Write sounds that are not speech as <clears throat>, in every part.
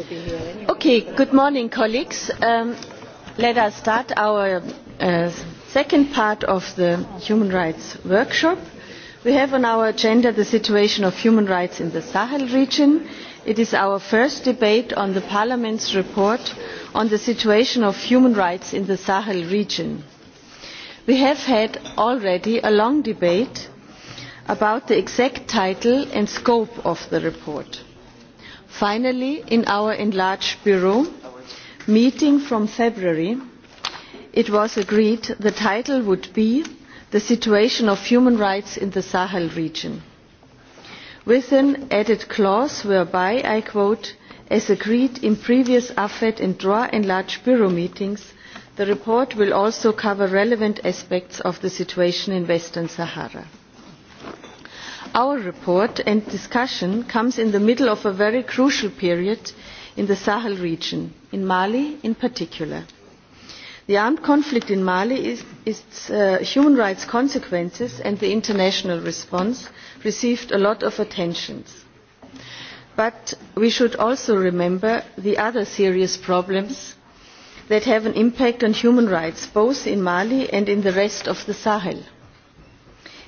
Okay, good morning, colleagues. Um, let us start our uh, second part of the human rights workshop. We have on our agenda the situation of human rights in the Sahel region. It is our first debate on the Parliament's report on the situation of human rights in the Sahel region. We have had already a long debate about the exact title and scope of the report. Finally, in our enlarged bureau meeting from February, it was agreed the title would be The Situation of Human Rights in the Sahel Region, with an added clause whereby I quote, as agreed in previous AFED and DROA enlarged bureau meetings, the report will also cover relevant aspects of the situation in Western Sahara. Our report and discussion comes in the middle of a very crucial period in the Sahel region, in Mali in particular. The armed conflict in Mali, is, its uh, human rights consequences and the international response received a lot of attention. But we should also remember the other serious problems that have an impact on human rights both in Mali and in the rest of the Sahel.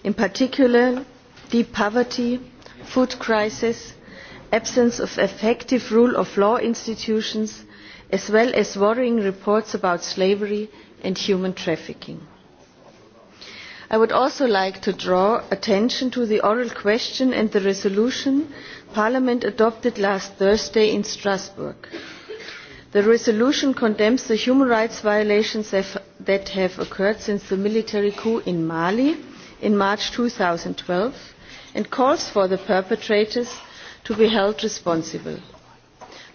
In particular, deep poverty, food crisis, absence of effective rule of law institutions, as well as worrying reports about slavery and human trafficking. I would also like to draw attention to the oral question and the resolution Parliament adopted last Thursday in Strasbourg. The resolution condemns the human rights violations that have occurred since the military coup in Mali in March 2012 and calls for the perpetrators to be held responsible.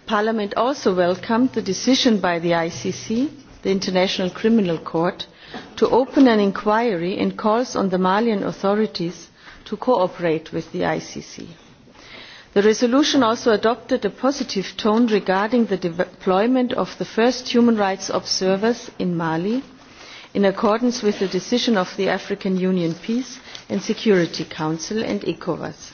Parliament also welcomed the decision by the ICC, the International Criminal Court, to open an inquiry and calls on the Malian authorities to cooperate with the ICC. The resolution also adopted a positive tone regarding the deployment of the first human rights observers in Mali in accordance with the decision of the African Union Peace and Security Council and ECOWAS,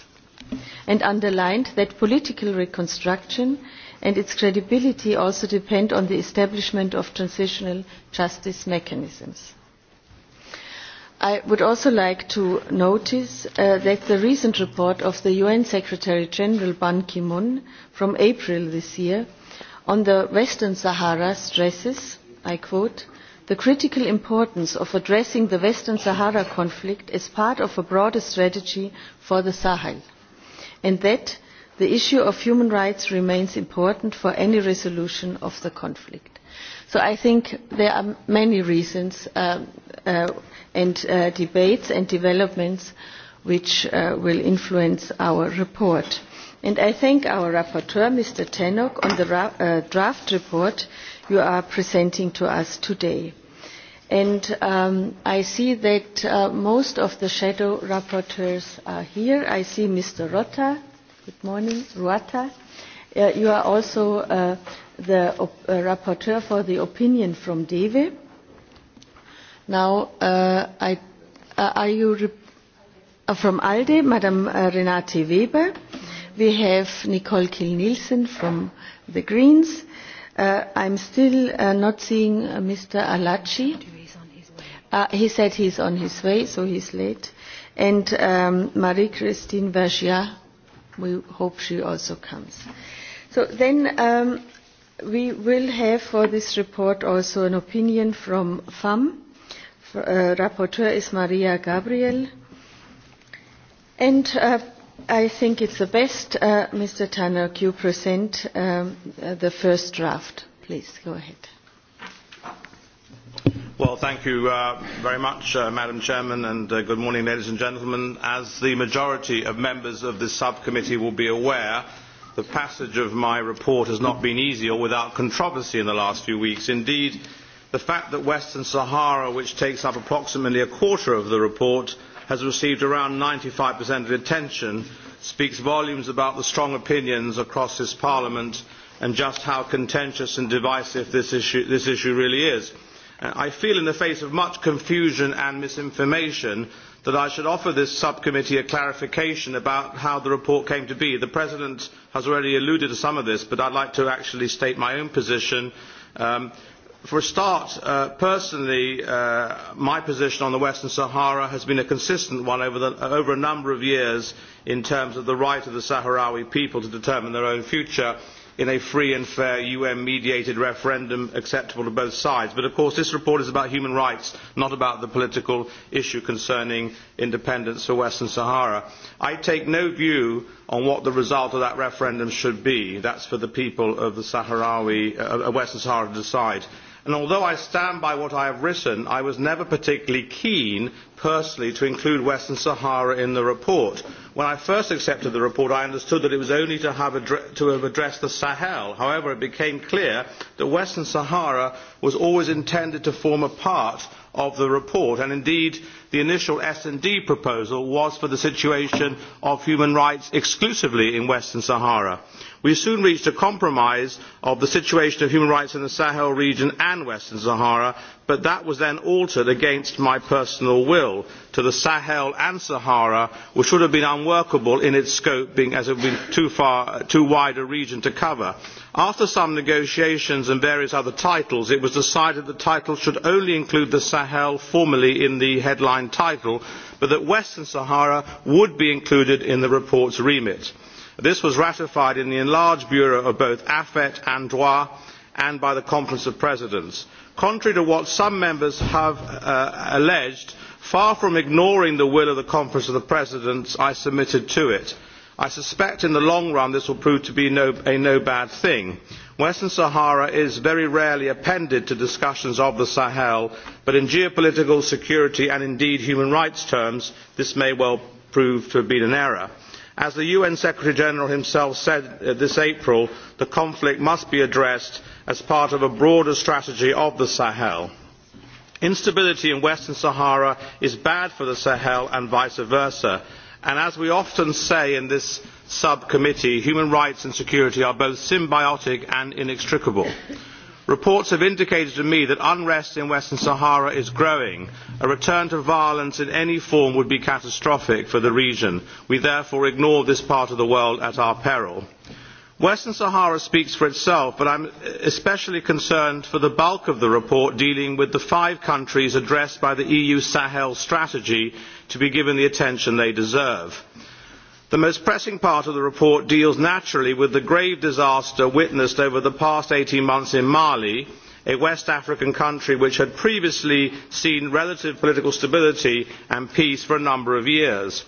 and underlined that political reconstruction and its credibility also depend on the establishment of transitional justice mechanisms. I would also like to notice uh, that the recent report of the UN Secretary General Ban Ki-moon from April this year on the Western Sahara stresses, I quote, The critical importance of addressing the Western Sahara conflict is part of a broader strategy for the Sahel, and that the issue of human rights remains important for any resolution of the conflict. So I think there are many reasons uh, uh, and uh, debates and developments which uh, will influence our report. And I thank our rapporteur, Mr. Tenok, on the ra uh, draft report you are presenting to us today. And um, I see that uh, most of the shadow rapporteurs are here. I see Mr. Rotta. Good morning, Ruata. Uh, you are also uh, the op uh, rapporteur for the opinion from DEVE. Now, uh, I, uh, are you re uh, from ALDE, Madam uh, Renate Weber? We have Nicole Kiel-Nielsen from the Greens Uh, I'm still uh, not seeing uh, Mr. Alachi. Uh, he said he's on his way, so he's late. And um, Marie-Christine Vergia, we hope she also comes. So then um, we will have for this report also an opinion from FAM. Uh, rapporteur is Maria Gabriel. And uh, I think it's the best, uh, Mr. Tannock, you present um, uh, the first draft. Please, go ahead. Well, thank you uh, very much, uh, Madam Chairman, and uh, good morning, ladies and gentlemen. As the majority of members of this subcommittee will be aware, the passage of my report has not been easy or without controversy in the last few weeks. Indeed, the fact that Western Sahara, which takes up approximately a quarter of the report, has received around ninety five of attention speaks volumes about the strong opinions across this parliament and just how contentious and divisive this issue, this issue really is. Uh, I feel in the face of much confusion and misinformation that I should offer this subcommittee a clarification about how the report came to be. The President has already alluded to some of this, but I would like to actually state my own position. Um, For a start, uh, personally, uh, my position on the Western Sahara has been a consistent one over, the, over a number of years in terms of the right of the Sahrawi people to determine their own future in a free and fair UN-mediated referendum acceptable to both sides. But of course, this report is about human rights, not about the political issue concerning independence for Western Sahara. I take no view on what the result of that referendum should be. That is for the people of the Sahrawi, uh, Western Sahara to decide and although I stand by what I have written, I was never particularly keen personally to include Western Sahara in the report. When I first accepted the report, I understood that it was only to have, to have addressed the Sahel. However, it became clear that Western Sahara was always intended to form a part of the report and indeed the initial S&D proposal was for the situation of human rights exclusively in Western Sahara we soon reached a compromise of the situation of human rights in the sahel region and western sahara but that was then altered against my personal will to the sahel and sahara which would have been unworkable in its scope being as it would be too far too wide a region to cover after some negotiations and various other titles it was decided that the title should only include the sahel formally in the headline title but that western sahara would be included in the report's remit This was ratified in the enlarged Bureau of both AFET and DROIT and by the Conference of Presidents. Contrary to what some members have uh, alleged, far from ignoring the will of the Conference of the Presidents, I submitted to it. I suspect in the long run this will prove to be a no bad thing. Western Sahara is very rarely appended to discussions of the Sahel, but in geopolitical, security and indeed human rights terms, this may well prove to have been an error as the un secretary general himself said uh, this april the conflict must be addressed as part of a broader strategy of the sahel. instability in western sahara is bad for the sahel and vice versa and as we often say in this subcommittee human rights and security are both symbiotic and inextricable reports have indicated to me that unrest in western sahara is growing. a return to violence in any form would be catastrophic for the region. we therefore ignore this part of the world at our peril. western sahara speaks for itself but i am especially concerned for the bulk of the report dealing with the five countries addressed by the eu sahel strategy to be given the attention they deserve the most pressing part of the report deals naturally with the grave disaster witnessed over the past eighteen months in mali a west african country which had previously seen relative political stability and peace for a number of years.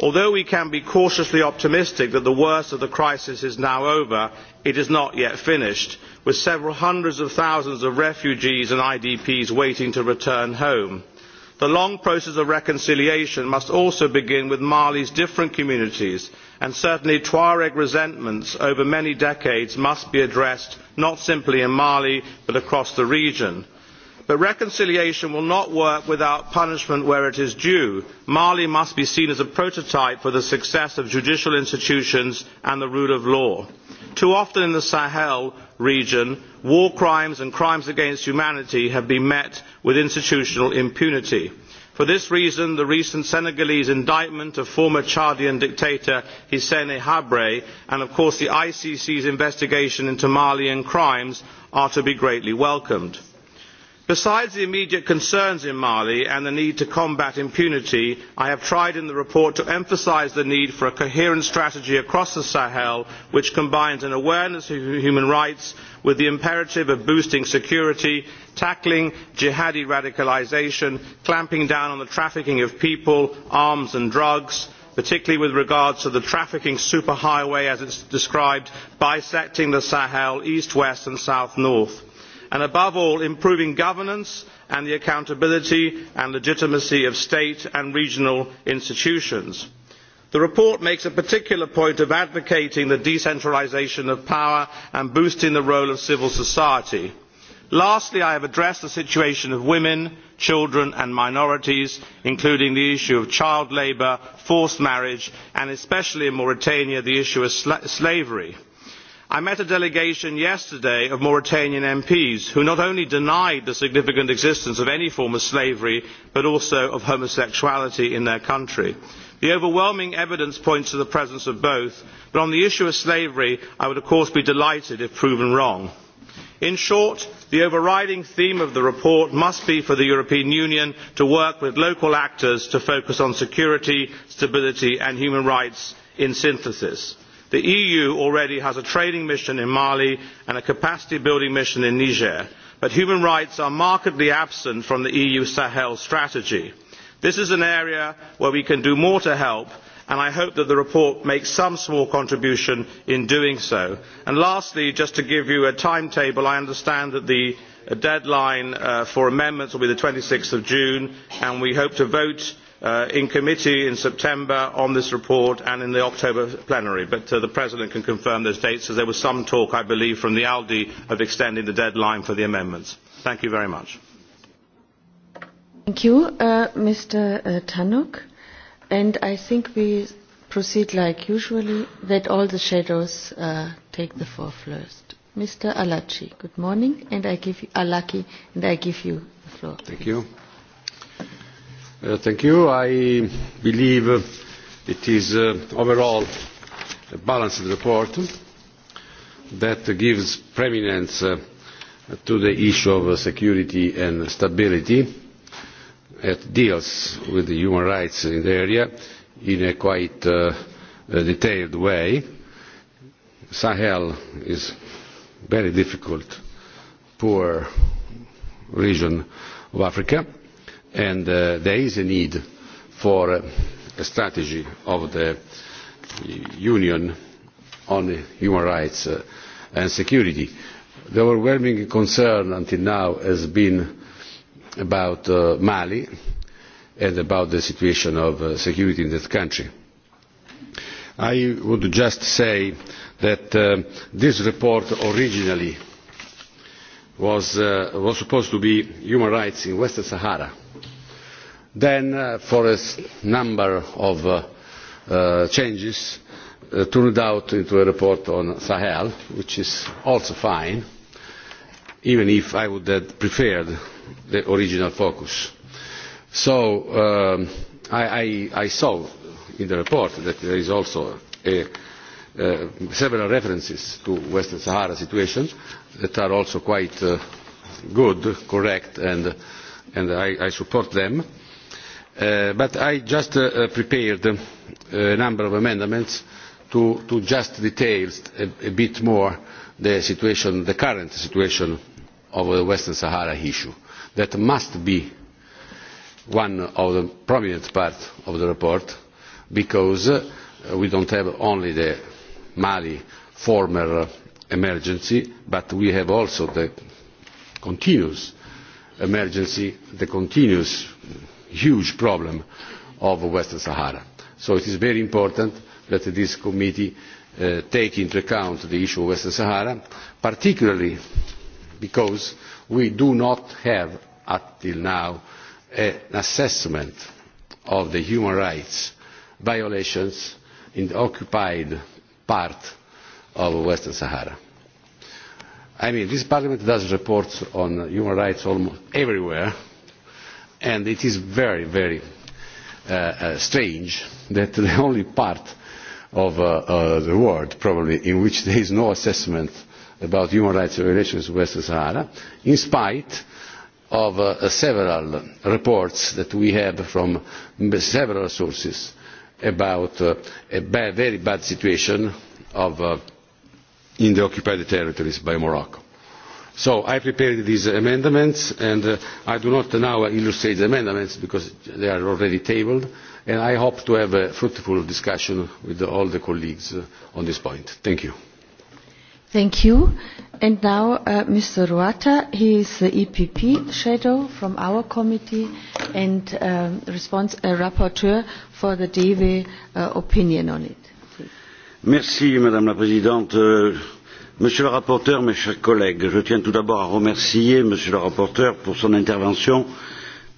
although we can be cautiously optimistic that the worst of the crisis is now over it is not yet finished with several hundreds of thousands of refugees and idps waiting to return home the long process of reconciliation must also begin with mali's different communities and certainly tuareg resentments over many decades must be addressed not simply in mali but across the region. But reconciliation will not work without punishment where it is due. Mali must be seen as a prototype for the success of judicial institutions and the rule of law too often in the sahel region war crimes and crimes against humanity have been met with institutional impunity. for this reason the recent senegalese indictment of former chadian dictator hissne habre and of course the icc's investigation into malian crimes are to be greatly welcomed besides the immediate concerns in mali and the need to combat impunity i have tried in the report to emphasise the need for a coherent strategy across the sahel which combines an awareness of human rights with the imperative of boosting security tackling jihadi radicalisation clamping down on the trafficking of people arms and drugs particularly with regard to the trafficking superhighway as it is described bisecting the sahel east west and south north and above all improving governance and the accountability and legitimacy of state and regional institutions. The report makes a particular point of advocating the decentralisation of power and boosting the role of civil society. Lastly, I have addressed the situation of women, children and minorities, including the issue of child labour, forced marriage and especially in Mauritania the issue of slavery. I met a delegation yesterday of Mauritanian MPs who not only denied the significant existence of any form of slavery but also of homosexuality in their country. The overwhelming evidence points to the presence of both, but on the issue of slavery, I would of course be delighted if proven wrong. In short, the overriding theme of the report must be for the European Union to work with local actors to focus on security, stability and human rights in synthesis. The EU already has a training mission in Mali and a capacity building mission in Niger, but human rights are markedly absent from the EU Sahel strategy. This is an area where we can do more to help, and I hope that the report makes some small contribution in doing so. And lastly, just to give you a timetable, I understand that the deadline uh, for amendments will be the six of June, and we hope to vote Uh, in committee in September on this report and in the October plenary, but uh, the President can confirm those dates as there was some talk, I believe, from the group of extending the deadline for the amendments. Thank you very much. Thank you, uh, Mr. Uh, And I think we proceed like usually, that all the shadows uh, take the floor first. Mr. Alachi, good morning, and I give you, Alaki, and I give you the floor. Thank please. you. Uh, thank you. I believe it is uh, overall a balanced report that gives preeminence uh, to the issue of uh, security and stability. that deals with the human rights in the area in a quite uh, detailed way. Sahel is very difficult, poor region of Africa and uh, there is a need for uh, a strategy of the Union on human rights uh, and security. The overwhelming concern until now has been about uh, Mali and about the situation of uh, security in that country. I would just say that uh, this report originally was, uh, was supposed to be human rights in Western Sahara Then, uh, for a number of uh, uh, changes, uh, turned out into a report on Sahel, which is also fine, even if I would have preferred the original focus. So um, I, I, I saw in the report that there is also a, uh, several references to Western Sahara situation that are also quite uh, good, correct, and, and I, I support them. Uh, but I just uh, uh prepared uh, a number of amendments to, to just detail a, a bit more the situation, the current situation of the Western Sahara issue. That must be one of the prominent parts of the report because uh, we don't have only the Mali former emergency, but we have also the continuous emergency, the continuous huge problem of Western Sahara. So it is very important that this committee uh, take into account the issue of Western Sahara, particularly because we do not have, until now, an assessment of the human rights violations in the occupied part of Western Sahara. I mean, this parliament does reports on human rights almost everywhere, and it is very, very uh, uh, strange that the <laughs> only part of uh, uh, the world, probably, in which there is no assessment about human rights violations in Western Sahara, in spite of uh, uh, several reports that we have from several sources about uh, a bad, very bad situation of, uh, in the occupied territories by Morocco. So I prepared these amendments and uh, I do not now illustrate the amendments because they are already tabled and I hope to have a fruitful discussion with the, all the colleagues uh, on this point. Thank you. Thank you. And now uh, Mr. Ruata, he is the EPP shadow from our committee and uh, response, uh, rapporteur for the DV uh, opinion on it. Please. Merci Madame la Présidente. Euh Monsieur le rapporteur, mes chers collègues, je tiens tout d'abord à remercier Monsieur le rapporteur pour son intervention,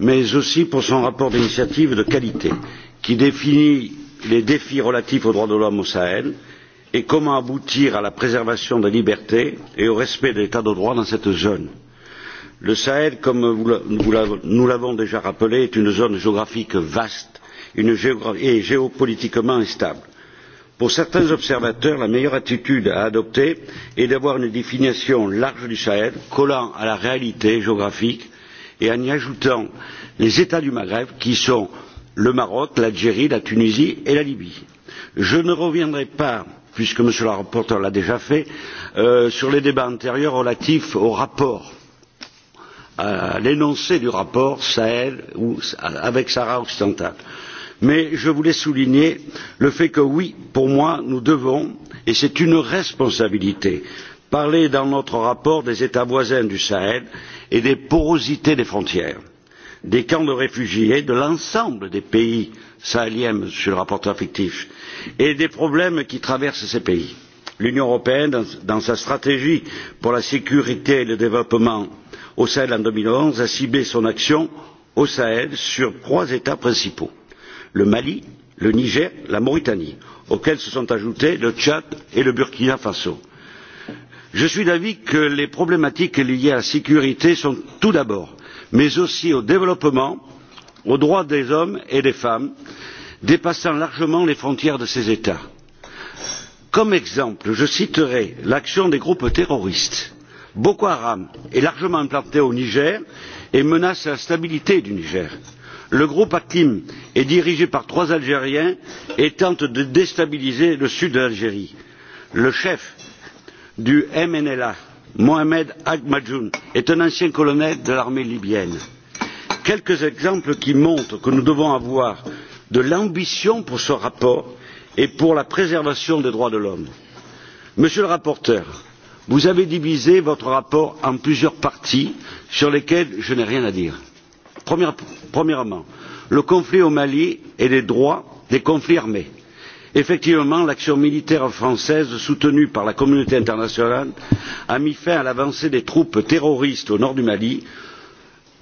mais aussi pour son rapport d'initiative de qualité, qui définit les défis relatifs aux droits de l'homme au Sahel et comment aboutir à la préservation des libertés et au respect de l'état de droit dans cette zone. Le Sahel, comme nous l'avons déjà rappelé, est une zone géographique vaste une géo et géopolitiquement instable Pour certains observateurs, la meilleure attitude à adopter est d'avoir une définition large du Sahel, collant à la réalité géographique et en y ajoutant les États du Maghreb qui sont le Maroc, l'Algérie, la Tunisie et la Libye. Je ne reviendrai pas, puisque M. le rapporteur l'a déjà fait, euh, sur les débats antérieurs relatifs au rapport, à l'énoncé du rapport Sahel ou avec Sahara occidentale mais je voulais souligner le fait que oui, pour moi, nous devons, et c'est une responsabilité, parler dans notre rapport des États voisins du Sahel et des porosités des frontières, des camps de réfugiés, de l'ensemble des pays sahéliens, monsieur le rapporteur fictif, et des problèmes qui traversent ces pays. L'Union européenne, dans sa stratégie pour la sécurité et le développement au Sahel en deux mille onze, a ciblé son action au Sahel sur trois États principaux le Mali, le Niger, la Mauritanie, auxquels se sont ajoutés le Tchad et le Burkina Faso. Je suis d'avis que les problématiques liées à la sécurité sont tout d'abord, mais aussi au développement, aux droits des hommes et des femmes, dépassant largement les frontières de ces États. Comme exemple, je citerai l'action des groupes terroristes. Boko Haram est largement implanté au Niger et menace la stabilité du Niger le groupe hakim est dirigé par trois algériens et tente de déstabiliser le sud de l'algérie. le chef du mnla mohamed ag est un ancien colonel de l'armée libyenne. quelques exemples qui montrent que nous devons avoir de l'ambition pour ce rapport et pour la préservation des droits de l'homme. monsieur le rapporteur vous avez divisé votre rapport en plusieurs parties sur lesquelles je n'ai rien à dire. Première, premièrement, le conflit au Mali et les droits des conflits armés. Effectivement, l'action militaire française soutenue par la communauté internationale a mis fin à l'avancée des troupes terroristes au nord du Mali.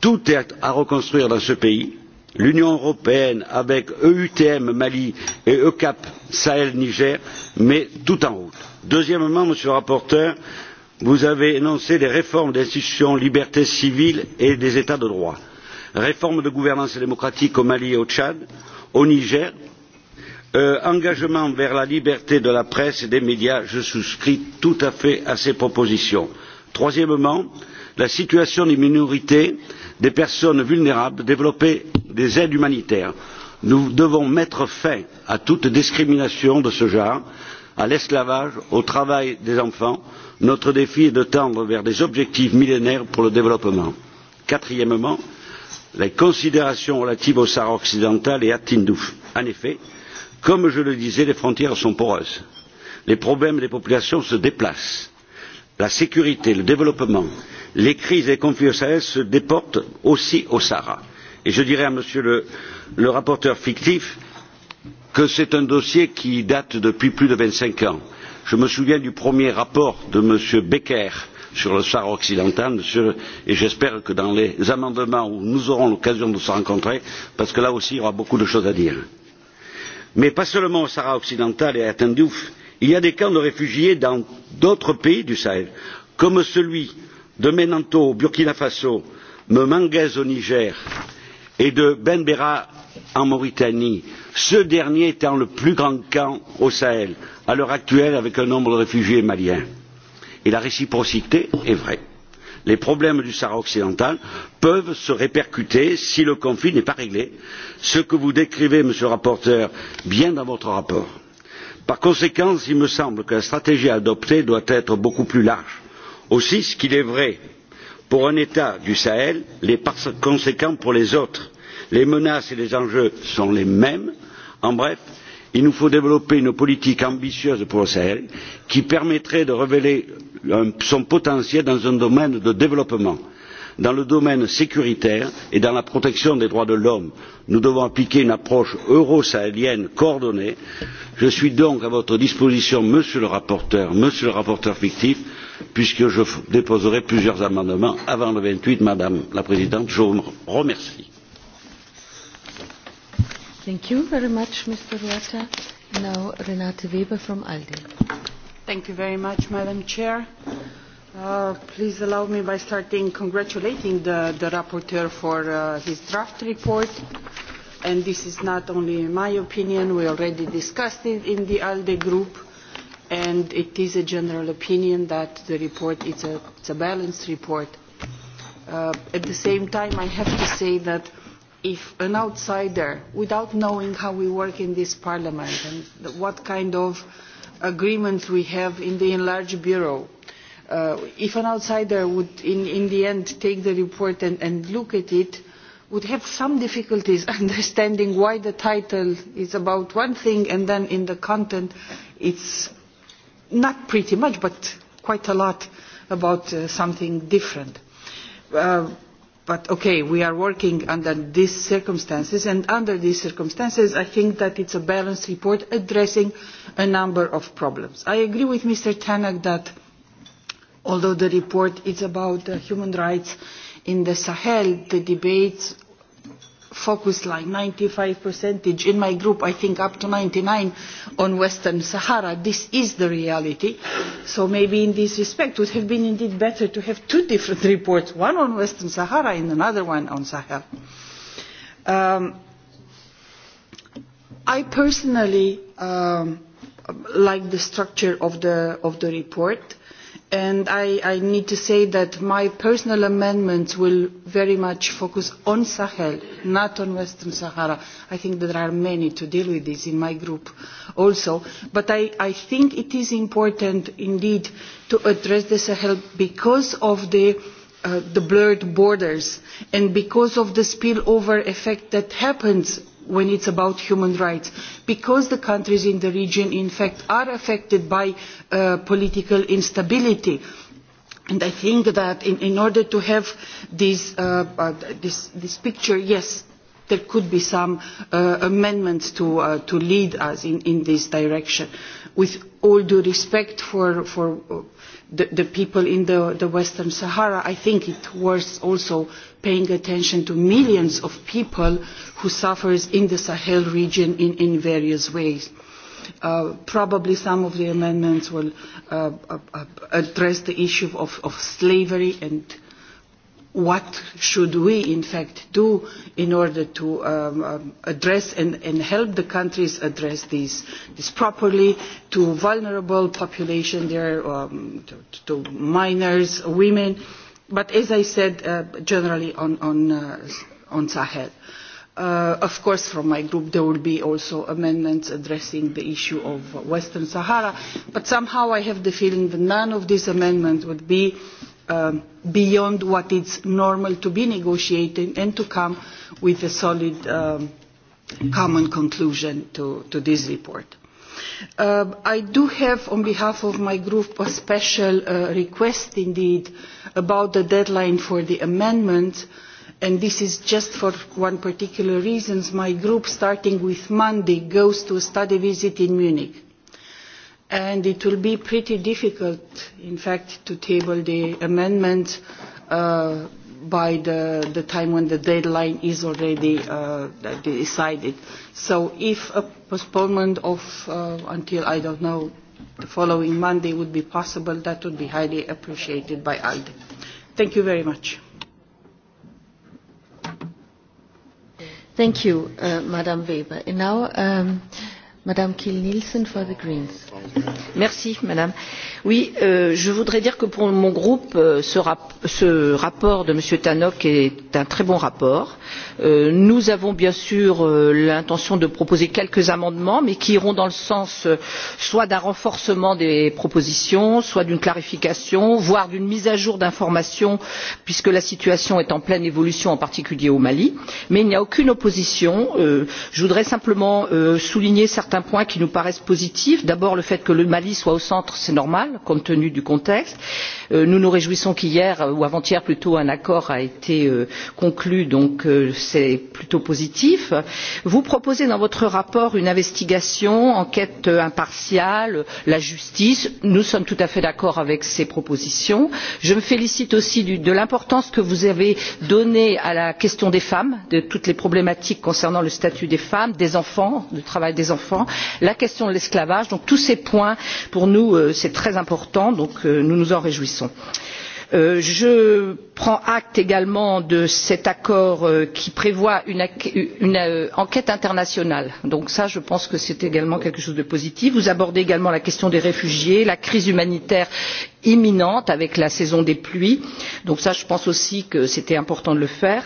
Tout est à reconstruire dans ce pays. L'Union européenne avec EUTM Mali et ECAP Sahel Niger met tout en route. Deuxièmement, monsieur le rapporteur, vous avez énoncé les réformes des institutions, libertés civiles et des états de droit réforme de gouvernance démocratique au Mali et au Tchad, au Niger, euh, engagement vers la liberté de la presse et des médias, je souscris tout à fait à ces propositions. Troisièmement, la situation des minorités, des personnes vulnérables, développer des aides humanitaires. Nous devons mettre fin à toute discrimination de ce genre, à l'esclavage, au travail des enfants. Notre défi est de tendre vers des objectifs millénaires pour le développement. Quatrièmement, les considérations relatives au Sahara occidental et à Tindouf. En effet, comme je le disais, les frontières sont poreuses. Les problèmes des populations se déplacent. La sécurité, le développement, les crises et les conflits au Sahel se déportent aussi au Sahara. Et je dirais à monsieur le, le rapporteur fictif que c'est un dossier qui date depuis plus de vingt cinq ans. Je me souviens du premier rapport de monsieur Becker sur le Sahara occidental, monsieur, et j'espère que dans les amendements où nous aurons l'occasion de se rencontrer, parce que là aussi il y aura beaucoup de choses à dire. Mais pas seulement au Sahara occidental et à Tindouf, il y a des camps de réfugiés dans d'autres pays du Sahel, comme celui de Menanto au Burkina Faso, de Manguez au Niger et de Benbera en Mauritanie, ce dernier étant le plus grand camp au Sahel, à l'heure actuelle avec un nombre de réfugiés maliens. Et la réciprocité est vraie. Les problèmes du Sahara occidental peuvent se répercuter si le conflit n'est pas réglé, ce que vous décrivez, monsieur le rapporteur, bien dans votre rapport. Par conséquent, il me semble que la stratégie à adopter doit être beaucoup plus large. Aussi, ce qu'il est vrai pour un État du Sahel, les conséquences pour les autres. Les menaces et les enjeux sont les mêmes. En bref, Il nous faut développer une politique ambitieuse pour le Sahel qui permettrait de révéler son potentiel dans un domaine de développement. Dans le domaine sécuritaire et dans la protection des droits de l'homme, nous devons appliquer une approche euro-sahélienne coordonnée. Je suis donc à votre disposition, monsieur le rapporteur, monsieur le rapporteur fictif, puisque je déposerai plusieurs amendements avant le vingt huit, madame la présidente. Je vous remercie. Thank you very much, Mr. Ruata. Now, Renate Weber from ALDE. Thank you very much, Madam Chair. Uh, please allow me by starting congratulating the, the rapporteur for uh, his draft report. And this is not only my opinion, we already discussed it in the ALDE group. And it is a general opinion that the report is a, it's a balanced report. Uh, at the same time, I have to say that if an outsider, without knowing how we work in this parliament and what kind of agreements we have in the enlarged bureau, uh, if an outsider would in, in the end take the report and, and look at it, would have some difficulties <laughs> understanding why the title is about one thing and then in the content it's not pretty much but quite a lot about uh, something different. Uh, but okay, we are working under these circumstances, and under these circumstances, I think that it's a balanced report addressing a number of problems. I agree with Mr. Tanak that although the report is about uh, human rights in the Sahel, the debates focus line, 95 percentage, in my group I think up to 99 on Western Sahara. This is the reality. So maybe in this respect it would have been indeed better to have two different <laughs> reports, one on Western Sahara and another one on Sahel. Um, I personally um, like the structure of the, of the report and I, I need to say that my personal amendments will very much focus on Sahel, not on Western Sahara. I think there are many to deal with this in my group also. But I, I think it is important indeed to address the Sahel because of the uh, the blurred borders and because of the spillover effect that happens when it's about human rights because the countries in the region in fact are affected by uh, political instability. And I think that in, in order to have this, uh, uh, this, this picture, yes, there could be some uh, amendments to, uh, to lead us in, in this direction. With all due respect for, for uh, the, the people in the, the Western Sahara, I think it worth also paying attention to millions of people who suffer in the Sahel region in, in various ways. Uh, probably some of the amendments will uh, uh, uh address the issue of, of slavery and what should we in fact do in order to um, um, address and, and help the countries address these, this properly to vulnerable population there, um, to, to minors, women, but as I said, uh, generally on, on, uh, on Sahel. Uh, of course, from my group, there will be also amendments addressing the issue of Western Sahara, but somehow I have the feeling that none of these amendments would be uh, um, beyond what is normal to be negotiated and to come with a solid um, common conclusion to, to this report. Uh, I do have on behalf of my group a special uh, request indeed about the deadline for the amendments and this is just for one particular reason. My group starting with Monday goes to a study visit in Munich and it will be pretty difficult, in fact, to table the amendment uh, by the, the time when the deadline is already uh, decided. So if a postponement of uh, until, I don't know, the following Monday would be possible, that would be highly appreciated by ALDE. Thank you very much. Thank you, uh, Madam Weber. And now, um, Madame Kiel-Nielsen for the Greens. Merci, Madame. Oui, euh, je voudrais dire que pour mon groupe, euh, ce, rap ce rapport de M. Tannock est un très bon rapport. Euh, Euh, nous avons bien sûr euh, l'intention de proposer quelques amendements mais qui iront dans le sens euh, soit d'un renforcement des propositions soit d'une clarification voire d'une mise à jour d'informations puisque la situation est en pleine évolution en particulier au mali mais il n'y a aucune opposition. je voudrais simplement souligner certains points qui nous paraissent positifs d'abord le fait que le mali soit au centre c'est normal compte tenu du contexte. nous nous réjouissons qu'hier ou avant hier plutôt un accord ait été conclu donc c'est plutôt positif. Vous proposez dans votre rapport une investigation, enquête impartiale, la justice. Nous sommes tout à fait d'accord avec ces propositions. Je me félicite aussi du, de l'importance que vous avez donnée à la question des femmes, de toutes les problématiques concernant le statut des femmes, des enfants, du travail des enfants, la question de l'esclavage. Donc tous ces points, pour nous, euh, c'est très important, donc euh, nous nous en réjouissons. Euh, Euh, je prends acte également de cet accord euh, qui prévoit une, euh, enquête internationale donc cela je pense que c'est également quelque chose de positif. vous abordez également la question des réfugiés la crise humanitaire imminente avec la saison des pluies donc cela je pense aussi que c'était important de le faire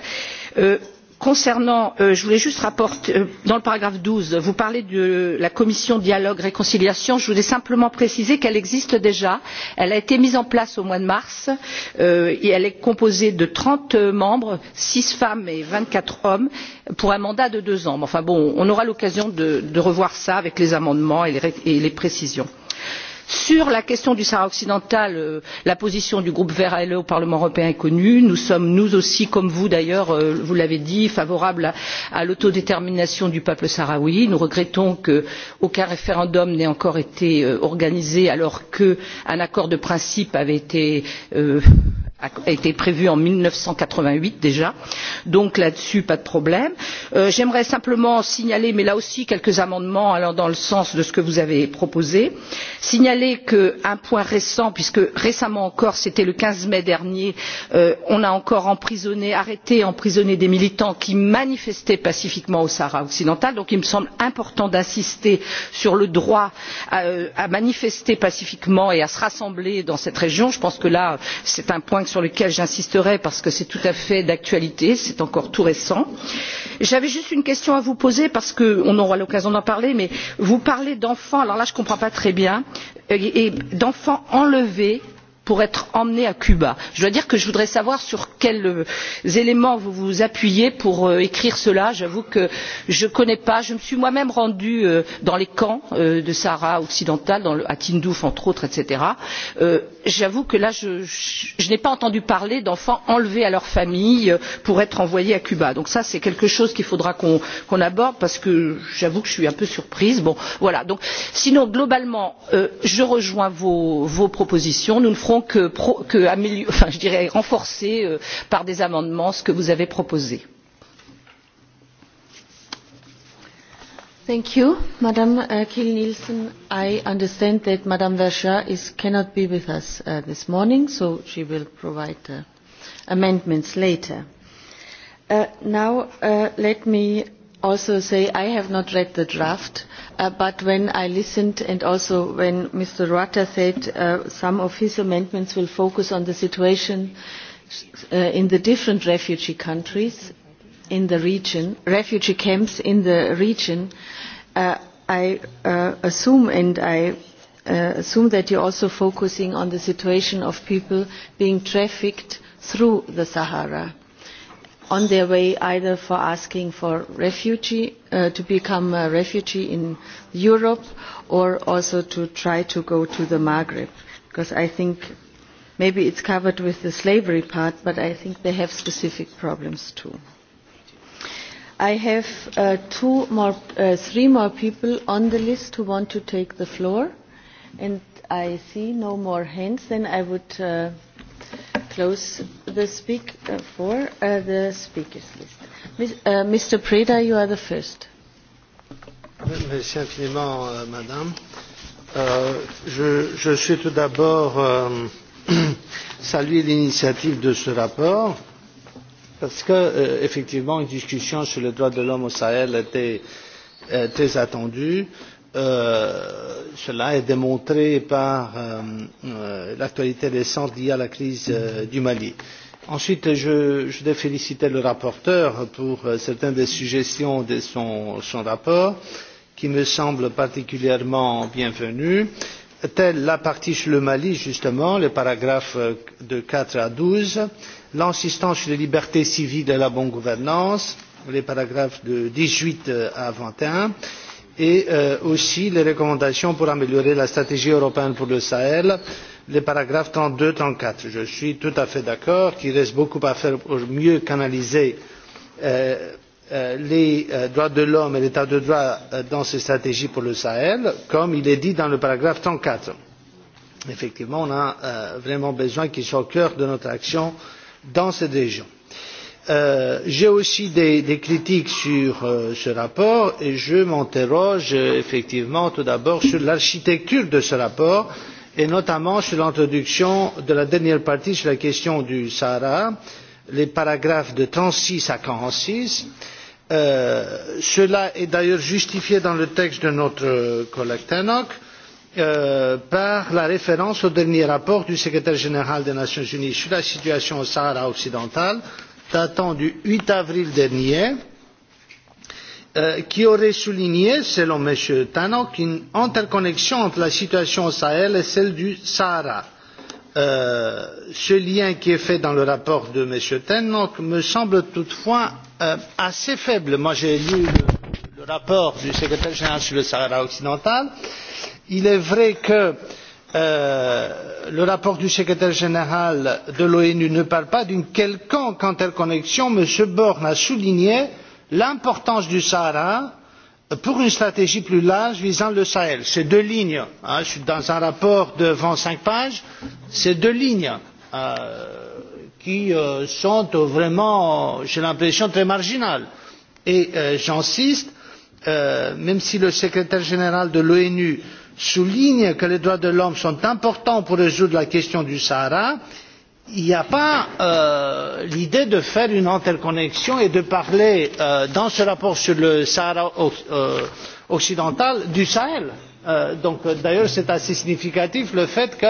concernant euh, je voulais juste rapporter euh, dans le paragraphe douze vous parlez de la commission dialogue réconciliation je voulais simplement préciser qu'elle existe déjà elle a été mise en place au mois de mars euh, et elle est composée de trente membres six femmes et vingt quatre hommes pour un mandat de deux ans enfin bon on aura l'occasion de, de revoir cela avec les amendements et les, et les précisions. Euh, Sur la question du Sahara occidental, euh, la position du groupe verts ALE au Parlement européen est connue. Nous sommes, nous aussi, comme vous d'ailleurs, euh, vous l'avez dit, favorables à, l'autodétermination du peuple sahraoui. Nous regrettons qu'aucun référendum n'ait encore été euh, organisé alors qu'un accord de principe avait été a été prévu en mille neuf cent quatre vingt huit déjà donc là dessus pas de problème. Euh, j'aimerais simplement signaler mais là aussi quelques amendements allant dans le sens de ce que vous avez proposé signaler qu'un point récent puisque récemment encore c'était le quinze mai dernier euh, on a encore emprisonné arrêté emprisonné des militants qui manifestaient pacifiquement au sahara occidental donc il me semble important d'insister sur le droit à, euh, à manifester pacifiquement et à se rassembler dans cette région je pense que là c'est un point cinq sur lequel j'insisterai parce que c'est tout à fait d'actualité c'est encore tout récent. j'avais juste une question à vous poser parce qu'on aura l'occasion d'en parler mais vous parlez d'enfants alors là je ne comprends pas très bien euh, et d'enfants enlevés pour être emmenés à Cuba. Je dois dire que je voudrais savoir sur quels euh, éléments vous vous appuyez pour euh, écrire cela. J'avoue que je ne connais pas. Je me suis moi-même rendue euh, dans les camps euh, de Sahara occidental, dans le, à Tindouf entre autres, etc. Euh, j'avoue que là je, je, je n'ai pas entendu parler d'enfants enlevés à leur famille euh, pour être envoyés à Cuba. Donc ça c'est quelque chose qu'il faudra qu'on qu aborde parce que j'avoue que je suis un peu surprise. Bon, voilà. Donc, sinon globalement euh, je rejoins vos, vos, propositions. Nous ne ferons que, pro, que améliorer, enfin, je dirais renforcer euh, par des amendements ce que vous avez proposé. Thank you, Madam uh, Kiel Nielsen. I understand that Madam Versha is cannot be with us uh, this morning, so she will provide uh, amendments later. Uh, now, uh, let me also say I have not read the draft, uh, but when I listened and also when Mr. Rutter said uh, some of his amendments will focus on the situation uh, in the different refugee countries in the region, refugee camps in the region, uh, Uh, I uh, assume and I uh, assume that you're also focusing on the situation of people being trafficked through the Sahara on their way either for asking for refugee, uh, to become a refugee in Europe or also to try to go to the Maghreb. Because I think maybe it's covered with the slavery part, but I think they have specific problems too. I have uh, two more, uh, three more people on the list who want to take the floor, and I see no more hands. Then I would uh, close the speak uh, for uh, the speakers list. Mis uh, Mr. Preda, you are the first. Merci infiniment, uh, Madame. Uh, je, je suis tout d'abord euh, <clears throat> saluer l'initiative de ce rapport Parce que, euh, effectivement, une discussion sur les droits de l'homme au Sahel était euh, très attendue. Euh, cela est démontré par euh, euh, l'actualité récente liée à la crise euh, du Mali. Ensuite, je, je voudrais féliciter le rapporteur pour euh, certaines des suggestions de son, son rapport, qui me semblent particulièrement bienvenues telle la partie sur le Mali, justement, les paragraphes euh, de 4 à 12, l'insistance sur les libertés civiles et la bonne gouvernance, les paragraphes de 18 euh, à 21, et euh, aussi les recommandations pour améliorer la stratégie européenne pour le Sahel, les paragraphes 32 et 34. Je suis tout à fait d'accord qu'il reste beaucoup à faire pour mieux canaliser euh, euh, les euh, droits de l'homme et l'état de droit euh, dans ces stratégies pour le Sahel, comme il est dit dans le paragraphe 34. Effectivement, on a euh, vraiment besoin qu'ils soient au cœur de notre action euh, dans cette région. Euh, J'ai aussi des, des critiques sur euh, ce rapport et je m'interroge euh, effectivement tout d'abord sur l'architecture de ce rapport et notamment sur l'introduction de la dernière partie sur la question du Sahara, les paragraphes de 36 à 46. Euh, cela est d'ailleurs justifié dans le texte de notre collègue Tannock. Euh, Euh, par la référence au dernier rapport du secrétaire général des Nations Unies sur la situation au Sahara occidental, datant du huit avril dernier, euh, qui aurait souligné, selon M. Tannock, une interconnexion entre la situation au Sahel et celle du Sahara. Euh, ce lien qui est fait dans le rapport de M. Tannock me semble toutefois assez faible. Moi, j'ai lu le, rapport du secrétaire général sur le Sahara occidental il est vrai que euh, le rapport du secrétaire général de l'onu ne parle pas d'une quelconque interconnexion m. borne a souligné l'importance du sahara pour une stratégie plus large visant le sahel. c'est deux lignes hein, je suis dans un rapport de vingt cinq pages c'est deux lignes euh, qui euh, sont vraiment j'ai l'impression très marginales et euh, j'insiste euh, même si le secrétaire général de l'onu souligne que les droits de l'homme sont importants pour résoudre la question du Sahara, il n'y a pas euh, l'idée de faire une interconnexion et de parler euh, dans ce rapport sur le Sahara euh, occidental du Sahel. Euh, donc euh, d'ailleurs c'est assez significatif le fait que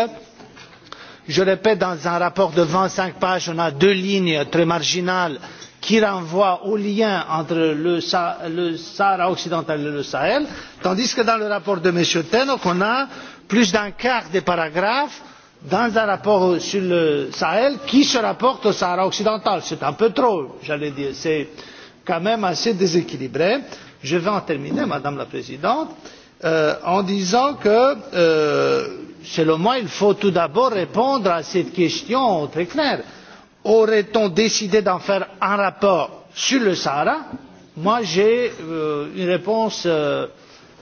je répète dans un rapport de vingt cinq pages on a deux lignes très marginales qui renvoie au lien entre le, Sa le Sahara occidental et le Sahel, tandis que dans le rapport de M. Tenok, on a plus d'un quart des paragraphes dans un rapport sur le Sahel qui se rapporte au Sahara occidental. C'est un peu trop, j'allais dire. C'est quand même assez déséquilibré. Je vais en terminer, Madame la Présidente, euh, en disant que, euh, selon moi, il faut tout d'abord répondre à cette question très claire aurait on décidé d'en faire un rapport sur le Sahara Moi, j'ai euh, une réponse euh,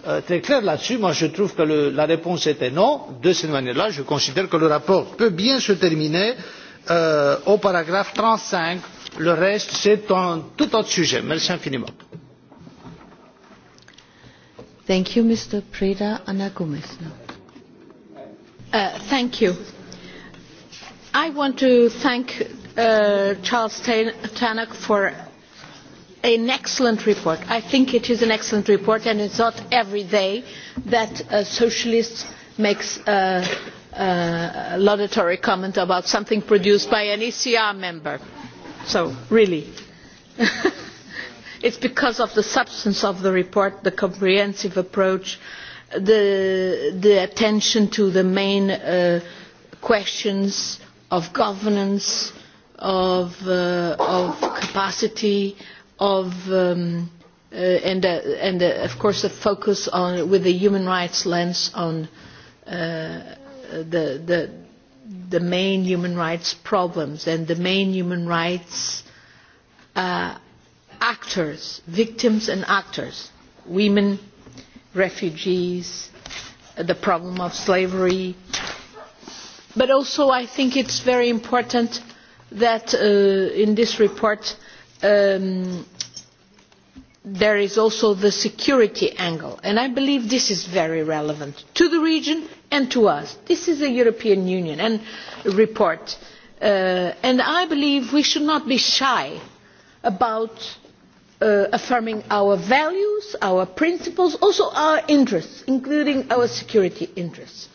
euh, très claire là-dessus. Moi, je trouve que le, la réponse était non. De cette manière-là, je considère que le rapport peut bien se terminer euh, au paragraphe 35. Le reste, c'est un tout autre sujet. Merci infiniment. Thank you, Mr. Preda Anna Gomez. Uh, thank you. I want to thank uh, Charles Tannock for an excellent report. I think it is an excellent report and it's not every day that a socialist makes a, a laudatory comment about something produced by an ECR member. So, really. <laughs> it's because of the substance of the report, the comprehensive approach, the, the attention to the main uh, questions of governance, of, uh, of capacity, of, um, uh, and, uh, and uh, of course a focus on, with the human rights lens on uh, the, the, the main human rights problems and the main human rights uh, actors, victims and actors, women, refugees, the problem of slavery, But also I think it's very important that uh, in this report um, there is also the security angle. And I believe this is very relevant to the region and to us. This is a European Union and report. Uh, and I believe we should not be shy about uh, affirming our values, our principles, also our interests, including our security interests.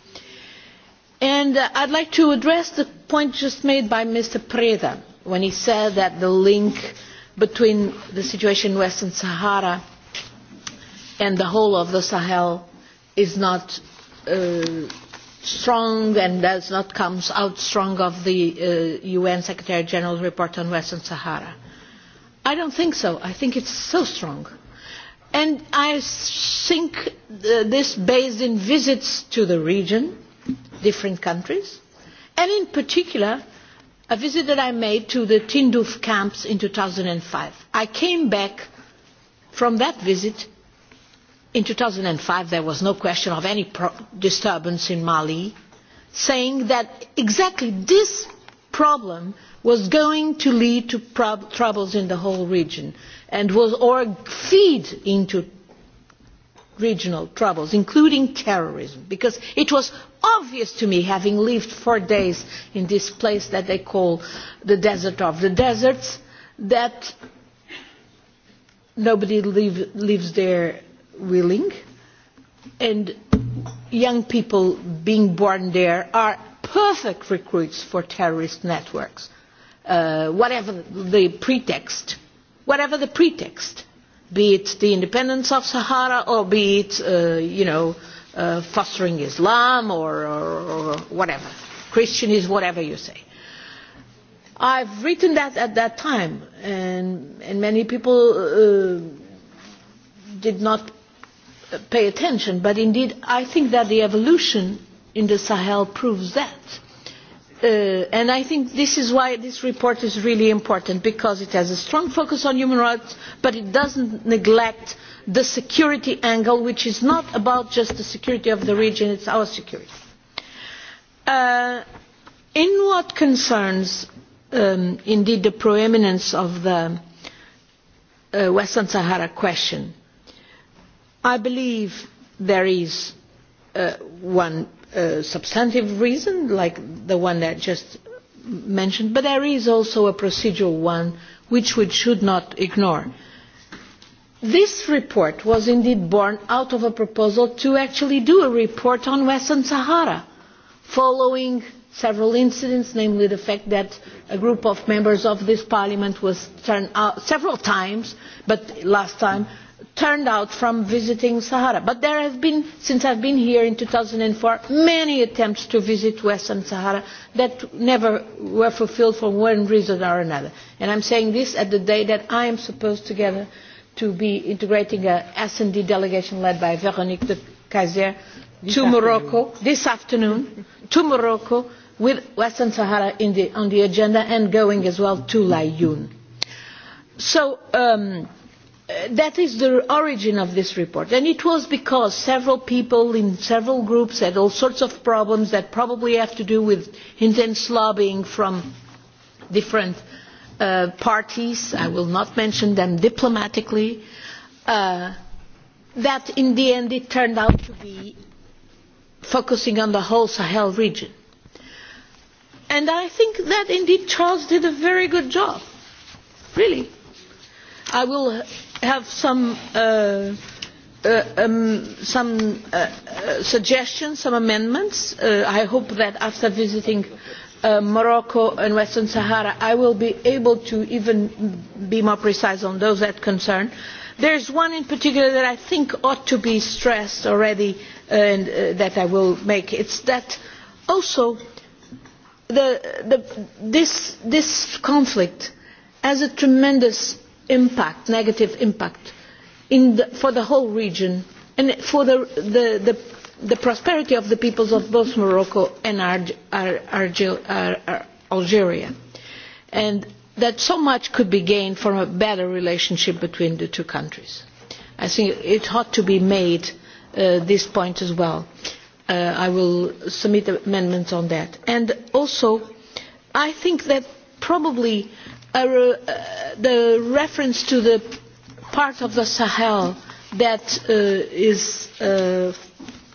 And uh, I'd like to address the point just made by Mr. Preda when he said that the link between the situation in Western Sahara and the whole of the Sahel is not uh, strong and does not come out strong of the uh, UN Secretary General's report on Western Sahara. I don't think so. I think it's so strong. And I think uh, this based in visits to the region, different countries, and in particular, a visit that I made to the Tinduf camps in 2005. I came back from that visit in 2005, there was no question of any pro disturbance in Mali, saying that exactly this problem was going to lead to prob troubles in the whole region and was or feed into regional troubles, including terrorism, because it was obvious to me, having lived four days in this place that they call the desert of the deserts, that nobody live, lives there willing, and young people being born there are perfect recruits for terrorist networks, uh, whatever the pretext. Whatever the pretext be it the independence of Sahara or be it, uh, you know, uh, fostering Islam or, or, or whatever. Christian is whatever you say. I've written that at that time, and, and many people uh, did not pay attention, but indeed I think that the evolution in the Sahel proves that Uh, and I think this is why this report is really important because it has a strong focus on human rights but it doesn't neglect the security angle which is not about just the security of the region, it's our security. Uh, in what concerns um, indeed the proeminence of the uh, Western Sahara question, I believe there is uh, one substantive reason, like the one that I just mentioned, but there is also a procedural one which we should not ignore. This report was indeed born out of a proposal to actually do a report on Western Sahara, following several incidents, namely the fact that a group of members of this parliament was turned out several times, but last time turned out from visiting Sahara. But there have been, since I've been here in 2004, many attempts to visit Western Sahara that never were fulfilled for one reason or another. And I'm saying this at the day that I am supposed together to be integrating a S&D delegation led by Veronique de Kaiser to Morocco this afternoon, to Morocco with Western Sahara in the, on the agenda and going as well to Layoun. So, um, that is the origin of this report. And it was because several people in several groups had all sorts of problems that probably have to do with intense lobbying from different uh, parties, I will not mention them diplomatically, uh, that in the end it turned out to be focusing on the whole Sahel region. And I think that indeed Charles did a very good job, really. I will have some, uh, uh, um, some uh, uh, suggestions, some amendments. Uh, I hope that after visiting uh, Morocco and Western Sahara, I will be able to even be more precise on those that concern. There is one in particular that I think ought to be stressed already uh, and uh, that I will make. It's that also the, the, this, this conflict has a tremendous impact, negative impact in the, for the whole region and for the, the, the, the prosperity of the peoples of both Morocco and Ar Ar Argel Ar Ar Algeria. And that so much could be gained from a better relationship between the two countries. I think it ought to be made uh, this point as well. Uh, I will submit amendments on that. And also, I think that probably uh, the reference to the part of the Sahel that uh, is uh,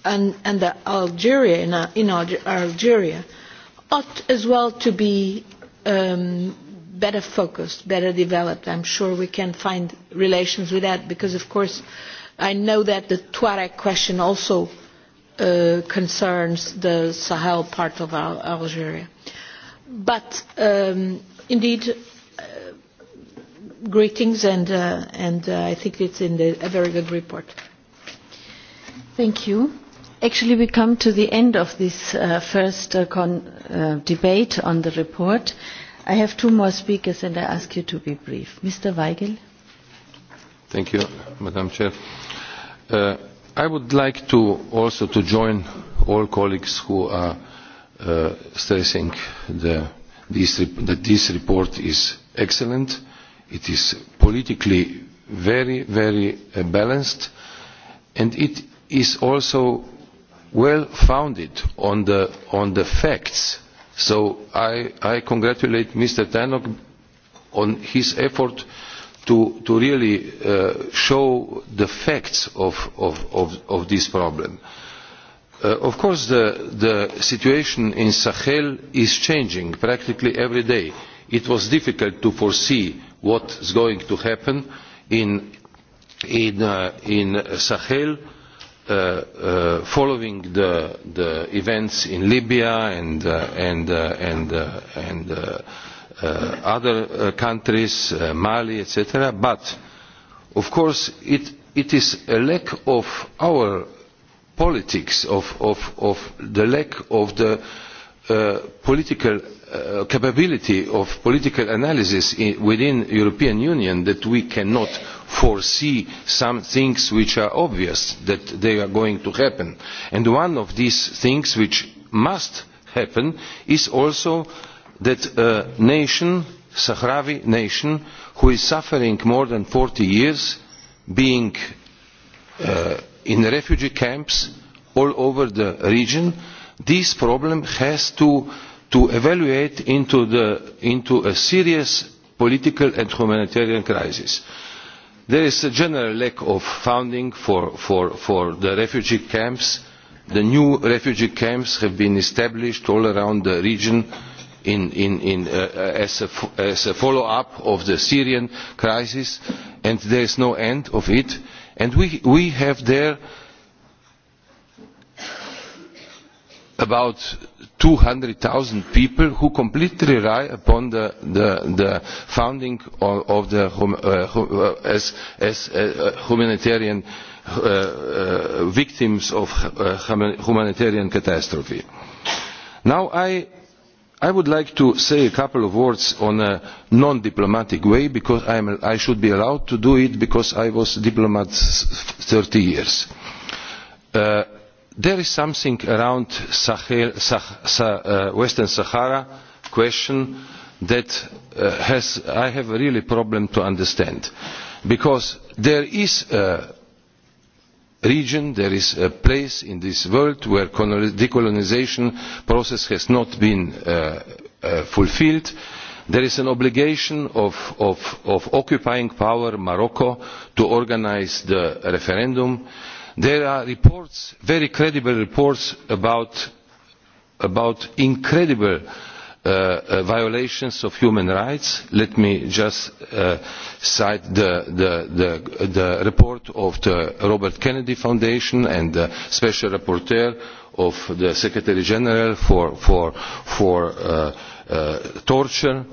and, and the Algeria in, uh, in Algeria ought as well to be um, better focused, better developed. I'm sure we can find relations with that because, of course, I know that the Tuareg question also uh, concerns the Sahel part of Al Algeria. But um, indeed, greetings, and, uh, and uh, I think it's in the, a very good report. Thank you. Actually, we come to the end of this uh, first uh, con uh, debate on the report. I have two more speakers, and I ask you to be brief. Mr. Weigel. Thank you, Madam Chair. Uh, I would like to also to join all colleagues who are uh, stressing the, this, that this report is excellent It is politically very, very uh, balanced and it is also well founded on the, on the facts. So I, I congratulate Mr. Tannock on his effort to, to really uh, show the facts of, of, of, of this problem. Uh, of course, the, the situation in Sahel is changing practically every day. Uh, It was difficult to foresee what is going to happen in, in, uh, in Sahel uh, uh, following the, the events in Libya and, uh, and, uh, and, uh, and uh, uh, other uh, countries, uh, Mali, etc. But, of course, it, it is a lack of our politics, of, of, of the lack of the uh, political uh, capability of political analysis in, within the European Union that we cannot foresee some things which are obvious that they are going to happen. And one of these things which must happen is also that a nation, Sahrawi nation, who is suffering more than 40 years, being uh, in refugee camps all over the region, this problem has to uh, to evaluate into, the, into a serious political and humanitarian crisis. There is a general lack of funding for, for, for the refugee camps. The new refugee camps have been established all around the region in, in, in, uh, as a, as a follow-up of the Syrian crisis, and there is no end of it. And we, we have there about 200,000 people who completely rely upon the, the, the founding of, of the hum, uh, hum, uh, as, as uh, uh, humanitarian uh, uh, victims of uh, humanitarian catastrophe. Now I, I would like to say a couple of words on a non-diplomatic way because I'm, I should be allowed to do it because I was a diplomat 30 years. Uh, There is something around Sahel, Sah, Sah, uh, Western Sahara question that uh, has, I have a really problem to understand. Because there is a region, there is a place in this world where decolonization process has not been uh, uh, fulfilled. There is an obligation of, of, of occupying power Morocco to organize the referendum. There are reports, very credible reports about, about incredible uh, uh, violations of human rights. Let me just uh, cite the, the, the, the report of the Robert Kennedy Foundation and the Special Rapporteur of the Secretary General for, for, for uh, uh, torture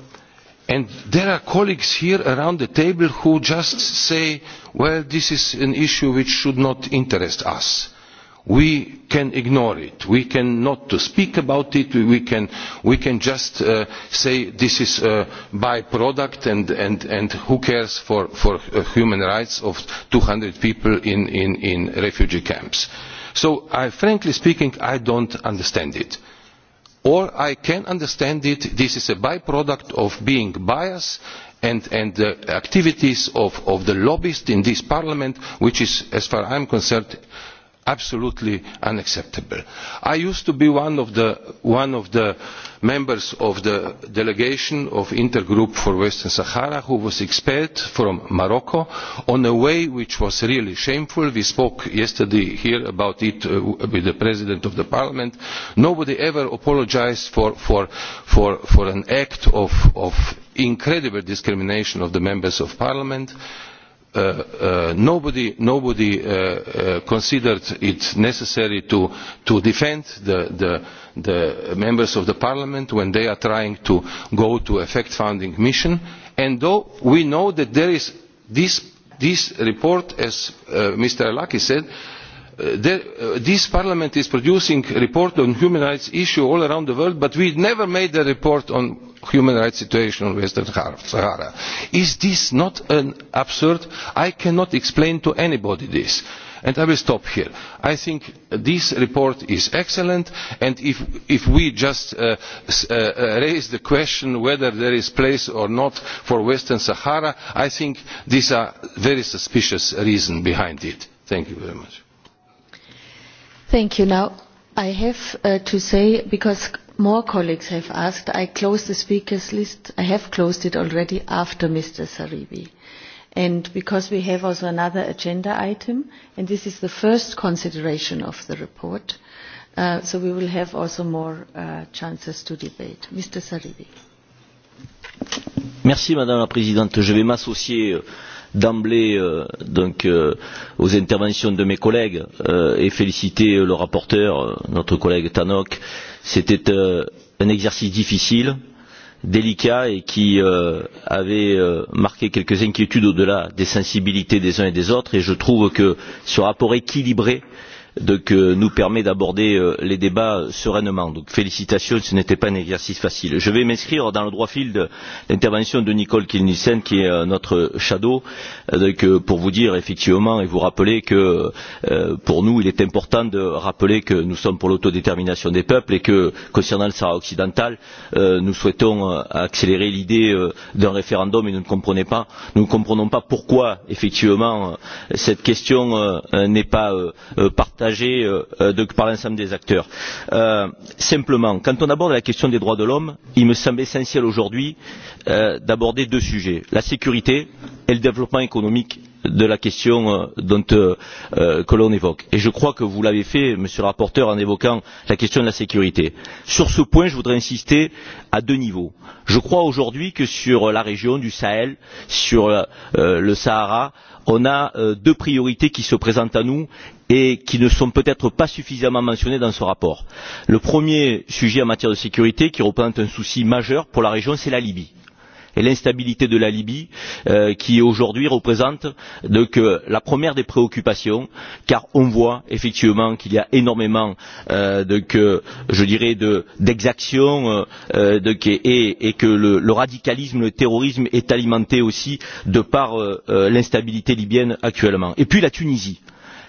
And there are colleagues here around the table who just say, well, this is an issue which should not interest us. We can ignore it. We can not to speak about it. We can, we can just uh, say this is a byproduct and, and, and who cares for, for uh, human rights of 200 people in, in, in refugee camps. So I, frankly speaking, I don't understand it. Uh, Or I can understand it, this is a byproduct of being biased and, and the activities of, of the lobbyists in this parliament, which is, as far as I'm concerned, absolutely unacceptable. I used to be one of the, one of the members of the delegation of Intergroup for Western Sahara who was expelled from Morocco on a way which was really shameful. We spoke yesterday here about it uh, with the President of the Parliament. Nobody ever apologized for, for, for, for an act of, of incredible discrimination of the members of Parliament Uh, uh, nobody, nobody uh, uh, considered it necessary to, to defend the, the, the members of the parliament when they are trying to go to a fact-finding mission. And though we know that there is this, this report, as uh, Mr. lucky said, uh, Uh, this parliament is producing a report on human rights issues all around the world, but we never made a report on the human rights situation in Western Sahara. Is this not an absurd? I cannot explain to anybody this. And I will stop here. I think this report is excellent, and if, if we just uh, uh, uh, raise the question whether there is place or not for Western Sahara, I think these are very suspicious reasons behind it. Thank you very much. Thank you. Now, I have uh, to say, because more colleagues have asked, I closed the speakers list. I have closed it already after Mr. Saribi. And because we have also another agenda item, and this is the first consideration of the report, uh, so we will have also more uh, chances to debate. Mr. Saribi. Merci, Madame la Présidente. Je vais m'associer. Euh, d'emblée euh, donc euh, aux interventions de mes collègues euh, et féliciter euh, le rapporteur, euh, notre collègue Tanok. C'était euh, un exercice difficile, délicat et qui euh, avait euh, marqué quelques inquiétudes au-delà des sensibilités des uns et des autres. Et je trouve que ce rapport équilibré euh, donc, euh, nous permet d'aborder euh, les débats sereinement. Donc félicitations, ce n'était pas un exercice facile. Je vais m'inscrire dans le droit fil de l'intervention de Nicole Kilnissen, qui est euh, notre shadow, donc, euh, pour vous dire effectivement et vous rappeler que euh, pour nous, il est important de rappeler que nous sommes pour l'autodétermination des peuples et que concernant le Sahara occidental, euh, nous souhaitons accélérer l'idée d'un référendum et nous ne comprenons pas, nous ne comprenons pas pourquoi effectivement cette question n'est pas partagée partager euh, de, par l'ensemble des acteurs. Euh, simplement, quand on aborde la question des droits de l'homme, il me semble essentiel aujourd'hui euh, d'aborder deux sujets la sécurité et le développement économique de la question euh, dont, euh, euh, que l'on évoque. Et je crois que vous l'avez fait, monsieur le rapporteur, en évoquant la question de la sécurité. Sur ce point, je voudrais insister à deux niveaux. Je crois aujourd'hui que sur la région du Sahel, sur euh, le Sahara, on a euh, deux priorités qui se présentent à nous et qui ne sont peut-être pas suffisamment mentionnées dans ce rapport. Le premier sujet en matière de sécurité qui représente un souci majeur pour la région, c'est la Libye et l'instabilité de la Libye euh, qui aujourd'hui représente donc, euh, la première des préoccupations car on voit effectivement qu'il y a énormément euh, je dirais d'exactions euh, et, et, que le, le radicalisme, le terrorisme est alimenté aussi de par euh, euh l'instabilité libyenne actuellement. Et puis la Tunisie.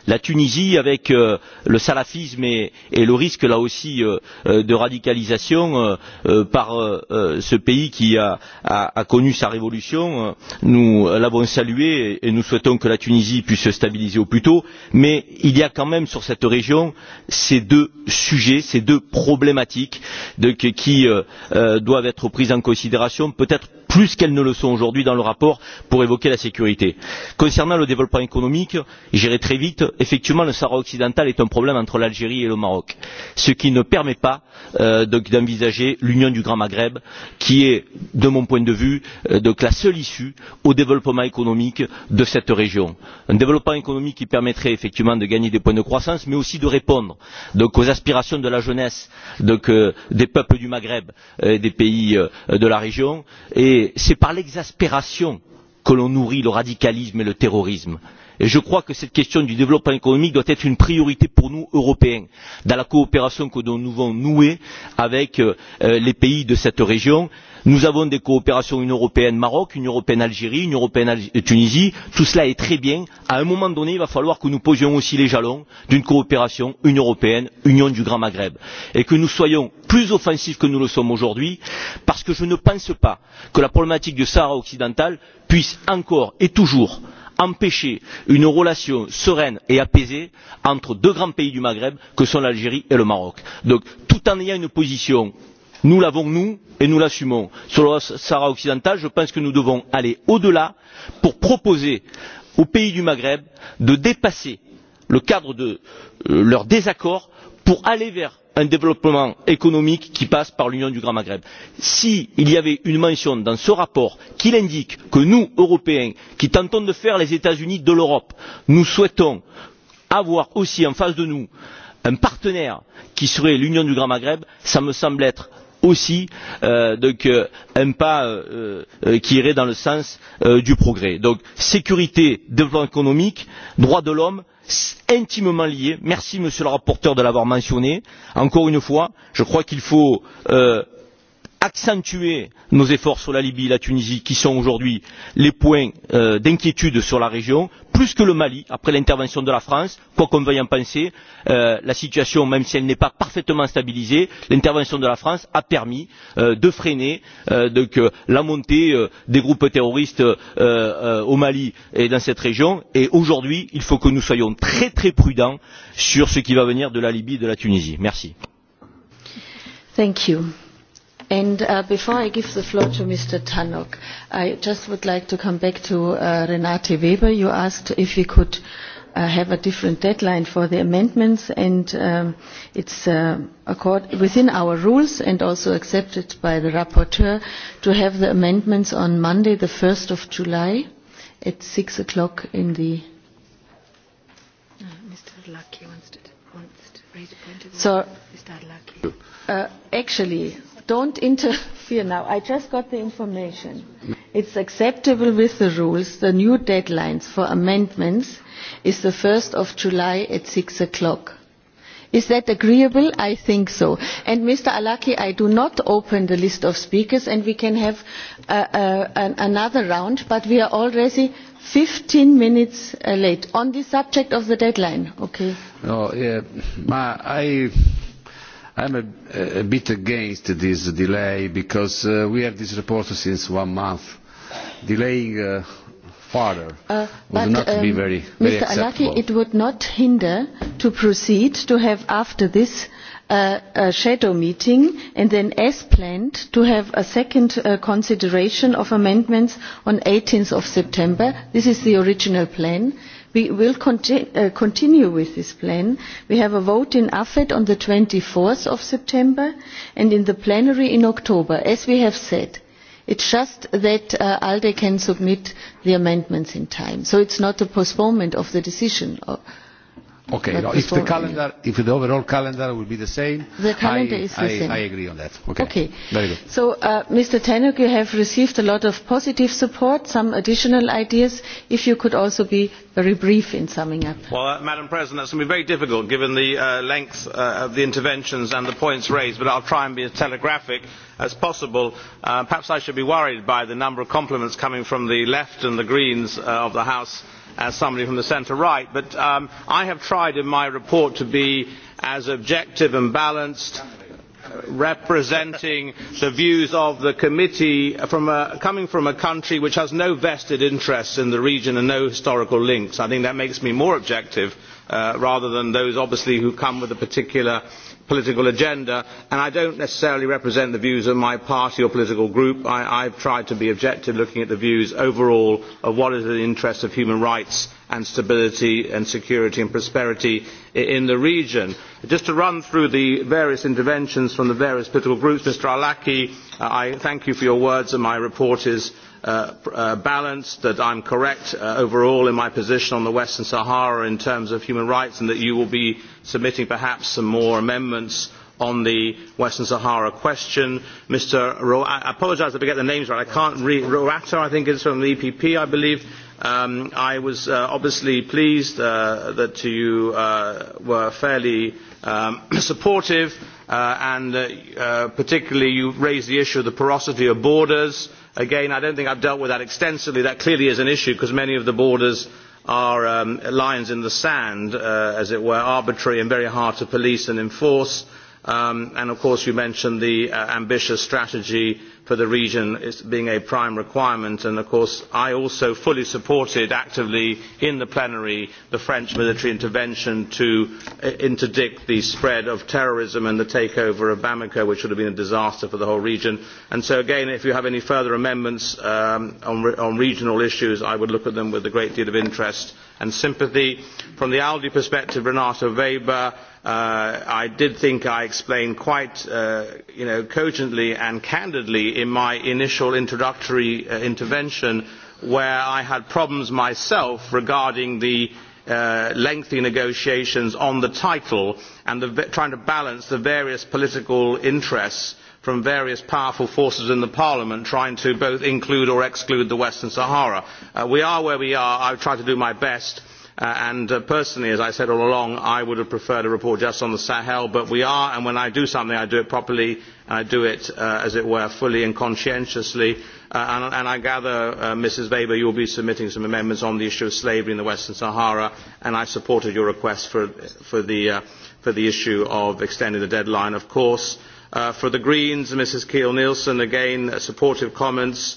La Tunisie, avec euh, le salafisme et, et le risque là aussi euh, euh de radicalisation euh, euh par euh, euh, ce pays qui a, a, a connu sa révolution, nous l'avons salué et nous souhaitons que la Tunisie puisse se stabiliser au plus tôt. Mais il y a quand même sur cette région ces deux sujets, ces deux problématiques de, qui euh, doivent être prises en considération, peut-être plus qu'elles ne le sont aujourd'hui dans le rapport pour évoquer la sécurité. Concernant le développement économique, j'irai très vite, effectivement le Sahara occidental est un problème entre l'Algérie et le Maroc, ce qui ne permet pas euh, d'envisager l'union du Grand Maghreb, qui est, de mon point de vue, euh, donc la seule issue au développement économique de cette région. Un développement économique qui permettrait effectivement de gagner des points de croissance, mais aussi de répondre donc, aux aspirations de la jeunesse donc, euh, des peuples du Maghreb euh, et des pays euh, de la région. Et c'est par l'exaspération que l'on nourrit le radicalisme et le terrorisme je crois que cette question du développement économique doit être une priorité pour nous européens dans la coopération que nous devons nouer avec euh, euh, les pays de cette région. Nous avons des coopérations une européenne Maroc, une européenne Algérie, une européenne euh, Tunisie. Tout cela est très bien. À un moment donné, il va falloir que nous posions aussi les jalons d'une coopération une européenne, union du Grand Maghreb. Et que nous soyons plus offensifs que nous le sommes aujourd'hui, parce que je ne pense pas que la problématique du Sahara occidental puisse encore et toujours empêcher une relation sereine et apaisée entre deux grands pays du Maghreb que sont l'Algérie et le Maroc. Donc, tout en ayant une position nous l'avons nous et nous l'assumons. Sur le Sahara occidental, je pense que nous devons aller au-delà pour proposer aux pays du Maghreb de dépasser le cadre de euh, leur désaccord pour aller vers un développement économique qui passe par l'union du grand maghreb. s'il y avait une mention dans ce rapport qui indique que nous européens qui tentons de faire les états unis de l'europe nous souhaitons avoir aussi en face de nous un partenaire qui serait l'union du grand maghreb cela me semble être aussi euh, donc, euh, un pas euh, euh qui irait dans le sens euh, du progrès. Donc sécurité, développement économique, droits de l'homme intimement liés. Merci monsieur le rapporteur de l'avoir mentionné. Encore une fois, je crois qu'il faut euh, accentuer nos efforts sur la Libye et la Tunisie qui sont aujourd'hui les points d'inquiétude sur la région plus que le Mali, après l'intervention de la France, quoi qu'on veuille en penser, euh, la situation, même si elle n'est pas parfaitement stabilisée, l'intervention de la France a permis euh, de freiner euh, euh la montée euh, des groupes terroristes euh, au Mali et dans cette région. Et aujourd'hui, il faut que nous soyons très très prudents sur ce qui va venir de la Libye et de la Tunisie. Merci. Thank you. And uh, before I give the floor to Mr. Tannock, I just would like to come back to uh, Renate Weber. You asked if we could uh, have a different deadline for the amendments, and um, it's uh, accord within our rules and also accepted by the rapporteur to have the amendments on Monday, the 1st of July, at 6 o'clock in the uh, Mr wants to to a point of so, uh, actually, don't interfere now. I just got the information. It's acceptable with the rules. The new deadlines for amendments is the 1st of July at 6 o'clock. Is that agreeable? I think so. And Mr. Alaki, I do not open the list of speakers and we can have uh, uh, an, another round, but we are already 15 minutes uh, late on the subject of the deadline. Okay. No, yeah, ma, I I'm a, a bit against this delay because uh, we have this report since one month. Delaying uh, farther uh, would not um, be very, very Mr. Acceptable. Alaki, it would not hinder to proceed to have after this uh, a shadow meeting and then as planned to have a second uh, consideration of amendments on 18th of September. This is the original plan We will conti uh, continue with this plan. We have a vote in AFED on the 24th of September and in the plenary in October, as we have said. It's just that uh, ALDE can submit the amendments in time. So it's not a postponement of the decision. Or, uh, Okay, no, if the calendar, if the overall calendar will be the same, the calendar I, is the I, same. I agree on that. Okay, okay. very good. So, uh, Mr. Tanuk, you have received a lot of positive support, some additional ideas. If you could also be very brief in summing up. Well, uh, Madam President, that's going to be very difficult given the uh, length uh, of the interventions and the points raised, but I'll try and be as telegraphic as possible. Uh, perhaps I should be worried by the number of compliments coming from the left and the Greens uh, of the House as somebody from the centre right, but um, I have tried in my report to be as objective and balanced representing the views of the committee from a, coming from a country which has no vested interests in the region and no historical links. I think that makes me more objective uh, rather than those obviously who come with a particular political agenda and I do not necessarily represent the views of my party or political group. I, have tried to be objective looking at the views overall of what is in the interest of human rights and stability and security and prosperity in the region. Just to run through the various interventions from the various political groups, Mr. Arlacchi, uh, I thank you for your words and my report is Uh, uh, balanced, that I am correct uh, overall in my position on the Western Sahara in terms of human rights, and that you will be submitting perhaps some more amendments on the Western Sahara question. Mr. Ro I apologise if I get the names right. I can't read. Roata, I think, is from the EPP, I believe. Um, I was uh, obviously pleased uh, that you uh, were fairly um, <clears throat> supportive, uh, and uh, particularly you raised the issue of the porosity of borders Again, I do not think I have dealt with that extensively. That clearly is an issue because many of the borders are um, lines in the sand, uh, as it were, arbitrary and very hard to police and enforce. Um, and of course, you mentioned the uh, ambitious strategy for the region as being a prime requirement and of course I also fully supported actively in the plenary the French military intervention to uh, interdict the spread of terrorism and the takeover of Bamako which would have been a disaster for the whole region and so again if you have any further amendments um, on, re on regional issues I would look at them with a great deal of interest and sympathy. From the ALDE perspective, Renato Weber, uh, I did think I explained quite uh, you know, cogently and candidly in my initial introductory uh, intervention where I had problems myself regarding the uh, lengthy negotiations on the title and the, trying to balance the various political interests from various powerful forces in parliament trying to both include or exclude the western sahara. Uh, we are where we are. i tried to do my best Uh, and uh, personally, as I said all along, I would have preferred a report just on the Sahel, but we are, and when I do something, I do it properly, and I do it, uh, as it were, fully and conscientiously. and, I gather, ms Mrs. Weber, you will be submitting some amendments on the issue of slavery in the Western Sahara, and I supported your request for, the, issue of extending the deadline, of course. for the Greens, Ms Keel Nielsen, again, supportive comments.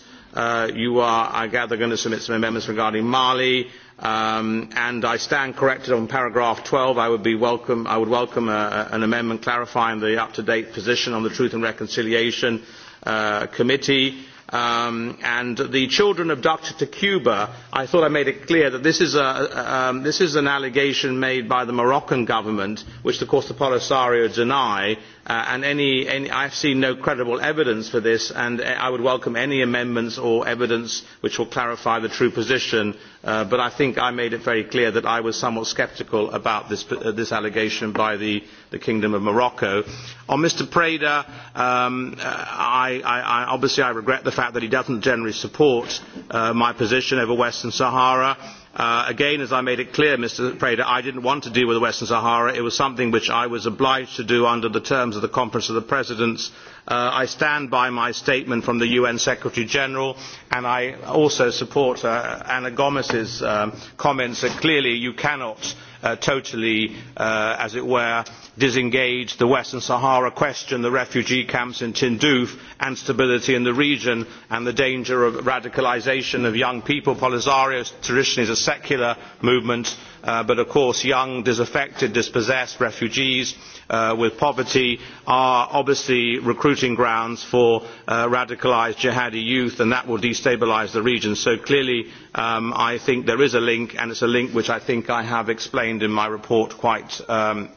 you are, I gather, going to submit some amendments regarding Mali Um, and I stand corrected on paragraph 12. I would, be welcome, I would welcome a, uh, a, uh, an amendment clarifying the up-to-date position on the Truth and Reconciliation uh, Committee. Um, and the children abducted to Cuba, I thought I made it clear that this is, a, um, this is an allegation made by the Moroccan government, which of course the Polisario deny, Uh, and any, any, I have seen no credible evidence for this, and uh, I would welcome any amendments or evidence which will clarify the true position. Uh, but I think I made it very clear that I was somewhat sceptical about this, allegation by the, Kingdom of Morocco. On Mr. Preda, um, I, I, I, obviously I regret the fact that he does not generally support my position over Western Sahara Uh, again, as I made it clear, Mr. Preda, I did not want to deal with the Western Sahara. It was something which I was obliged to do under the terms of the Conference of the Presidents. Uh, I stand by my statement from the UN Secretary General, and I also support uh, Anna Gomez's um, comments that clearly you cannot uh, totally, uh, as it were, disengage the western sahara question the refugee camps in tindouf and stability in the region and the danger of radicalisation of young people polisario traditionally is a secular movement Uh, but of course young, disaffected, dispossessed refugees uh, with poverty are obviously recruiting grounds for uh, radicalised jihadi youth and that will destabilise the region. So clearly um, I think there is a link and it is a link which I think I have explained in my report quite um,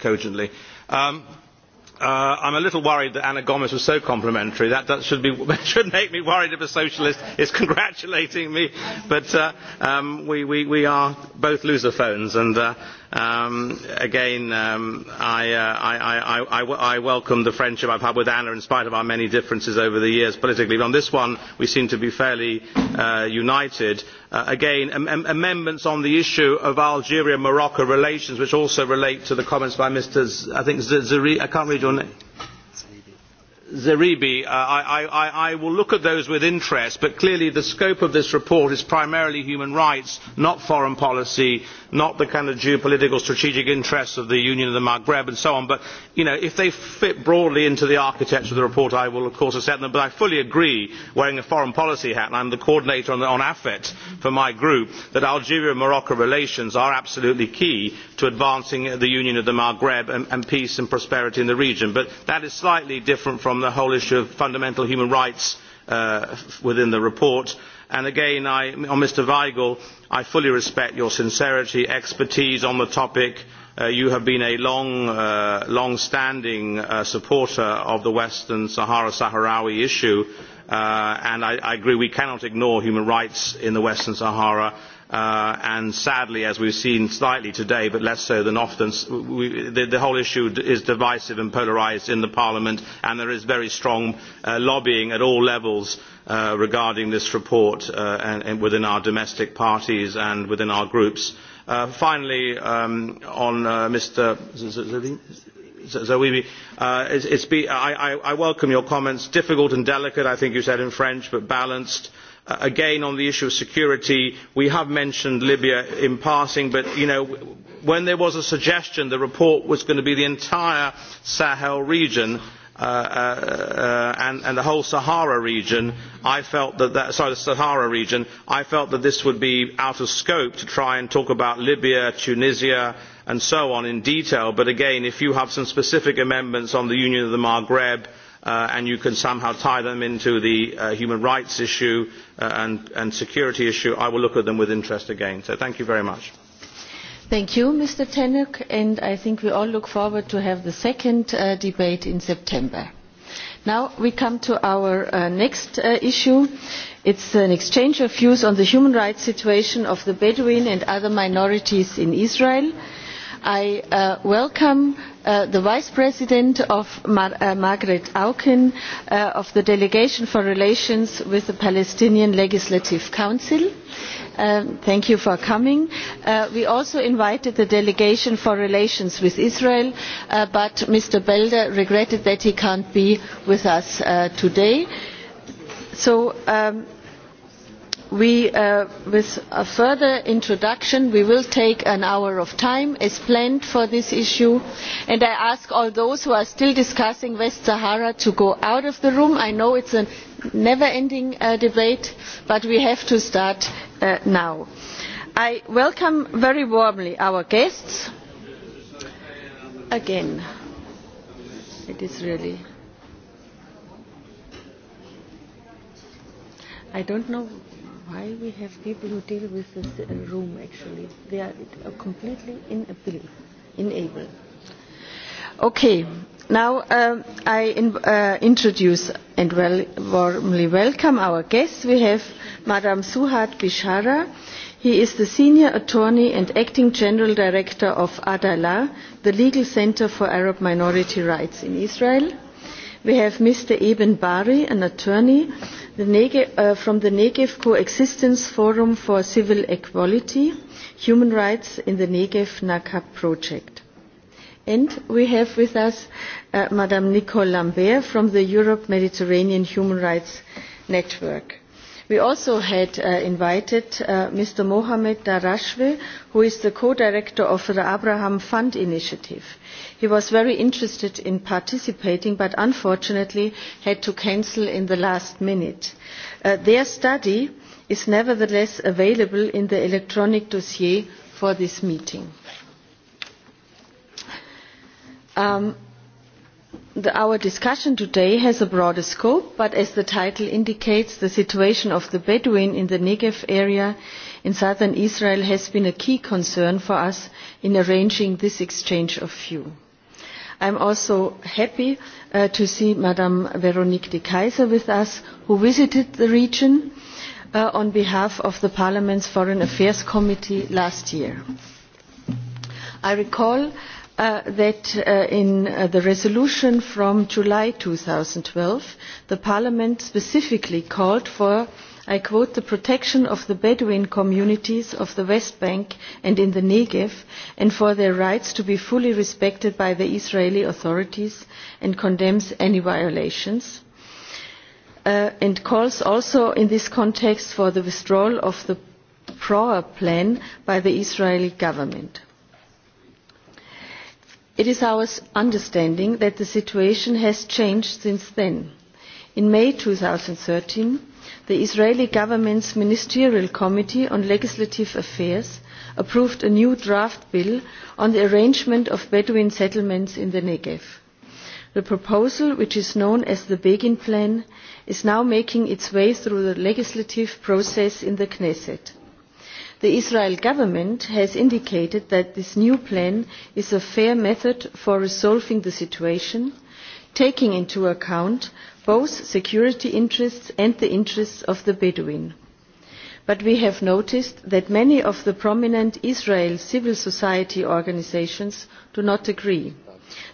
cogently. Um, Uh, I'm a little worried that Anna Gomez was so complimentary. That, that should, be, <laughs> should make me worried if a socialist is <laughs> congratulating me. But uh, um, we, we, we are both lusophones, and uh, Um, again, um, I, uh, I, I, I, I I welcome the friendship I've had with Anna in spite of our many differences over the years politically. But on this one, we seem to be fairly uh, united. Uh, again, am am amendments on the issue of Algeria-Morocco relations, which also relate to the comments by Mr. Z I think Z- Zari, I can't read your name. Zeribi, uh, I, I, I will look at those with interest, but clearly the scope of this report is primarily human rights, not foreign policy not the kind of geopolitical strategic interests of the Union of the Maghreb and so on. But you know, if they fit broadly into the architecture of the report, I will of course accept them. But I fully agree, wearing a foreign policy hat, and I'm the coordinator on, the, on AFET for my group, that Algeria-Morocco relations are absolutely key to advancing the Union of the Maghreb and, and peace and prosperity in the region. But that is slightly different from the whole issue of fundamental human rights uh, within the report. And again, I, on Mr. Weigel, I fully respect your sincerity, and expertise on the topic. Uh, you have been a long, uh, standing uh, supporter of the Western Sahara Sahrawi issue, and I agree we cannot ignore human rights in the Western Sahara Uh, and sadly, as we've seen slightly today, but less so than often, we, the, the whole issue is divisive and polarised in the Parliament, and there is very strong uh, lobbying at all levels uh, regarding this report uh, and, and within our domestic parties and within our groups. Uh, finally, um, on uh, Mr. Zawibi, uh, it's, it's be, I, I, I welcome your comments. Difficult and delicate, I think you said in French, but balanced Uh, again on the issue of security we have mentioned libya in passing but when there was a suggestion the report was going to be the entire sahel region uh, uh, and, and the whole Sahara region, I felt that, that sorry, the Sahara region, I felt that this would be out of scope to try and talk about Libya, Tunisia, and so on in detail. But again, if you have some specific amendments on the Union of the Maghreb, uh, and you can somehow tie them into the uh, human rights issue uh, and, and security issue, I will look at them with interest again. So thank you very much. Thank you, Mr. Tannock, and I think we all look forward to have the second uh, debate in September. Now we come to our uh, next uh, issue. It's an exchange of views on the human rights situation of the Bedouin and other minorities in Israel. I uh, welcome Uh, the Vice President of Mar uh, Margaret Auken uh, of the Delegation for Relations with the Palestinian Legislative Council. Um, thank you for coming. Uh, we also invited the delegation for relations with Israel, uh, but Mr. Belder regretted that he can't be with us uh, today. So um, We, uh, with a further introduction, we will take an hour of time as planned for this issue. And I ask all those who are still discussing West Sahara to go out of the room. I know it's a never-ending uh, debate, but we have to start uh, now. I welcome very warmly our guests. Again, it is really... I don't know why we have people who deal with this uh, room actually. They are uh, completely inable. inable. Okay, now um, I in, uh, introduce and well, warmly welcome our guests. We have Madam Suhad Bishara. He is the Senior Attorney and Acting General Director of Adala, the Legal Center for Arab Minority Rights in Israel. We have Mr. Eben Bari, an attorney the Negev, uh, from the Negev Coexistence Forum for Civil Equality, Human Rights in the Negev NACAP Project. And we have with us uh, Madame Nicole Lambert from the Europe Mediterranean Human Rights Network. We also had uh, invited uh, Mr. Mohamed Darashwe, who is the co-director of the Abraham Fund Initiative. He was very interested in participating but unfortunately had to cancel in the last minute. Uh, their study is nevertheless available in the electronic dossier for this meeting. Um, The, our discussion today has a broader scope, but as the title indicates, the situation of the Bedouin in the Negev area in southern Israel has been a key concern for us in arranging this exchange of view. I'm also happy uh, to see Madame Veronique de Kaiser with us, who visited the region uh, on behalf of the Parliament's Foreign Affairs Committee last year. I recall uh, that uh, in uh, the resolution from July 2012, the Parliament specifically called for I quote, the protection of the Bedouin communities of the West Bank and in the Negev and for their rights to be fully respected by the Israeli authorities and condemns any violations. Uh, and calls also in this context for the withdrawal of the PROA plan by the Israeli government. It is our understanding that the situation has changed since then. In May 2013, the Israeli government's Ministerial Committee on Legislative Affairs approved a new draft bill on the arrangement of Bedouin settlements in the Negev. The proposal, which is known as the Begin Plan, is now making its way through the legislative process in the Knesset. The Israel government has indicated that this new plan is a fair method for resolving the situation, taking into account both security interests and the interests of the Bedouin. But we have noticed that many of the prominent Israel civil society organizations do not agree.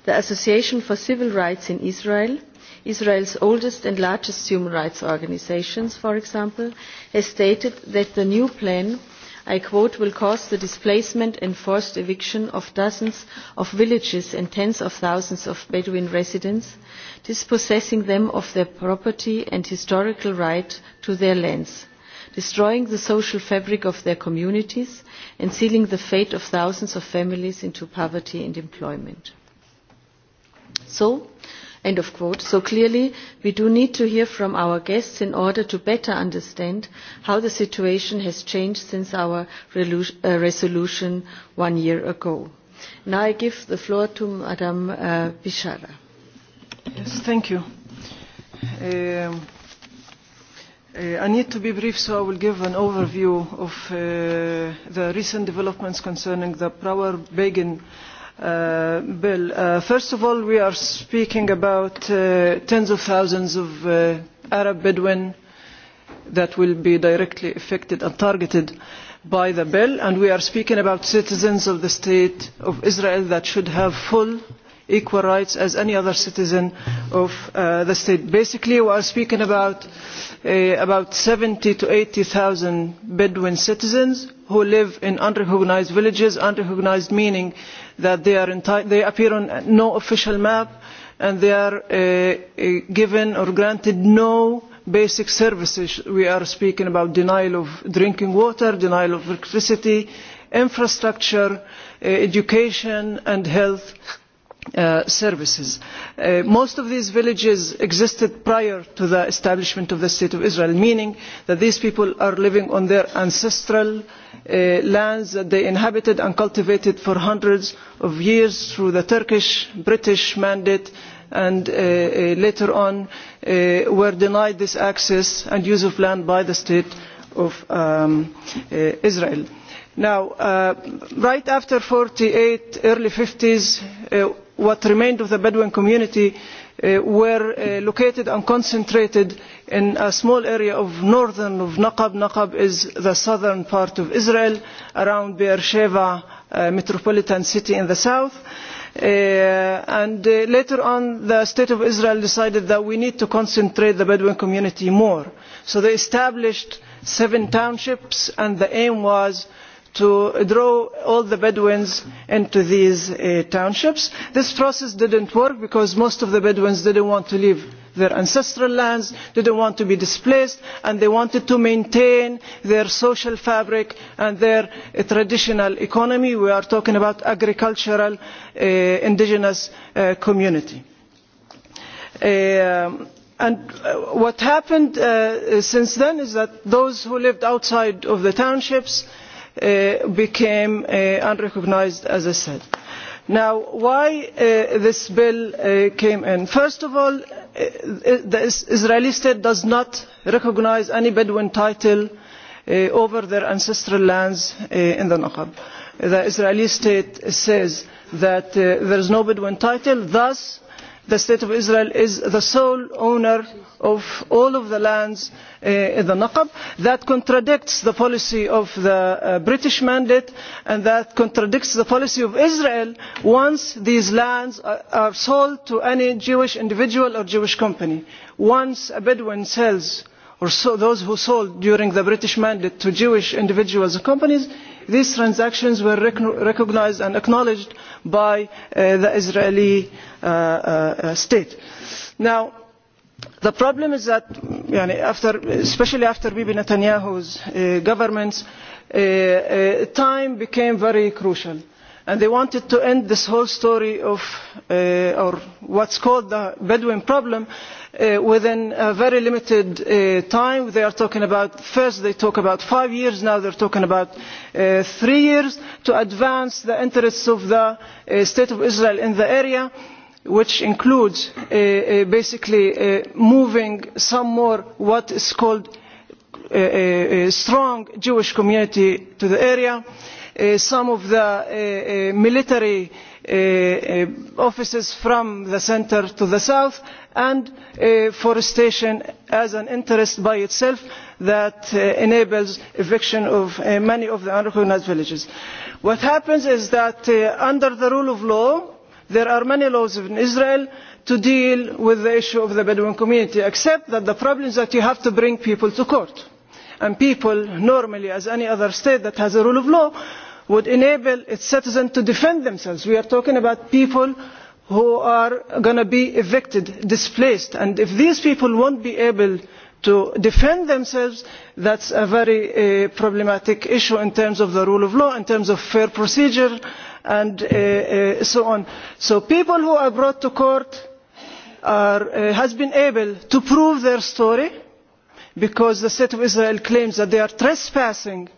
The Association for Civil Rights in Israel, Israel's oldest and largest human rights organizations, for example, has stated that the new plan I quote, will cause the displacement and forced eviction of dozens of villages and tens of thousands of Bedouin residents dispossessing them of their property and historical right to their lands, destroying the social fabric of their communities and sealing the fate of thousands of families into poverty and employment. So, End of quote. So clearly, we do need to hear from our guests in order to better understand how the situation has changed since our uh, resolution one year ago. Now I give the floor to Madame uh, Bishara. Yes, thank you. Uh, uh, I need to be brief, so I will give an overview of uh, the recent developments concerning the Power-Begin uh, bill. Uh, first of all, we are speaking about uh, tens of thousands of uh, Arab Bedouin that will be directly affected and targeted by the bill, and we are speaking about citizens of the State of Israel that should have full equal rights as any other citizen of uh, the state. Basically, we are speaking about uh, about 70 to 80,000 Bedouin citizens who live in unrecognized villages, unrecognized meaning that they, are they appear on no official map and they are uh, uh, given or granted no basic services. We are speaking about denial of drinking water, denial of electricity, infrastructure, uh, education and health Uh, services. Uh, most of these villages existed prior to the establishment of the State of Israel, meaning that these people are living on their ancestral uh, lands that they inhabited and cultivated for hundreds of years through the Turkish, British mandate and uh, uh, later on uh, were denied this access and use of land by the State of um, uh, Israel. Now, uh, right after 48, early 50s, uh, what remained of the Bedouin community uh, were uh, located and concentrated in a small area of northern of Naqab. Naqab is the southern part of Israel, around Beersheba uh, metropolitan city in the south. Uh, and uh, later on, the state of Israel decided that we need to concentrate the Bedouin community more. So they established seven townships, and the aim was to draw all the Bedouins into these uh, townships. This process didn't work because most of the Bedouins didn't want to leave their ancestral lands, didn't want to be displaced, and they wanted to maintain their social fabric and their uh, traditional economy. We are talking about agricultural uh, indigenous uh, community. Um, uh, And what happened uh, since then is that those who lived outside of the townships Uh, became uh, unrecognised as I said. Now, why uh, this bill came in? First of all, the Israeli state does not recognise any Bedouin title over their ancestral lands in the Naqab. The Israeli state says that there is no Bedouin title, thus the state of Israel is the sole owner of all of the lands uh, in the Naqab. That contradicts the policy of the uh, British mandate and that contradicts the policy of Israel once these lands are, are sold to any Jewish individual or Jewish company. Once a Bedouin sells or so those who sold during the British mandate to Jewish individuals and companies, These transactions were rec recognized and acknowledged by uh, the Israeli uh, uh, state. Now, the problem is that, know, after, especially after Bibi Netanyahu's uh, government, uh, uh, time became very crucial. And they wanted to end this whole story of, uh, or what's called the Bedouin problem, uh, within a very limited uh, time. They are talking about, first they talk about five years, now they're talking about uh, three years to advance the interests of the uh, State of Israel in the area, which includes uh, uh, basically uh, moving some more what is called a, uh, a uh, uh, strong Jewish community to the area. Uh, some of the uh, uh, military uh, offices from the center to the south and uh, forestation as an interest by itself that uh, enables eviction of uh, many of the unrecognised villages. What happens is that under the rule of law there are many laws in Israel to deal with the issue of the Bedouin community except that the problem is that you have to bring people to court and people normally as any other state that has a rule of law would enable its citizens to defend themselves. We are talking about people who are going to be evicted, displaced. And if these people won't be able to defend themselves, that's a very uh, problematic issue in terms of the rule of law, in terms of fair procedure, and uh, uh, so on. So people who are brought to court are, uh, has been able to prove their story because the state of Israel claims that they are trespassing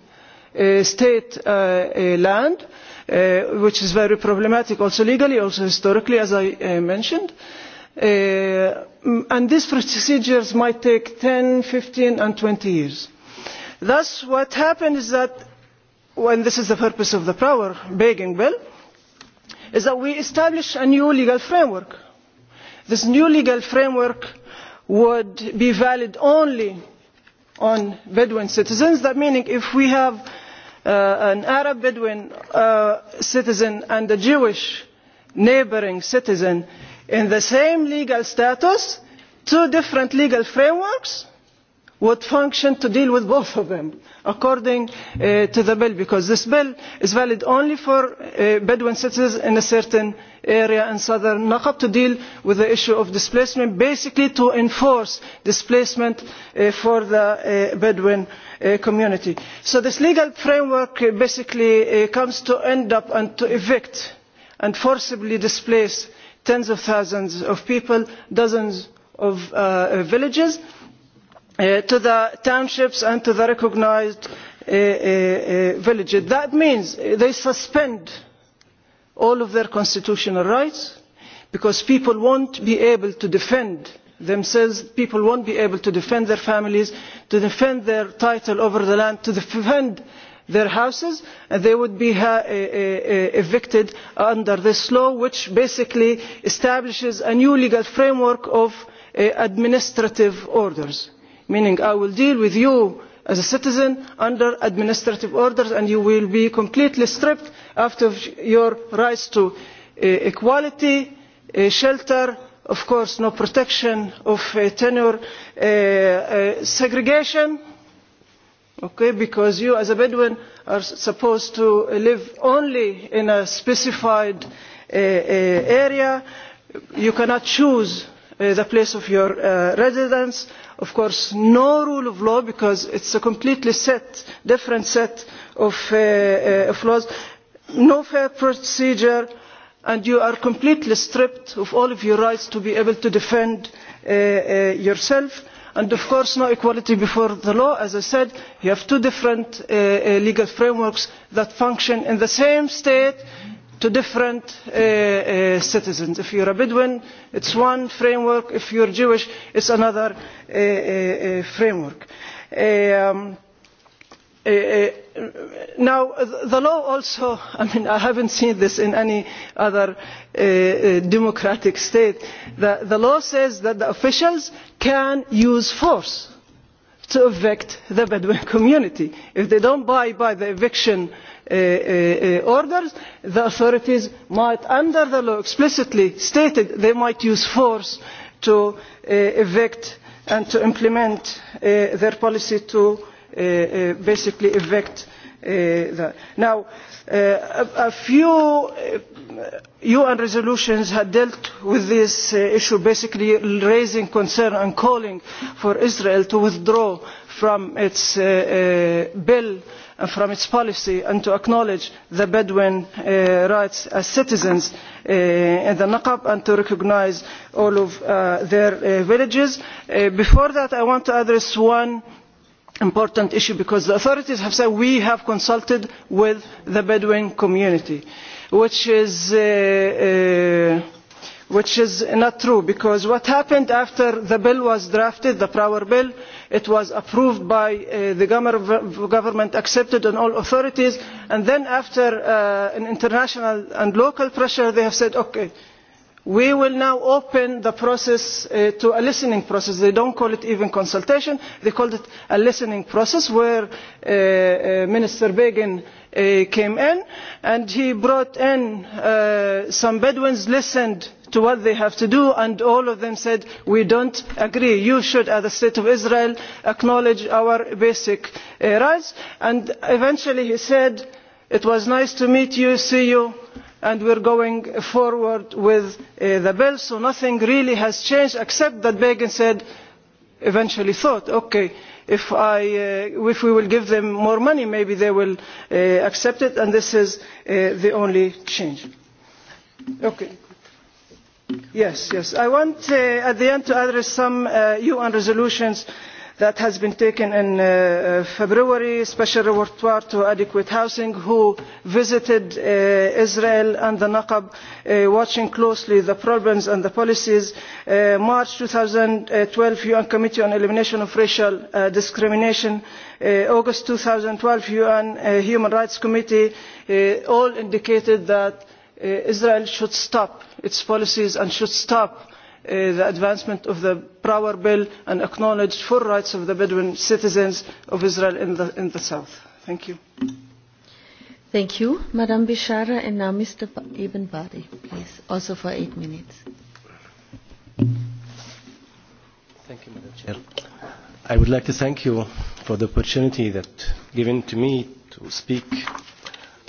uh, state uh, uh, land uh, which is very problematic also legally, also historically, as I uh, mentioned. Uh, and these procedures might take 10, 15, and 20 years. Thus, what happened is that, when this is the purpose of the power begging bill, is that we establish a new legal framework. This new legal framework would be valid only on Bedouin citizens. That meaning if we have uh, an Arab Bedouin uh, citizen and a Jewish neighboring citizen in the same legal status, two different legal frameworks, would function to deal with both of them according uh, to the bill because this bill is valid only for uh, Bedouin citizens in a certain area in southern Naqab to deal with the issue of displacement basically to enforce displacement uh, for the uh, Bedouin uh, community. So this legal framework uh, basically uh, comes to end up and to evict and forcibly displace tens of thousands of people, dozens of uh, villages uh, to the townships and to the recognised uh, eh, uh, eh, villages. That means they suspend all of their constitutional rights because people won't be able to defend themselves, people won't be able to defend their families, to defend their title over the land, to defend their houses and they would be evicted under this law which basically establishes a new legal framework of administrative orders meaning I will deal with you as a citizen under administrative orders and you will be completely stripped of your rights to uh, equality, uh, shelter, of course no protection of uh, tenure, segregation, okay, because you as a Bedouin are supposed to live only in a specified area, you cannot choose the place of your residence, of course no rule of law because it's a completely set, different set of, uh, uh, of laws, no fair procedure, and you are completely stripped of all of your rights to be able to defend uh, uh, yourself. And of course, no equality before the law. As I said, you have two different uh, uh, legal frameworks that function in the same state to different uh, uh, citizens. If you're a Bedouin, it's one framework. If you're Jewish, it's another uh, uh, uh framework. Um, uh, uh, now, the law also, <laughs> I mean, I haven't seen this in any other uh, uh, democratic state. The, the law says that the officials can use force to evict the Bedouin <laughs> community. If they don't buy by the eviction Uh, uh, uh, orders, the authorities might, under the law explicitly stated, they might use force to uh, evict and to implement uh, their policy to uh, uh, basically evict uh, that. Now, uh, a, a few uh, UN resolutions had dealt with this uh, issue, basically raising concern and calling for Israel to withdraw from its uh, uh, bill Uh, from its policy and to acknowledge the Bedouin uh, rights as citizens uh, in the Naqab and to recognize all of uh, their uh, villages. Uh, before that, I want to address one important issue because the authorities have said we have consulted with the Bedouin community, which is... Uh, uh, which is not true because what happened after the bill was drafted, the Power Bill, it was approved by uh, the government, accepted on all authorities, and then after uh, an international and local pressure, they have said, okay, we will now open the process uh, to a listening process. They don't call it even consultation, they called it a listening process where uh, uh, Minister Begin uh, came in and he brought in uh, some Bedouins, listened to what they have to do and all of them said we don't agree you should as the state of israel acknowledge our basic uh, rights and eventually he said it was nice to meet you see you and we are going forward with uh, the bill so nothing really has changed except that begin said eventually thought okay if, I, uh, if we will give them more money maybe they will uh, accept it and this is uh, the only change. Okay. Yes, yes. I want uh, at the end to address some uh, UN resolutions that has been taken in uh, uh, February, Special repertoire to Adequate Housing, who visited uh, Israel and the Naqab, uh, watching closely the problems and the policies. Uh, March 2012, UN Committee on Elimination of Racial uh, Discrimination, uh, August 2012, UN uh, Human Rights Committee, uh, all indicated that Uh, Israel should stop its policies and should stop uh, the advancement of the power bill and acknowledge full rights of the Bedouin citizens of Israel in the, in the south. Thank you. Thank you, Madam Bishara, and now Mr. Ibn Badi, please, also for eight minutes. Thank you, Madam Chair. I would like to thank you for the opportunity that given to me to speak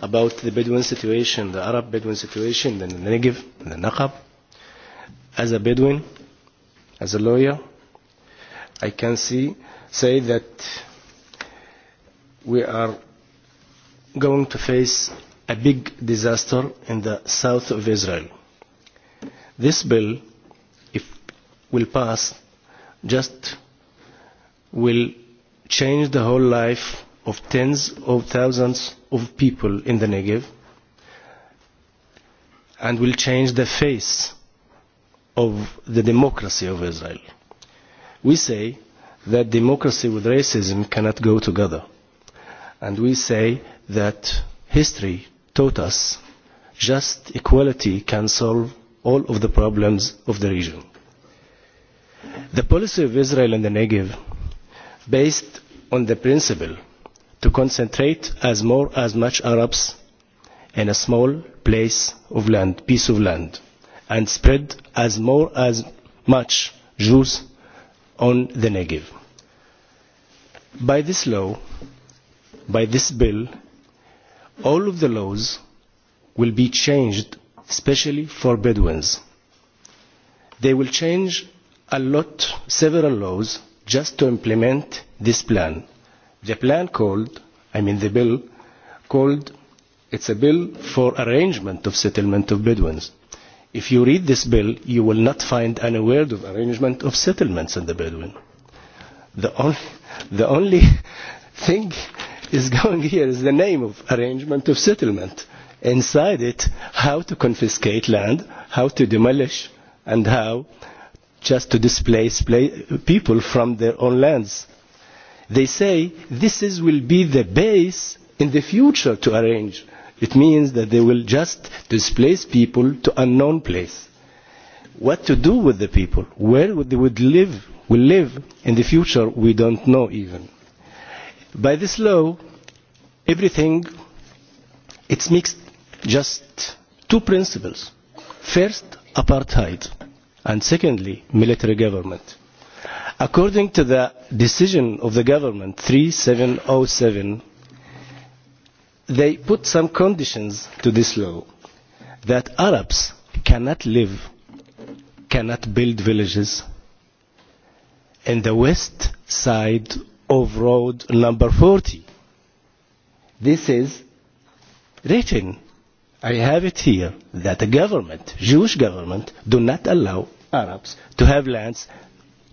about the Bedouin situation, the Arab Bedouin situation the Negev, the Naqab. As a Bedouin, as a lawyer, I can see, say that we are going to face a big disaster in the south of Israel. This bill, if will pass, just will change the whole life of tens of thousands of people in the Negev and will change the face of the democracy of Israel. We say that democracy with racism cannot go together. And we say that history taught us just equality can solve all of the problems of the region. The policy of Israel and the Negev, based on the principle to concentrate as more as much Arabs in a small place of land, piece of land, and spread as more as much Jews on the Negev. By this law, by this bill, all of the laws will be changed, especially for Bedouins. They will change a lot, several laws, just to implement this plan The plan called, I mean the bill, called, it's a bill for arrangement of settlement of Bedouins. If you read this bill, you will not find any word of arrangement of settlements in the Bedouin. The only, the only <laughs> thing is going here is the name of arrangement of settlement. Inside it, how to confiscate land, how to demolish, and how just to displace people from their own lands They say this is, will be the base in the future to arrange. It means that they will just displace people to unknown place. What to do with the people? Where would they would live? Will live in the future? We don't know even. By this law, everything it's mixed just two principles. First, apartheid, and secondly, military government. According to the decision of the government 3707, they put some conditions to this law that Arabs cannot live, cannot build villages in the west side of road number 40. This is written. I have it here that the government, Jewish government, do not allow Arabs to have lands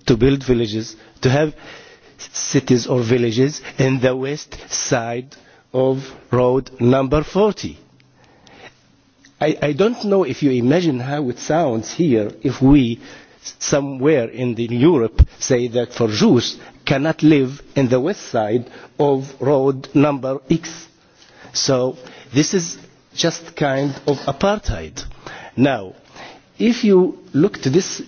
to build villages, to have cities or villages in the west side of road number 40. I, I don't know if you imagine how it sounds here if we somewhere in the Europe say that for Jews cannot live in the west side of road number X. So this is just kind of apartheid. Now, if you look to this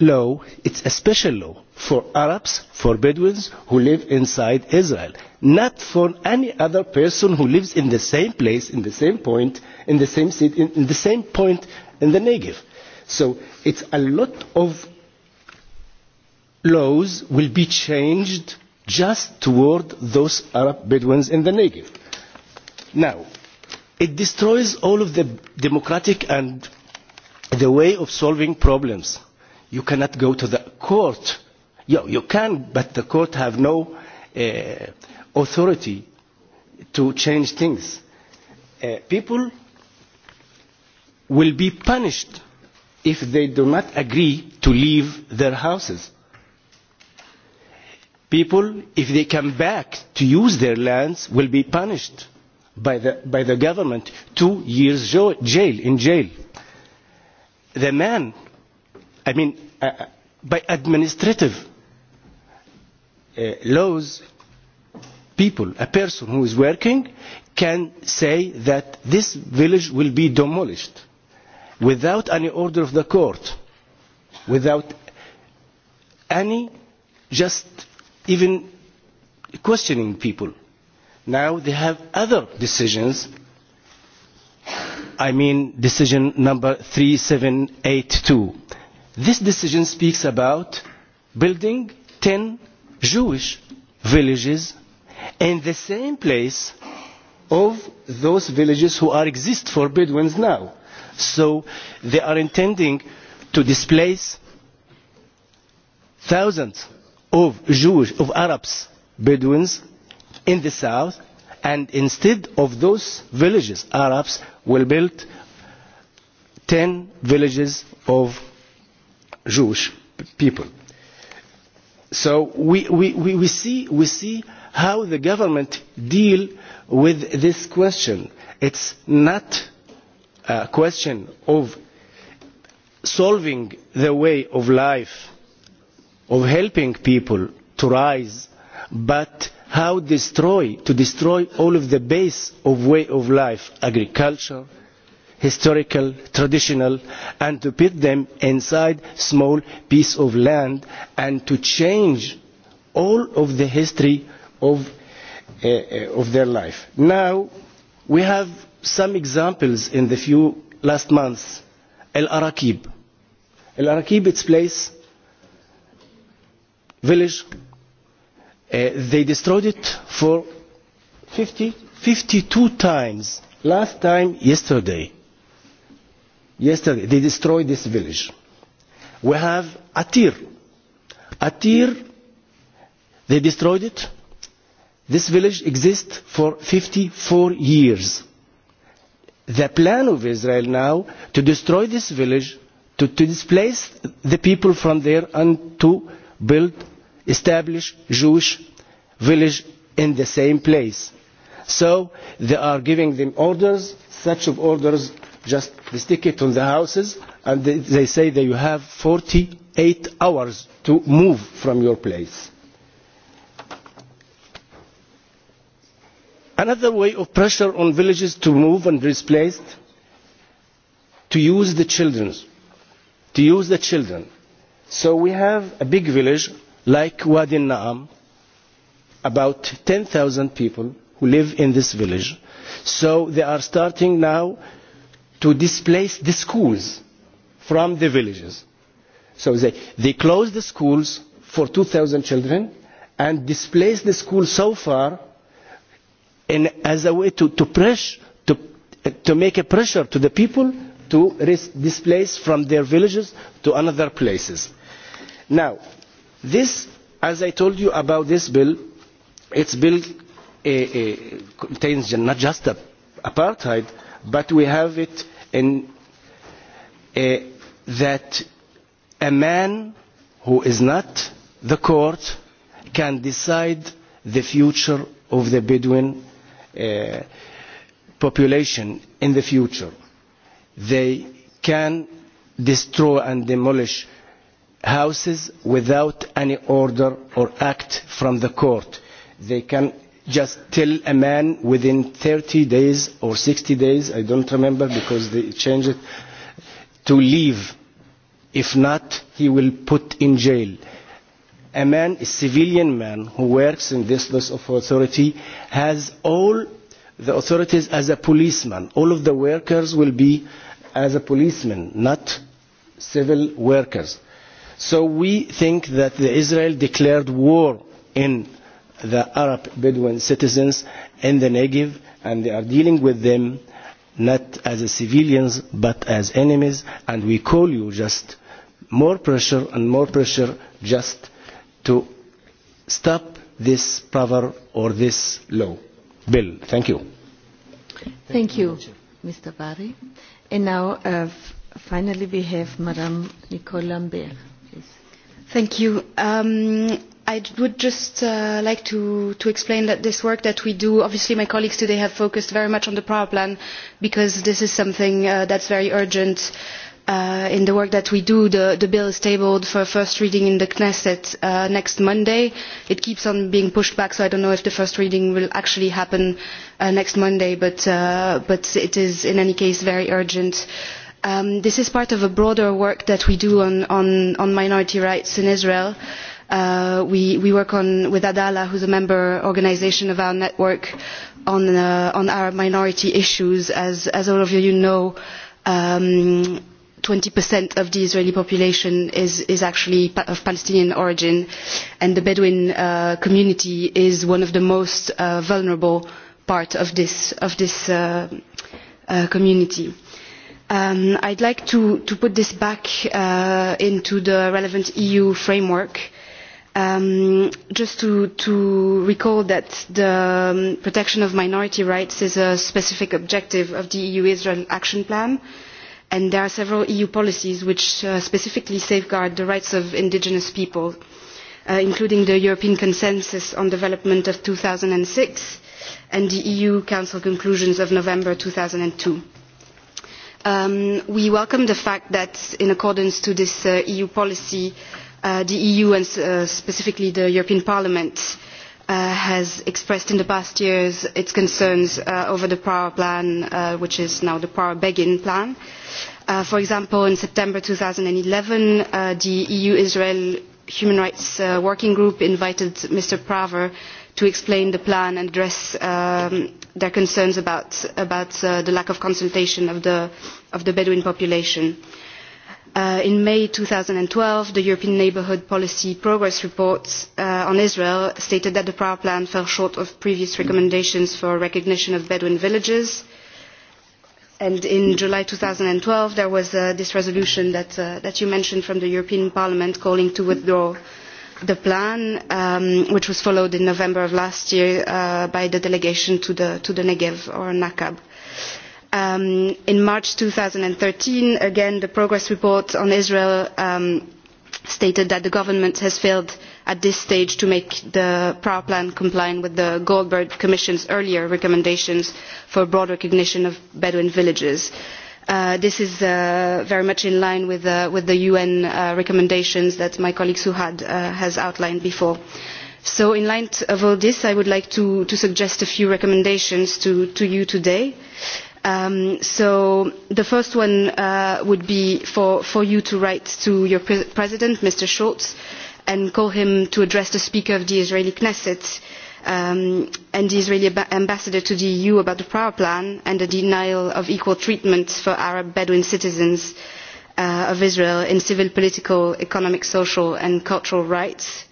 law, it's a special law for Arabs, for Bedouins who live inside Israel, not for any other person who lives in the same place, in the same point, in the same city, in, the same point in the Negev. So it's a lot of laws will be changed just toward those Arab Bedouins in the Negev. Now, it destroys all of the democratic and the way of solving problems you cannot go to the court. You, you can, but the court have no uh, authority to change things. Uh, people will be punished if they do not agree to leave their houses. People, if they come back to use their lands, will be punished by the, by the government two years jail, in jail. The man I mean, uh, uh, by administrative uh, laws, people, a person who is working, can say that this village will be demolished without any order of the court, without any just even questioning people. Now they have other decisions. I mean decision number 3782 This decision speaks about building 10 Jewish villages in the same place of those villages who are exist for Bedouins now. So they are intending to displace thousands of Jewish, of Arabs, Bedouins in the south and instead of those villages, Arabs will build 10 villages of Jewish people. So we, we, we, we, see, we see how the government deal with this question. It's not a question of solving the way of life, of helping people to rise, but how destroy, to destroy all of the base of way of life, agriculture, historical, traditional, and to put them inside small piece of land and to change all of the history of, uh, of their life. Now, we have some examples in the few last months. el Araqib. el Araqib its place, village, uh, they destroyed it for 50, 52 times. Last time, yesterday Yesterday, they destroyed this village. We have Atir. Atir, they destroyed it. This village exists for 54 years. The plan of Israel now to destroy this village, to, to displace the people from there and to build, establish Jewish village in the same place. So they are giving them orders, such of orders just they stick it on the houses and they, they say that you have 48 hours to move from your place. Another way of pressure on villages to move and displaced, to use the children, to use the children. So we have a big village like Wadi Naam, about 10,000 people who live in this village. So they are starting now to displace the schools from the villages. So they, they closed the schools for 2,000 children and displaced the school so far in, as a way to, to, press, to, to make a pressure to the people to displace from their villages to another places. Now, this, as I told you about this bill, its bill uh, eh, uh, eh, contains not just a, apartheid, but we have it in uh, that a man who is not the court can decide the future of the Bedouin uh, population in the future. They can destroy and demolish houses without any order or act from the court. They can just tell a man within 30 days or 60 days, I don't remember because they changed it, to leave. If not, he will put in jail. A man, a civilian man who works in this loss of authority has all the authorities as a policeman. All of the workers will be as a policeman, not civil workers. So we think that the Israel declared war in the Arab Bedouin citizens in the Negev and they are dealing with them not as civilians but as enemies and we call you just more pressure and more pressure just to stop this power or this law. Bill, thank you. Thank, you, you, Mr. Bari. And now uh, finally we have Madame Nicole Lambert. Please. Thank you. Um, I would just uh, like to, to explain that this work that we do, obviously my colleagues today have focused very much on the power plan because this is something uh, that's very urgent. Uh, in the work that we do, the, the bill is tabled for first reading in the Knesset uh, next Monday. It keeps on being pushed back, so I don't know if the first reading will actually happen uh, next Monday, but, uh, but it is in any case very urgent. Um, this is part of a broader work that we do on, on, on minority rights in Israel. Uh, we, we work on, with Adala, who's a member organization of our network, on, uh, on our minority issues. As, as all of you, you know, um, 20% of the Israeli population is, is actually pa of Palestinian origin, and the Bedouin uh, community is one of the most uh, vulnerable part of this, of this uh, uh, community. Um, I'd like to, to put this back uh, into the relevant EU framework Um, just to, to recall that the um, protection of minority rights is a specific objective of the EU-Israel Action Plan, and there are several EU policies which uh, specifically safeguard the rights of indigenous people, uh, including the European Consensus on Development of 2006 and the EU Council conclusions of November 2002. Um, we welcome the fact that, in accordance to this uh, EU policy, uh, Uh, the EU and uh, specifically the European Parliament uh, has expressed in the past years its concerns uh, over the power plan, uh, which is now the power begging plan. Uh, for example, in September 2011, uh, the EU-Israel Human Rights uh, Working Group invited Mr. Praver to explain the plan and address um, their concerns about, about uh, the lack of consultation of the, of the Bedouin population. Uh, Uh, in May 2012, the European Neighbourhood Policy Progress Report uh, on Israel stated that the power plan fell short of previous recommendations for recognition of Bedouin villages. And in July 2012, there was uh, this resolution that, uh, that you mentioned from the European Parliament calling to withdraw the plan, um, which was followed in November of last year uh, by the delegation to the, to the Negev or Nakab. Uh, Um, in March thirteen, again, the progress report on Israel um, stated that the government has failed at this stage to make the power plan comply with the Goldberg Commission's earlier recommendations for broad recognition of Bedouin villages. Uh, this is uh, very much in line with, uh, with the UN uh, recommendations that my colleague Suhad uh, has outlined before. So in light of all this, I would like to, to suggest a few recommendations to, to you today. Uh, Um, so the first one uh, would be for, for you to write to your pre president, Mr. Schultz, and call him to address the speaker of the Israeli Knesset um, and the Israeli ambassador to the EU about the power plan and the denial of equal treatment for Arab Bedouin citizens uh, of Israel in civil, political, economic, social and cultural rights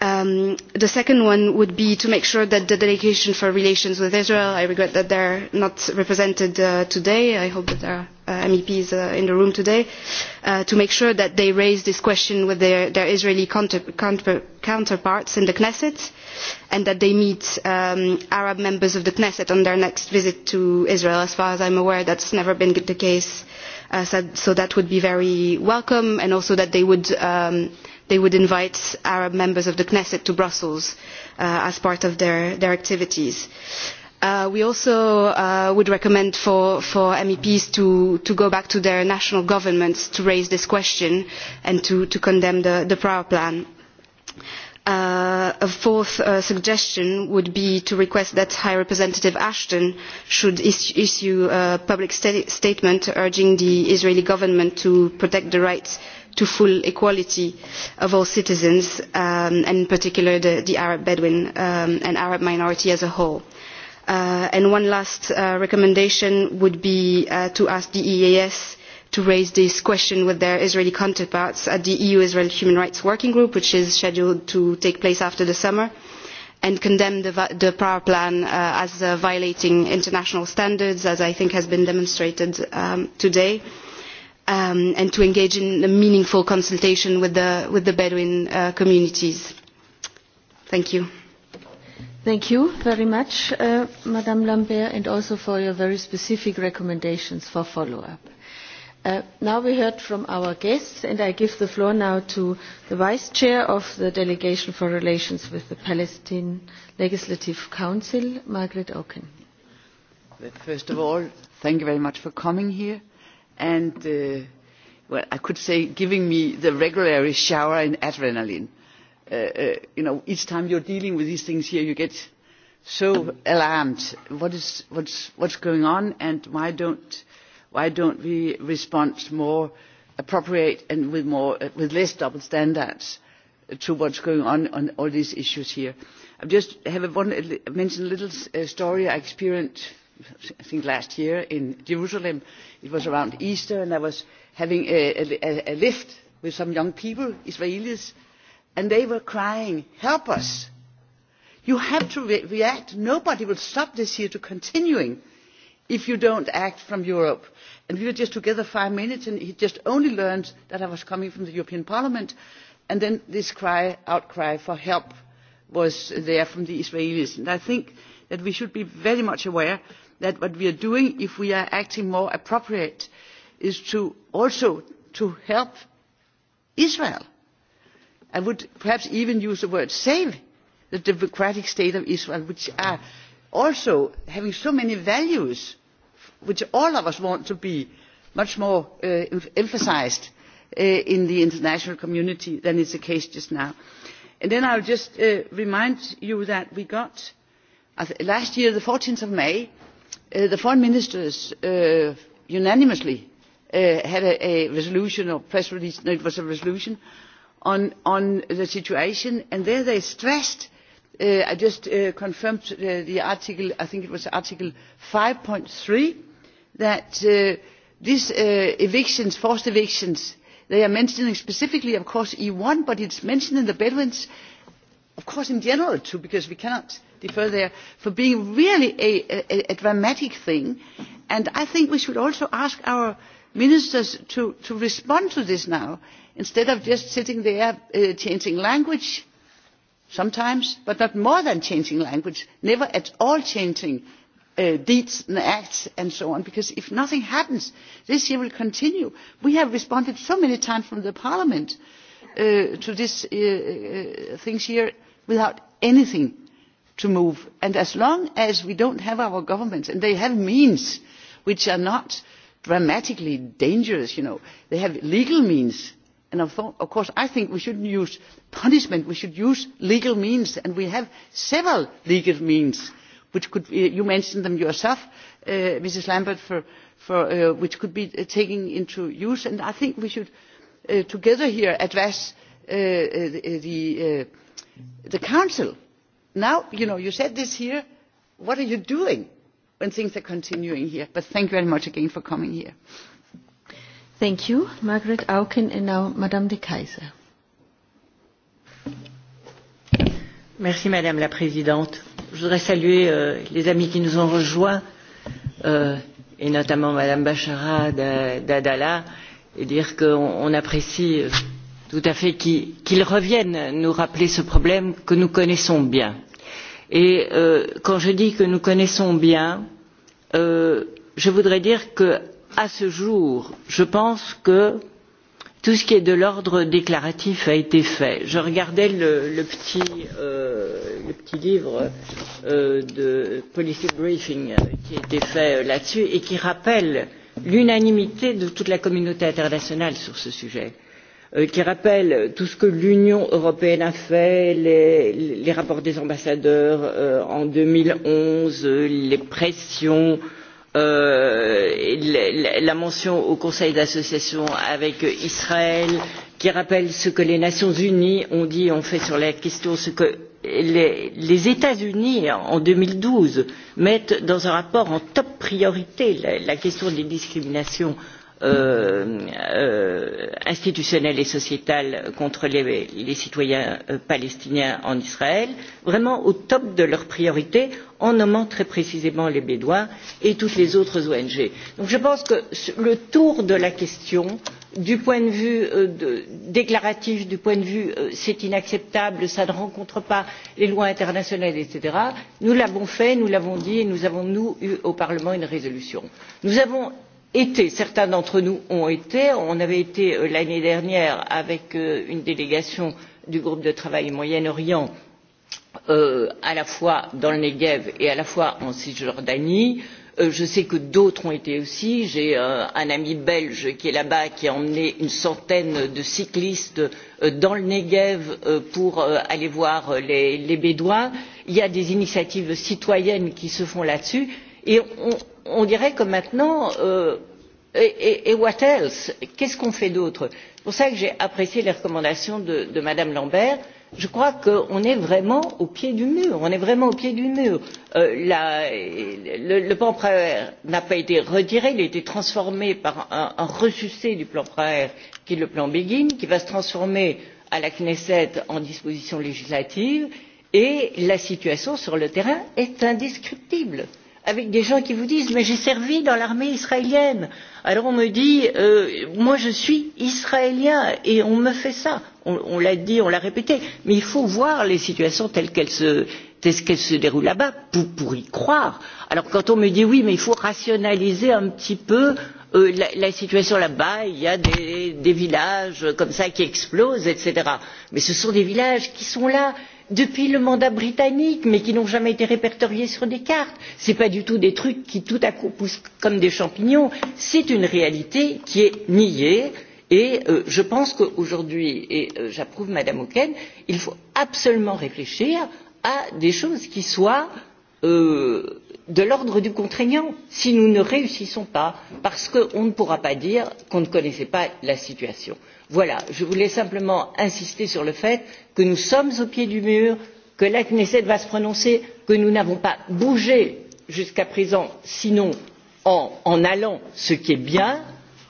Um, the second one would be to make sure that the delegation for relations with Israel, I regret that they're not represented uh, today, I hope that there are uh, MEPs uh, in the room today, uh, to make sure that they raise this question with their, their Israeli counter, counter, counterparts in the Knesset and that they meet um, Arab members of the Knesset on their next visit to Israel. As far as I'm aware, that's never been the case, uh, so, so that would be very welcome and also that they would um, they would invite Arab members of the Knesset to Brussels uh, as part of their, their activities. Uh, we also uh, would recommend for, for MEPs to, to go back to their national governments to raise this question and to, to condemn the, the prior plan. Uh, a fourth uh, suggestion would be to request that High Representative Ashton should is issue a public sta statement urging the Israeli government to protect the rights to full equality of all citizens, um, and in particular the, the Arab Bedouin um, and Arab minority as a whole. Uh, and one last uh, recommendation would be uh, to ask the EAS to raise this question with their Israeli counterparts at the EU-Israel Human Rights Working Group, which is scheduled to take place after the summer, and condemn the, the power plan uh, as uh, violating international standards, as I think has been demonstrated um, today um, and to engage in a meaningful consultation with the, with the Bedouin uh, communities. Thank you. Thank you very much, uh, Madame Lambert, and also for your very specific recommendations for follow-up. Uh, now we heard from our guests, and I give the floor now to the Vice Chair of the Delegation for Relations with the Palestine Legislative Council, Margaret Oken. First of all, thank you very much for coming here and uh, well, I could say giving me the regular shower in adrenaline. Uh, uh, you know, each time you're dealing with these things here, you get so alarmed. What is, what's, what's going on and why don't, why don't we respond more appropriate and with, more, uh, with less double standards to what's going on on all these issues here? I just have a one, mention a little uh, story I experienced I think last year in Jerusalem. It was around Easter, and I was having a, a, a lift with some young people, Israelis, and they were crying, help us. You have to re react. Nobody will stop this here to continuing if you don't act from Europe. And we were just together five minutes, and he just only learned that I was coming from the European Parliament. And then this cry, outcry for help was there from the Israelis. And I think that we should be very much aware that what we are doing, if we are acting more appropriate, is to also to help Israel. I would perhaps even use the word save the democratic state of Israel, which are also having so many values which all of us want to be much more uh, emphasized uh, in the international community than is the case just now. And then I'll just uh, remind you that we got uh, last year, the 14th of May, uh, the foreign ministers uh, unanimously uh, had a, a resolution or press release, no, it was a resolution on, on the situation, and there they stressed, uh, I just uh, confirmed the, uh, the article, I think it was Article 5.3, that uh, these uh, evictions, forced evictions, they are mentioning specifically, of course, E1, but it's mentioned in the Bedouins, of course, in general too, because we cannot defer there for being really a, a, a dramatic thing. And I think we should also ask our ministers to, to respond to this now instead of just sitting there uh, changing language sometimes, but not more than changing language, never at all changing uh, deeds and acts and so on, because if nothing happens, this year will continue. We have responded so many times from the parliament uh, to these uh, uh, things here without anything to move. And as long as we don't have our governments, and they have means which are not dramatically dangerous, you know, they have legal means. And of, of course, I think we shouldn't use punishment, we should use legal means. And we have several legal means, which could, be, uh, you mentioned them yourself, uh, Mrs. Lambert, for, for, uh, which could be uh, taken into use. And I think we should uh, together here address uh, uh, the, uh, the Council now, you know, you said this here. What are you doing when things are continuing here? But thank you very much again for coming here. Thank you, Margaret Auken, and now Madame de Kaiser. Merci, Madame la Présidente. Je voudrais saluer euh, les amis qui nous ont rejoints, euh, et notamment Madame Bachara d'Adala, et dire qu'on apprécie euh, tout à fait qu'ils qu reviennent nous rappeler ce problème que nous connaissons bien. Et euh, quand je dis que nous connaissons bien, euh, je voudrais dire que à ce jour, je pense que tout ce qui est de l'ordre déclaratif a été fait. Je regardais le, le, petit, euh, le petit livre euh, de policy briefing euh, qui a été fait euh, là-dessus et qui rappelle l'unanimité de toute la communauté internationale sur ce sujet. Euh, qui rappelle tout ce que l'Union européenne a fait, les, les rapports des ambassadeurs euh, en 2011, les pressions, euh, la, la mention au Conseil d'association avec Israël, qui rappelle ce que les Nations unies ont dit et ont fait sur la question, ce que les, les États-Unis, en 2012, mettent dans un rapport en top priorité la, la question des discriminations euh, euh institutionnelle et sociétale contre les, les citoyens euh, palestiniens en Israël, vraiment au top de leurs priorités, en nommant très précisément les Bédouins et toutes les autres ONG. Donc je pense que le tour de la question, du point de vue euh, de, déclaratif, du point de vue euh, c'est inacceptable, ça ne rencontre pas les lois internationales, etc., nous l'avons fait, nous l'avons dit et nous avons, nous, eu au Parlement une résolution. Nous avons été, certains d'entre nous ont été, on avait été euh, l'année dernière avec euh, une délégation du groupe de travail Moyen-Orient euh, à la fois dans le Negev et à la fois en Cisjordanie. Euh, je sais que d'autres ont été aussi. J'ai euh, un ami belge qui est là-bas, qui a emmené une centaine de cyclistes euh, dans le Negev euh, pour euh, aller voir euh, les, les Bédouins. Il y a des initiatives citoyennes qui se font là-dessus. Et on, on dirait que maintenant, euh, et, et, et what else Qu'est-ce qu'on fait d'autre C'est pour ça que j'ai apprécié les recommandations de, de Madame Lambert. Je crois qu'on est vraiment au pied du mur. On est vraiment au pied du mur. Euh, la, le, le plan Praer n'a pas été retiré, il a été transformé par un, un ressuscité du plan Praer, qui est le plan Begin, qui va se transformer à la Knesset en disposition législative. Et la situation sur le terrain est indescriptible. Euh, avec des gens qui vous disent mais j'ai servi dans l'armée israélienne. Alors on me dit euh, moi je suis israélien et on me fait ça. On, on l'a dit, on l'a répété, mais il faut voir les situations telles qu'elles se, telles qu'elles se déroulent là-bas pour, pour y croire. Alors quand on me dit oui mais il faut rationaliser un petit peu euh, la, la situation là-bas, il y a des, des villages comme ça qui explosent, etc. Mais ce sont des villages qui sont là depuis le mandat britannique mais qui n'ont jamais été répertoriés sur des cartes. Ce ne pas du tout des trucs qui tout à coup poussent comme des champignons, c'est une réalité qui est niée et euh, je pense qu'aujourd'hui, et euh, j'approuve Madame Auken, il faut absolument réfléchir à des choses qui soient euh, de l'ordre du contraignant si nous ne réussissons pas parce qu'on ne pourra pas dire qu'on ne connaissait pas la situation. Voilà, je voulais simplement insister sur le fait que nous sommes au pied du mur, que la Knesset va se prononcer, que nous n'avons pas bougé jusqu'à présent, sinon en, en allant ce qui est bien,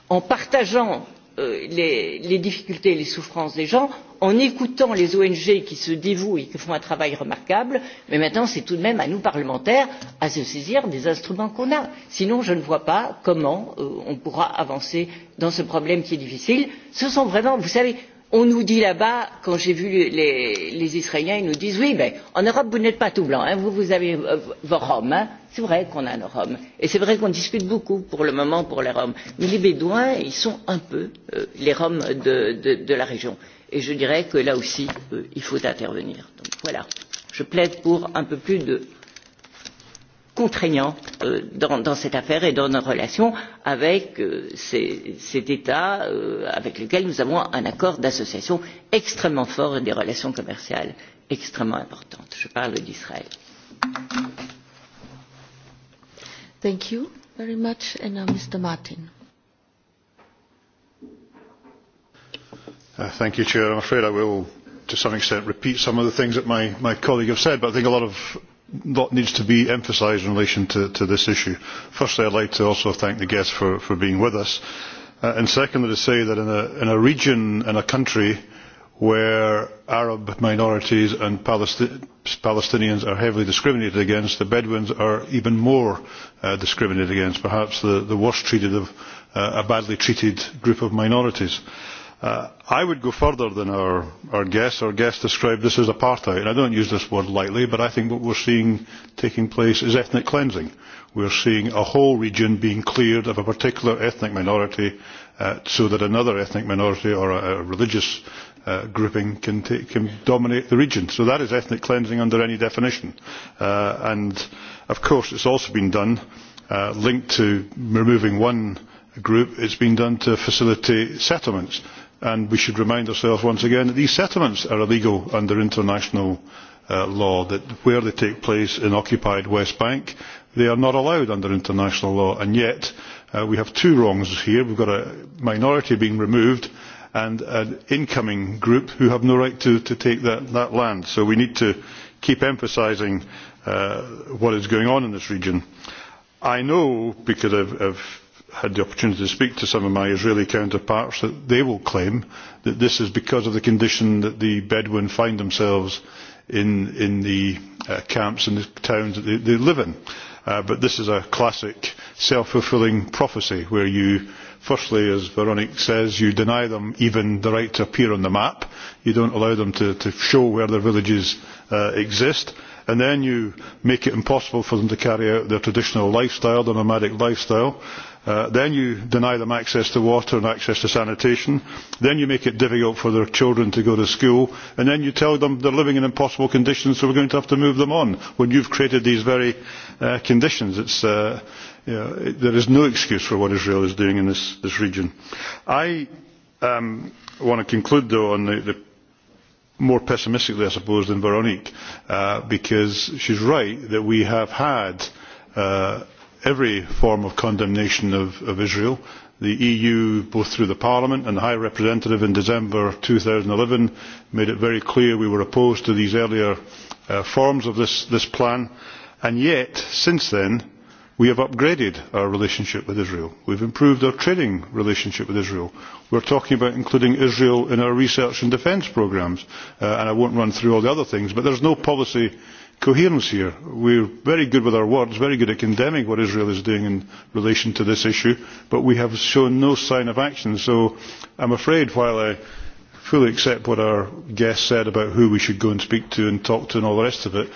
en partageant Euh, les, les difficultés et les souffrances des gens en écoutant les ONG qui se dévouent et qui font un travail remarquable, mais maintenant c'est tout de même à nous parlementaires à se saisir des instruments qu'on a. Sinon, je ne vois pas comment euh, on pourra avancer dans ce problème qui est difficile. Ce sont vraiment, vous savez, On nous dit là-bas, quand j'ai vu les, les Israéliens, ils nous disent oui, mais en Europe, vous n'êtes pas tout blanc, hein, vous, vous avez euh, vos Roms. Hein. C'est vrai qu'on a nos Roms. Et c'est vrai qu'on discute beaucoup pour le moment pour les Roms. Mais les Bédouins, ils sont un peu euh, les Roms de, de, de la région. Et je dirais que là aussi, euh, il faut intervenir. Donc voilà, je plaide pour un peu plus de contraignant euh, dans, dans cette affaire et dans nos relations avec euh, ces, cet État euh, avec lequel nous avons un accord d'association extrêmement fort et des relations commerciales extrêmement importantes. Je parle d'Israël. Thank you very much. And now Mr. Martin. Uh, thank you, Chair. I'm afraid I will, to some extent, repeat some of the things that my, my colleague have said, but I think a lot of lot needs to be emphasised in relation to, to this issue. Firstly, I'd like to also thank the guests for, for being with us. Uh, and secondly, to say that in a, in a region, in a country where Arab minorities and Palesti Palestinians are heavily discriminated against, the Bedouins are even more uh, discriminated against, perhaps the, the worst treated of uh, a badly treated group of minorities. Uh, Uh, I would go further than our, our guests. Our guests described this as apartheid. And I don't use this word lightly, but I think what we're seeing taking place is ethnic cleansing. We're seeing a whole region being cleared of a particular ethnic minority uh, so that another ethnic minority or a, a religious uh, grouping can, take, can dominate the region. So that is ethnic cleansing under any definition. Uh, and of course, it's also been done uh, linked to removing one group. It's been done to facilitate settlements And we should remind ourselves once again that these settlements are illegal under international uh, law, that where they take place in occupied West Bank, they are not allowed under international law. And yet, uh, we have two wrongs here. We've got a minority being removed and an incoming group who have no right to, to take that, that land. So we need to keep emphasising uh, what is going on in this region. I know, because I've, I've had the opportunity to speak to some of my Israeli counterparts that they will claim that this is because of the condition that the Bedouin find themselves in, in the uh, camps and the towns that they, they live in. Uh, but this is a classic self-fulfilling prophecy where you, firstly, as Veronique says, you deny them even the right to appear on the map. You don't allow them to, to show where their villages uh, exist and then you make it impossible for them to carry out their traditional lifestyle, their nomadic lifestyle, Uh, then you deny them access to water and access to sanitation. Then you make it difficult for their children to go to school. And then you tell them they're living in impossible conditions, so we're going to have to move them on when you've created these very uh, conditions. It's, uh, you know, it, there is no excuse for what Israel is doing in this, this region. I um, want to conclude, though, on the, the more pessimistically, I suppose, than Veronique, uh, because she's right that we have had uh, every form of condemnation of, of Israel. The EU, both through the Parliament and the High Representative in December 2011, made it very clear we were opposed to these earlier uh, forms of this, this plan. And yet, since then, we have upgraded our relationship with Israel. We've improved our trading relationship with Israel. We're talking about including Israel in our research and defence programmes. Uh, and I won't run through all the other things, but there's no policy coherence here. We're very good with our words, very good at condemning what Israel is doing in relation to this issue, but we have shown no sign of action. So I'm afraid while I fully accept what our guest said about who we should go and speak to and talk to and all the rest of it,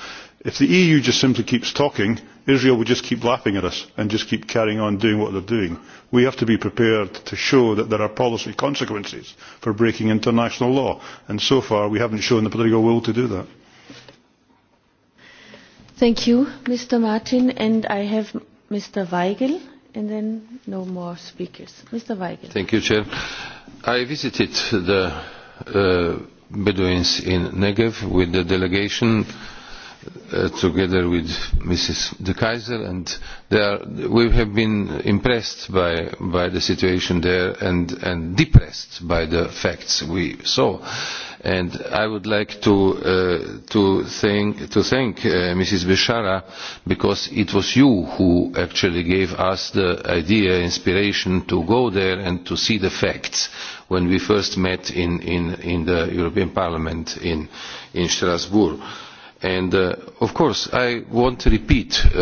if the EU just simply keeps talking, Israel will just keep laughing at us and just keep carrying on doing what they're doing. We have to be prepared to show that there are policy consequences for breaking international law, and so far we haven't shown the political will to do that. Thank you, Mr. Martin, and I have Mr. Weigel, and then no more speakers. Mr. Weigel. Thank you, Chair. I visited the uh, Bedouins in Negev with the delegation uh, together with Mrs. De Kaiser and they are, we have been impressed by, by the situation there and, and depressed by the facts we saw. And I would like to, uh, to thank, to thank uh, Mrs. Bishara because it was you who actually gave us the idea, inspiration to go there and to see the facts when we first met in, in, in the European Parliament in, in Strasbourg. Uh, And uh, of course, I want to repeat uh,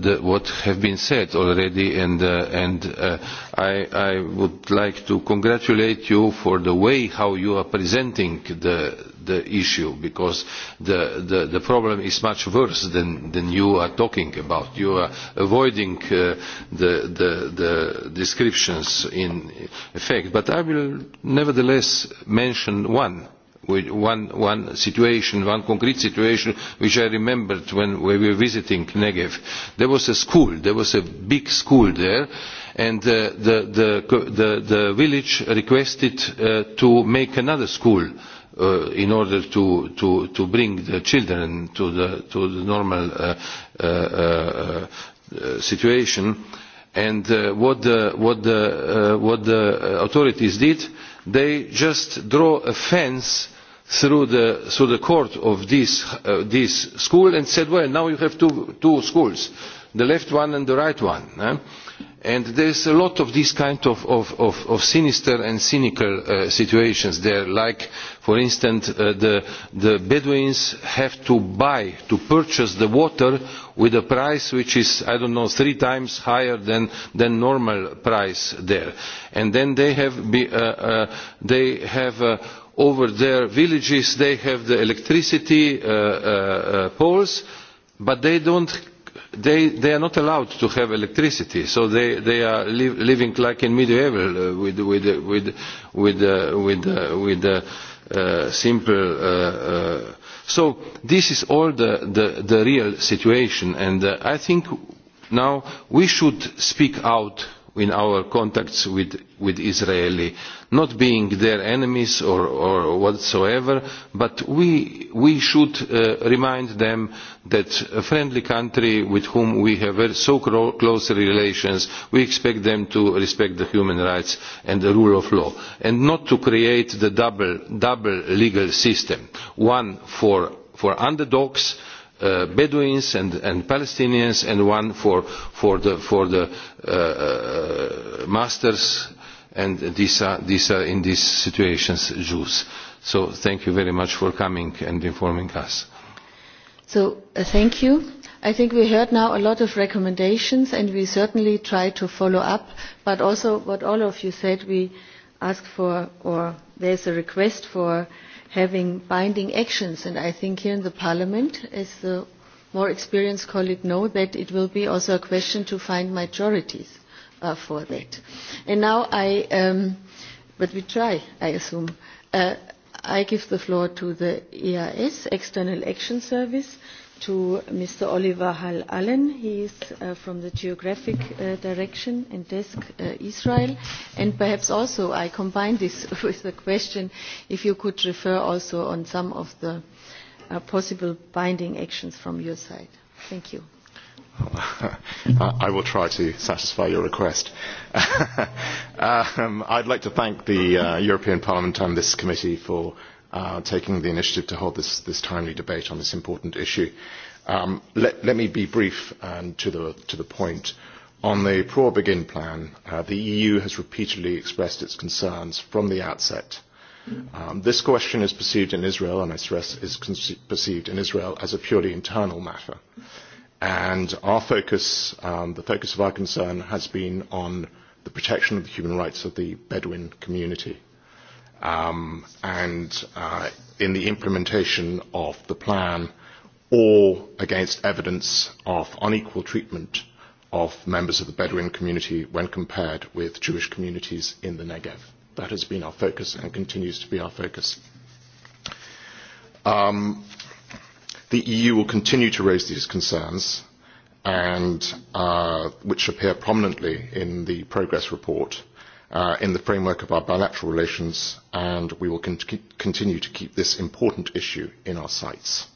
the, what have been said already, and, uh, and uh, I, I would like to congratulate you for the way how you are presenting the, the issue, because the, the, the problem is much worse than, than you are talking about. You are avoiding uh, the, the, the descriptions in effect. But I will nevertheless mention one with one, one situation, one concrete situation which I remembered when we were visiting Negev. There was a school, there was a big school there and uh, the, the, the, the village requested uh, to make another school uh, in order to, to, to bring the children to the, to the normal uh, uh, uh, uh situation. And uh, what the, what the, uh, what the uh, authorities did, they just draw a fence through the, through the court of this, uh, this school and said, well, now you have two, two schools, the left one and the right one. Eh? And there's a lot of these kind of, of, of, of sinister and cynical uh, situations there, like, for instance, uh, the, the Bedouins have to buy, to purchase the water with a price which is, I don't know, three times higher than than normal price there. And then they have, be, uh, uh, they have uh, over their villages they have the electricity uh, uh, uh, poles but they don't they, they are not allowed to have electricity so they, they are li living like in medieval uh, with with with with uh, with uh, with uh, uh, simple uh, uh. so this is all the, the, the real situation and uh, I think now we should speak out in our contacts with, with Israeli, not being their enemies or, or whatsoever, but we, we should uh, remind them that a friendly country with whom we have very so close relations, we expect them to respect the human rights and the rule of law, and not to create the double, double legal system, one for, for underdogs, uh, Bedouins and, and Palestinians and one for, for the, for the uh, uh, masters and these are, these are in these situations Jews. So thank you very much for coming and informing us. So uh, thank you. I think we heard now a lot of recommendations and we certainly try to follow up, but also what all of you said, we ask for, or there's a request for having binding actions. And I think here in the Parliament, as the more experienced colleague know, that it will be also a question to find majorities uh, for that. And now I, um, but we try, I assume. Uh, I give the floor to the EIS, External Action Service to Mr. Oliver Hal Allen. He is uh, from the Geographic uh, Direction and Desk uh, Israel. And perhaps also I combine this <laughs> with the question if you could refer also on some of the uh, possible binding actions from your side. Thank you. <laughs> I will try to satisfy your request. <laughs> um, I'd like to thank the uh, European Parliament and this committee for uh, taking the initiative to hold this, this timely debate on this important issue. Um, let, let me be brief and to the, to the point. On the Pro Begin plan, uh, the EU has repeatedly expressed its concerns from the outset. Um, this question is perceived in Israel, and I stress is perceived in Israel as a purely internal matter. And our focus, um, the focus of our concern, has been on the protection of the human rights of the Bedouin community um, and uh, in the implementation of the plan or against evidence of unequal treatment of members of the Bedouin community when compared with Jewish communities in the Negev. That has been our focus and continues to be our focus. Um, the EU will continue to raise these concerns, and, uh, which appear prominently in the progress report, uh, in the framework of our bilateral relations, and we will con continue to keep this important issue in our sights.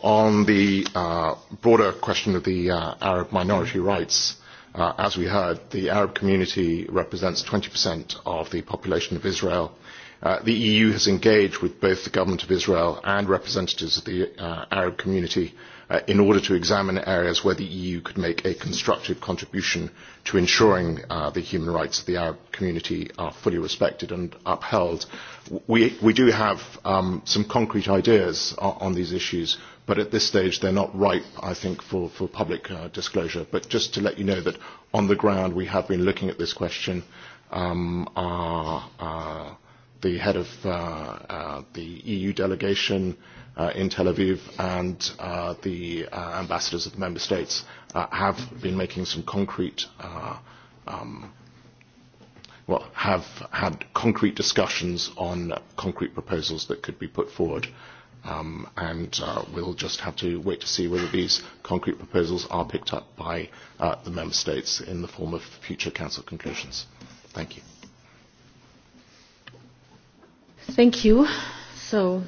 On the uh, broader question of the uh, Arab minority rights, uh, as we heard, the Arab community represents 20% of the population of Israel. Uh, the EU has engaged with both the government of Israel and representatives of the uh, Arab community uh, in order to examine areas where the EU could make a constructive contribution to ensuring uh, the human rights of the Arab community are fully respected and upheld. We, we do have um, some concrete ideas on, on these issues, but at this stage they're not ripe, I think, for, for public uh, disclosure. But just to let you know that on the ground we have been looking at this question. Um, our, uh, the head of uh, uh, the EU delegation uh, in Tel Aviv and uh, the uh, ambassadors of the member states uh, have been making some concrete, uh, um, well, have had concrete discussions on concrete proposals that could be put forward. Um, and uh, we'll just have to wait to see whether these concrete proposals are picked up by uh, the member states in the form of future council conclusions. Thank you. Thank you. So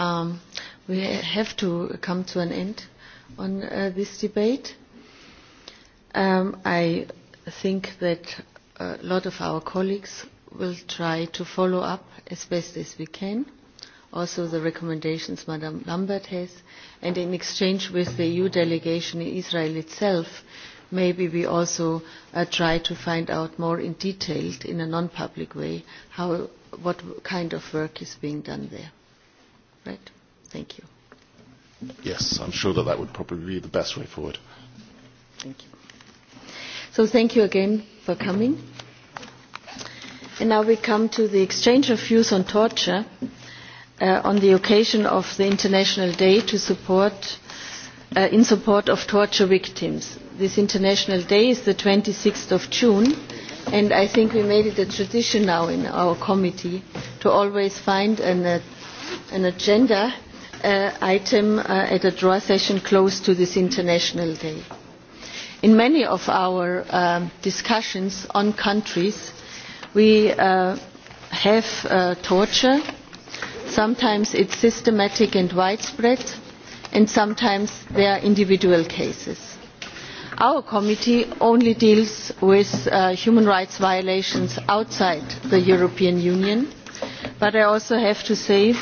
Um, we have to come to an end on uh, this debate. Um, I think that a lot of our colleagues will try to follow up as best as we can, also the recommendations Madam Lambert has, and in exchange with the EU delegation in Israel itself, maybe we also uh, try to find out more in detail, in a non-public way, how, what kind of work is being done there right? Thank you. Yes, I'm sure that that would probably be the best way forward. Thank you. So thank you again for coming. And now we come to the exchange of views on torture uh, on the occasion of the International Day to support, uh, in support of torture victims. This International Day is the 26th of June, and I think we made it a tradition now in our committee to always find an uh, an agenda uh, item uh, at a draw session close to this International Day. In many of our uh, discussions on countries, we uh, have uh, torture. Sometimes it's systematic and widespread, and sometimes there are individual cases. Our committee only deals with uh, human rights violations outside the European Union, but I also have to say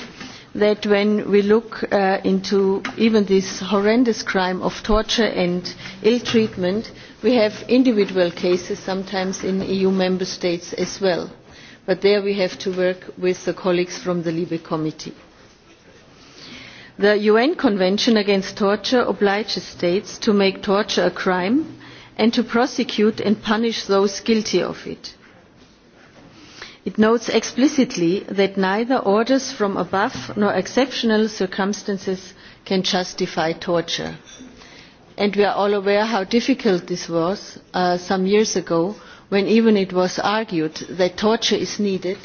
that when we look uh, into even this horrendous crime of torture and ill treatment, we have individual cases sometimes in EU member states as well. But there we have to work with the colleagues from the Libe Committee. The UN Convention Against Torture obliges states to make torture a crime and to prosecute and punish those guilty of it. It notes explicitly that neither orders from above nor exceptional circumstances can justify torture. And we are all aware how difficult this was uh, some years ago when even it was argued that torture is needed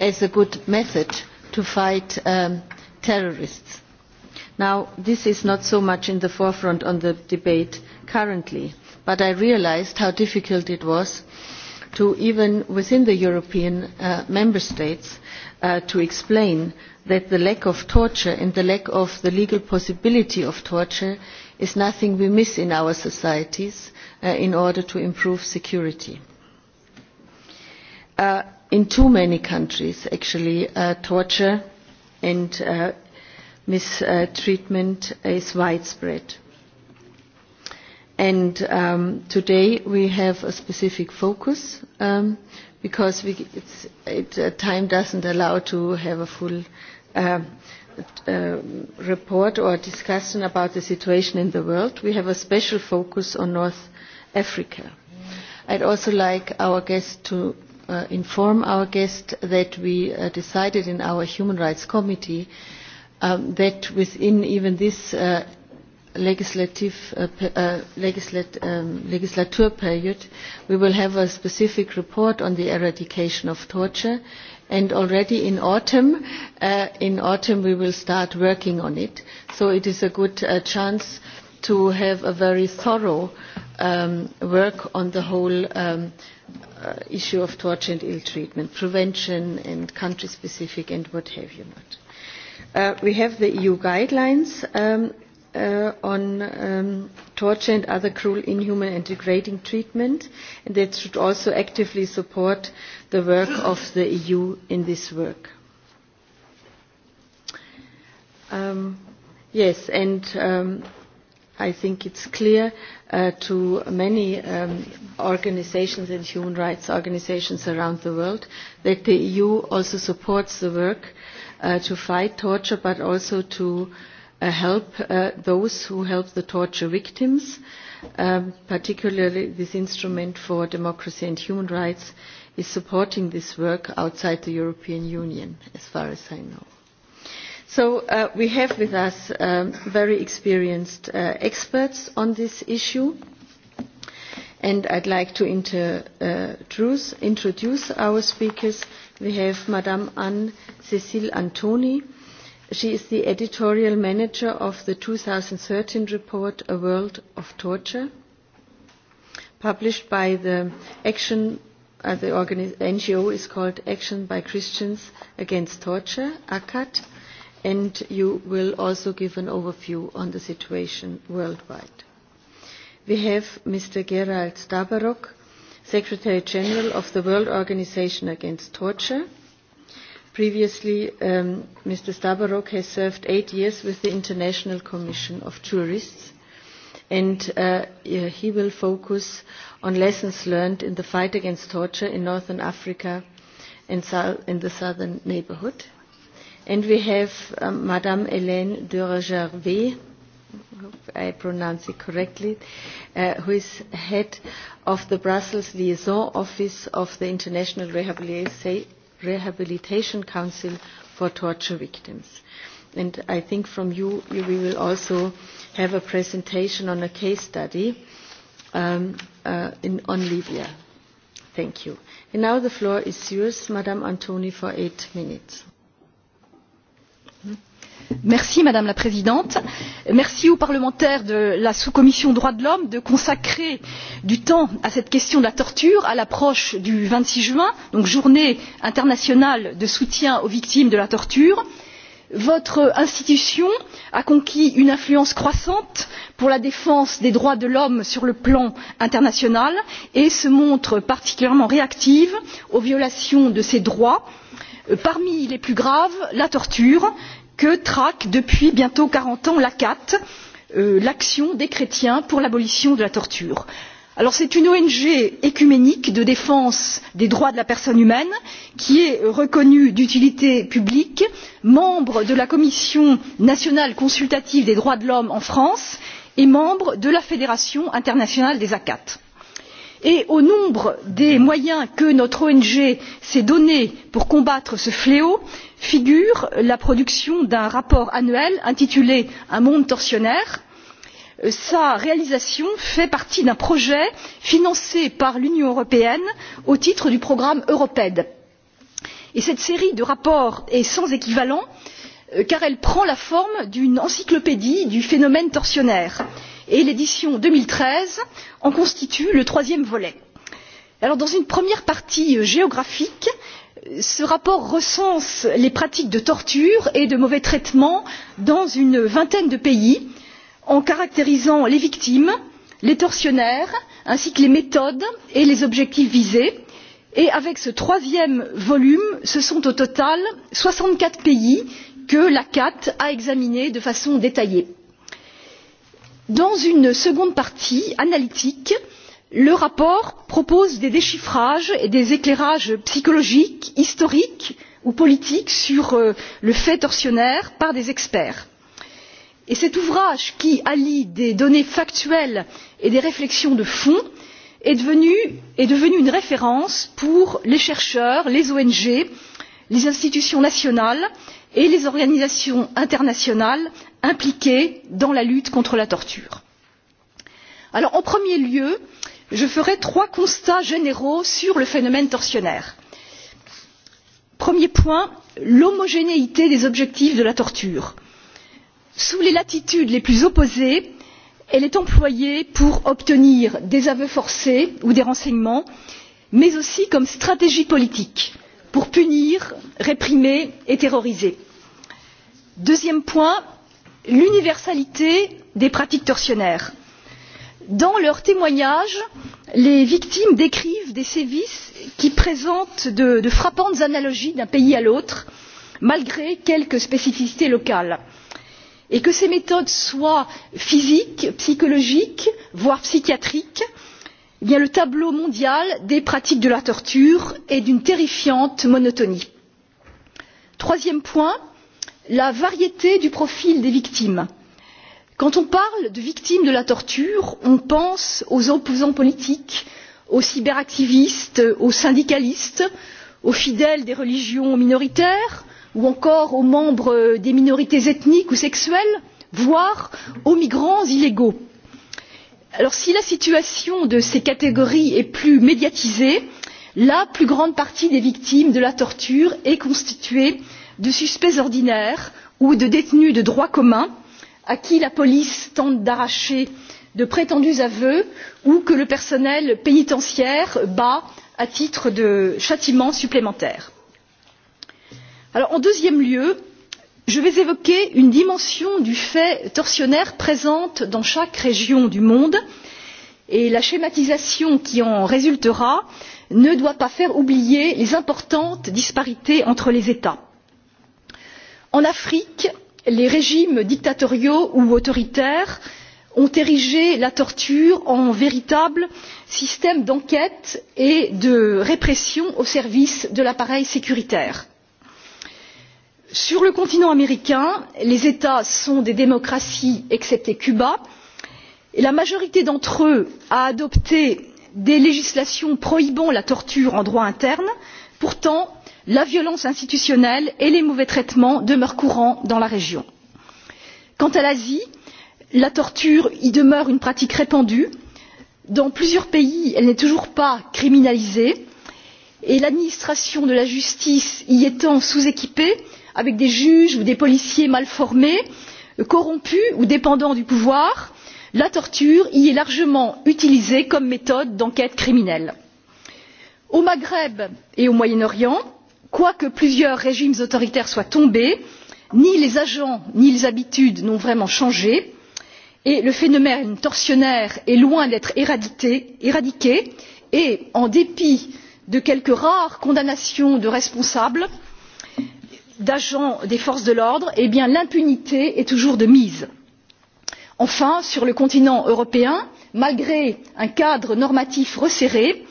as a good method to fight um, terrorists. Now, this is not so much in the forefront on the debate currently, but I realized how difficult it was to even within the European uh, member states uh, to explain that the lack of torture and the lack of the legal possibility of torture is nothing we miss in our societies uh, in order to improve security. Uh, in too many countries, actually, uh, torture and uh, mistreatment is widespread. And um, today we have a specific focus um, because we, it's, it, uh, time doesn't allow to have a full uh, uh, report or discussion about the situation in the world. We have a special focus on North Africa. I'd also like our guest to uh, inform our guest that we uh, decided in our Human Rights Committee um, that within even this uh, legislative, uh, uh, legislat, um, legislature period, we will have a specific report on the eradication of torture. And already in autumn, uh, in autumn we will start working on it. So it is a good uh, chance to have a very thorough um, work on the whole um, uh, issue of torture and ill treatment, prevention and country-specific and what have you not. Uh, we have the EU guidelines. Um, uh, on um, torture and other cruel, inhuman and degrading treatment, and that should also actively support the work of the EU in this work. Um, yes, and um, I think it's clear uh, to many um, organizations and human rights organizations around the world that the EU also supports the work uh, to fight torture, but also to uh, uh, help uh, those who help the torture victims. Um, particularly this instrument for democracy and human rights is supporting this work outside the European Union, as far as I know. So uh, we have with us um, very experienced uh, experts on this issue. And I'd like to inter, uh, truce, introduce our speakers. We have Madame Anne-Cécile Antoni, She is the editorial manager of the 2013 report A World of Torture, published by the Action, uh, the NGO is called Action by Christians Against Torture, ACAT, and you will also give an overview on the situation worldwide. We have Mr. Gerald Stabarok, Secretary General of the World Organization Against Torture, Previously, um, Mr. Stabarok has served eight years with the International Commission of Tourists and uh, he will focus on lessons learned in the fight against torture in Northern Africa and in the southern neighborhood. And we have um, Madame Hélène de I pronounce it correctly, uh, who is head of the Brussels Liaison Office of the International Rehabilitation Rehabilitation Council for Torture Victims. And I think from you, you we will also have a presentation on a case study um, uh, in, on Libya. Thank you. And now the floor is yours, Madame Antoni, for eight minutes. Merci, madame la présidente merci aux parlementaires de la sous commission droits de l'homme de consacrer du temps à cette question de la torture à l'approche du vingt six juin donc journée internationale de soutien aux victimes de la torture. votre institution a conquis une influence croissante pour la défense des droits de l'homme sur le plan international et se montre particulièrement réactive aux violations de ces droits parmi les plus graves la torture que traque depuis bientôt quarante ans l'acat euh, l'action des chrétiens pour l'abolition de la torture. c'est une ong écuménique de défense des droits de la personne humaine qui est reconnue d'utilité publique membre de la commission nationale consultative des droits de l'homme en france et membre de la fédération internationale des acat et au nombre des moyens que notre ong s'est donné pour combattre ce fléau figure la production d'un rapport annuel intitulé Un monde tortionnaire. Euh, sa réalisation fait partie d'un projet financé par l'Union européenne au titre du programme Europed. Et cette série de rapports est sans équivalent euh, car elle prend la forme d'une encyclopédie du phénomène torsionnaire et l'édition deux mille treize en constitue le troisième volet. Alors, dans une première partie euh, géographique ce rapport recense les pratiques de torture et de mauvais traitement dans une vingtaine de pays en caractérisant les victimes, les tortionnaires, ainsi que les méthodes et les objectifs visés. Et avec ce troisième volume, ce sont au total 64 pays que la CAT a examinés de façon détaillée. Dans une seconde partie analytique, le rapport propose des déchiffrages et des éclairages psychologiques historiques ou politiques sur euh, le fait tortionnaire par des experts. Et cet ouvrage qui allie des données factuelles et des réflexions de fond est devenu, est devenu une référence pour les chercheurs, les ONG, les institutions nationales et les organisations internationales impliquées dans la lutte contre la torture. Alors, en premier lieu, je ferai trois constats généraux sur le phénomène tortionnaire. Premier point, l'homogénéité des objectifs de la torture. Sous les latitudes les plus opposées, elle est employée pour obtenir des aveux forcés ou des renseignements, mais aussi comme stratégie politique pour punir, réprimer et terroriser. Deuxième point, l'universalité des pratiques tortionnaires Dans leurs témoignages, les victimes décrivent des sévices qui présentent de, de frappantes analogies d'un pays à l'autre, malgré quelques spécificités locales. Et que ces méthodes soient physiques, psychologiques, voire psychiatriques, eh bien le tableau mondial des pratiques de la torture est d'une terrifiante monotonie. Troisième point, la variété du profil des victimes. Quand on parle de victimes de la torture, on pense aux opposants politiques, aux cyberactivistes, aux syndicalistes, aux fidèles des religions minoritaires ou encore aux membres des minorités ethniques ou sexuelles, voire aux migrants illégaux. Alors si la situation de ces catégories est plus médiatisée, la plus grande partie des victimes de la torture est constituée de suspects ordinaires ou de détenus de droit commun à qui la police tente d'arracher de prétendus aveux ou que le personnel pénitentiaire bat à titre de châtiment supplémentaire. Alors, en deuxième lieu, je vais évoquer une dimension du fait tortionnaire présente dans chaque région du monde et la schématisation qui en résultera ne doit pas faire oublier les importantes disparités entre les États. En Afrique, les régimes dictatoriaux ou autoritaires ont érigé la torture en véritable système d'enquête et de répression au service de l'appareil sécuritaire. Sur le continent américain, les États sont des démocraties excepté Cuba et la majorité d'entre eux a adopté des législations prohibant la torture en droit interne. Pourtant, la violence institutionnelle et les mauvais traitements demeurent courants dans la région. quant à l'asie la torture y demeure une pratique répandue dans plusieurs pays elle n'est toujours pas criminalisée et l'administration de la justice y étant sous équipée avec des juges ou des policiers mal formés corrompus ou dépendants du pouvoir la torture y est largement utilisée comme méthode d'enquête criminelle. au maghreb et au moyen orient quoique plusieurs régimes autoritaires soient tombés ni les agents ni les habitudes n'ont vraiment changé et le phénomène tortionnaire est loin d'être éradiqué et en dépit de quelques rares condamnations de responsables d'agents des forces de l'ordre eh l'impunité est toujours de mise. enfin sur le continent européen malgré un cadre normatif resserré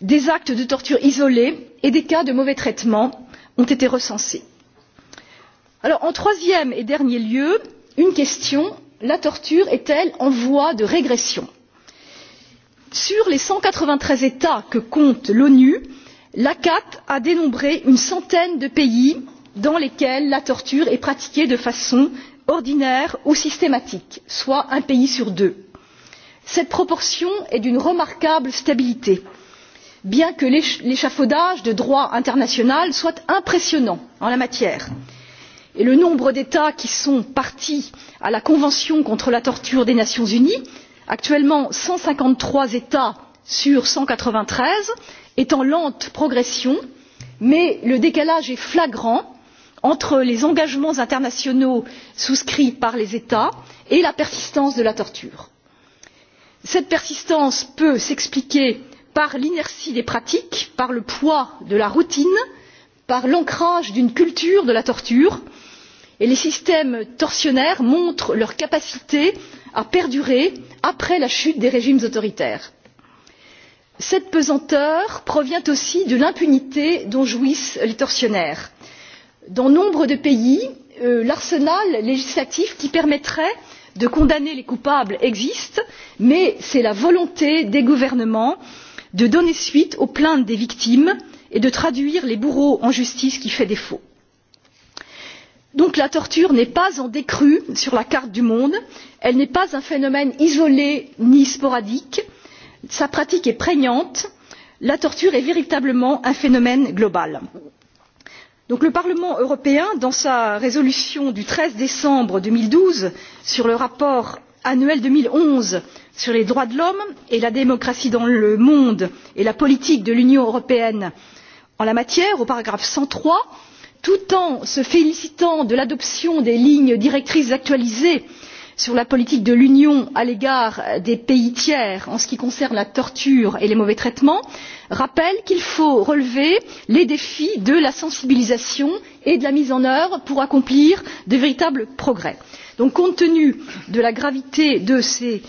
des actes de torture isolés et des cas de mauvais traitements ont été recensés. Alors, en troisième et dernier lieu, une question la torture est elle en voie de régression? Sur les cent quatre vingt treize États que compte l'ONU, l'ACAT a dénombré une centaine de pays dans lesquels la torture est pratiquée de façon ordinaire ou systématique, soit un pays sur deux. Cette proportion est d'une remarquable stabilité bien que l'échafaudage de droit international soit impressionnant en la matière et le nombre d'états qui sont partis à la convention contre la torture des nations unies actuellement cent cinquante trois états sur cent quatre vingt treize est en lente progression mais le décalage est flagrant entre les engagements internationaux souscrits par les états et la persistance de la torture. cette persistance peut s'expliquer par l'inertie des pratiques, par le poids de la routine, par l'ancrage d'une culture de la torture, et les systèmes tortionnaires montrent leur capacité à perdurer après la chute des régimes autoritaires. Cette pesanteur provient aussi de l'impunité dont jouissent les tortionnaires. Dans nombre de pays, euh, l'arsenal législatif qui permettrait de condamner les coupables existe, mais c'est la volonté des gouvernements de donner suite aux plaintes des victimes et de traduire les bourreaux en justice qui fait défaut. Donc la torture n'est pas en décrue sur la carte du monde, elle n'est pas un phénomène isolé ni sporadique, sa pratique est prégnante, la torture est véritablement un phénomène global. Donc le Parlement européen, dans sa résolution du 13 décembre 2012 sur le rapport annuel 2011 sur les droits de l'homme et la démocratie dans le monde et la politique de l'union européenne en la matière au paragraphe cent trois tout en se félicitant de l'adoption des lignes directrices actualisées sur la politique de l'union à l'égard des pays tiers en ce qui concerne la torture et les mauvais traitements rappelle qu'il faut relever les défis de la sensibilisation et de la mise en œuvre pour accomplir de véritables progrès. donc compte tenu de la gravité de ces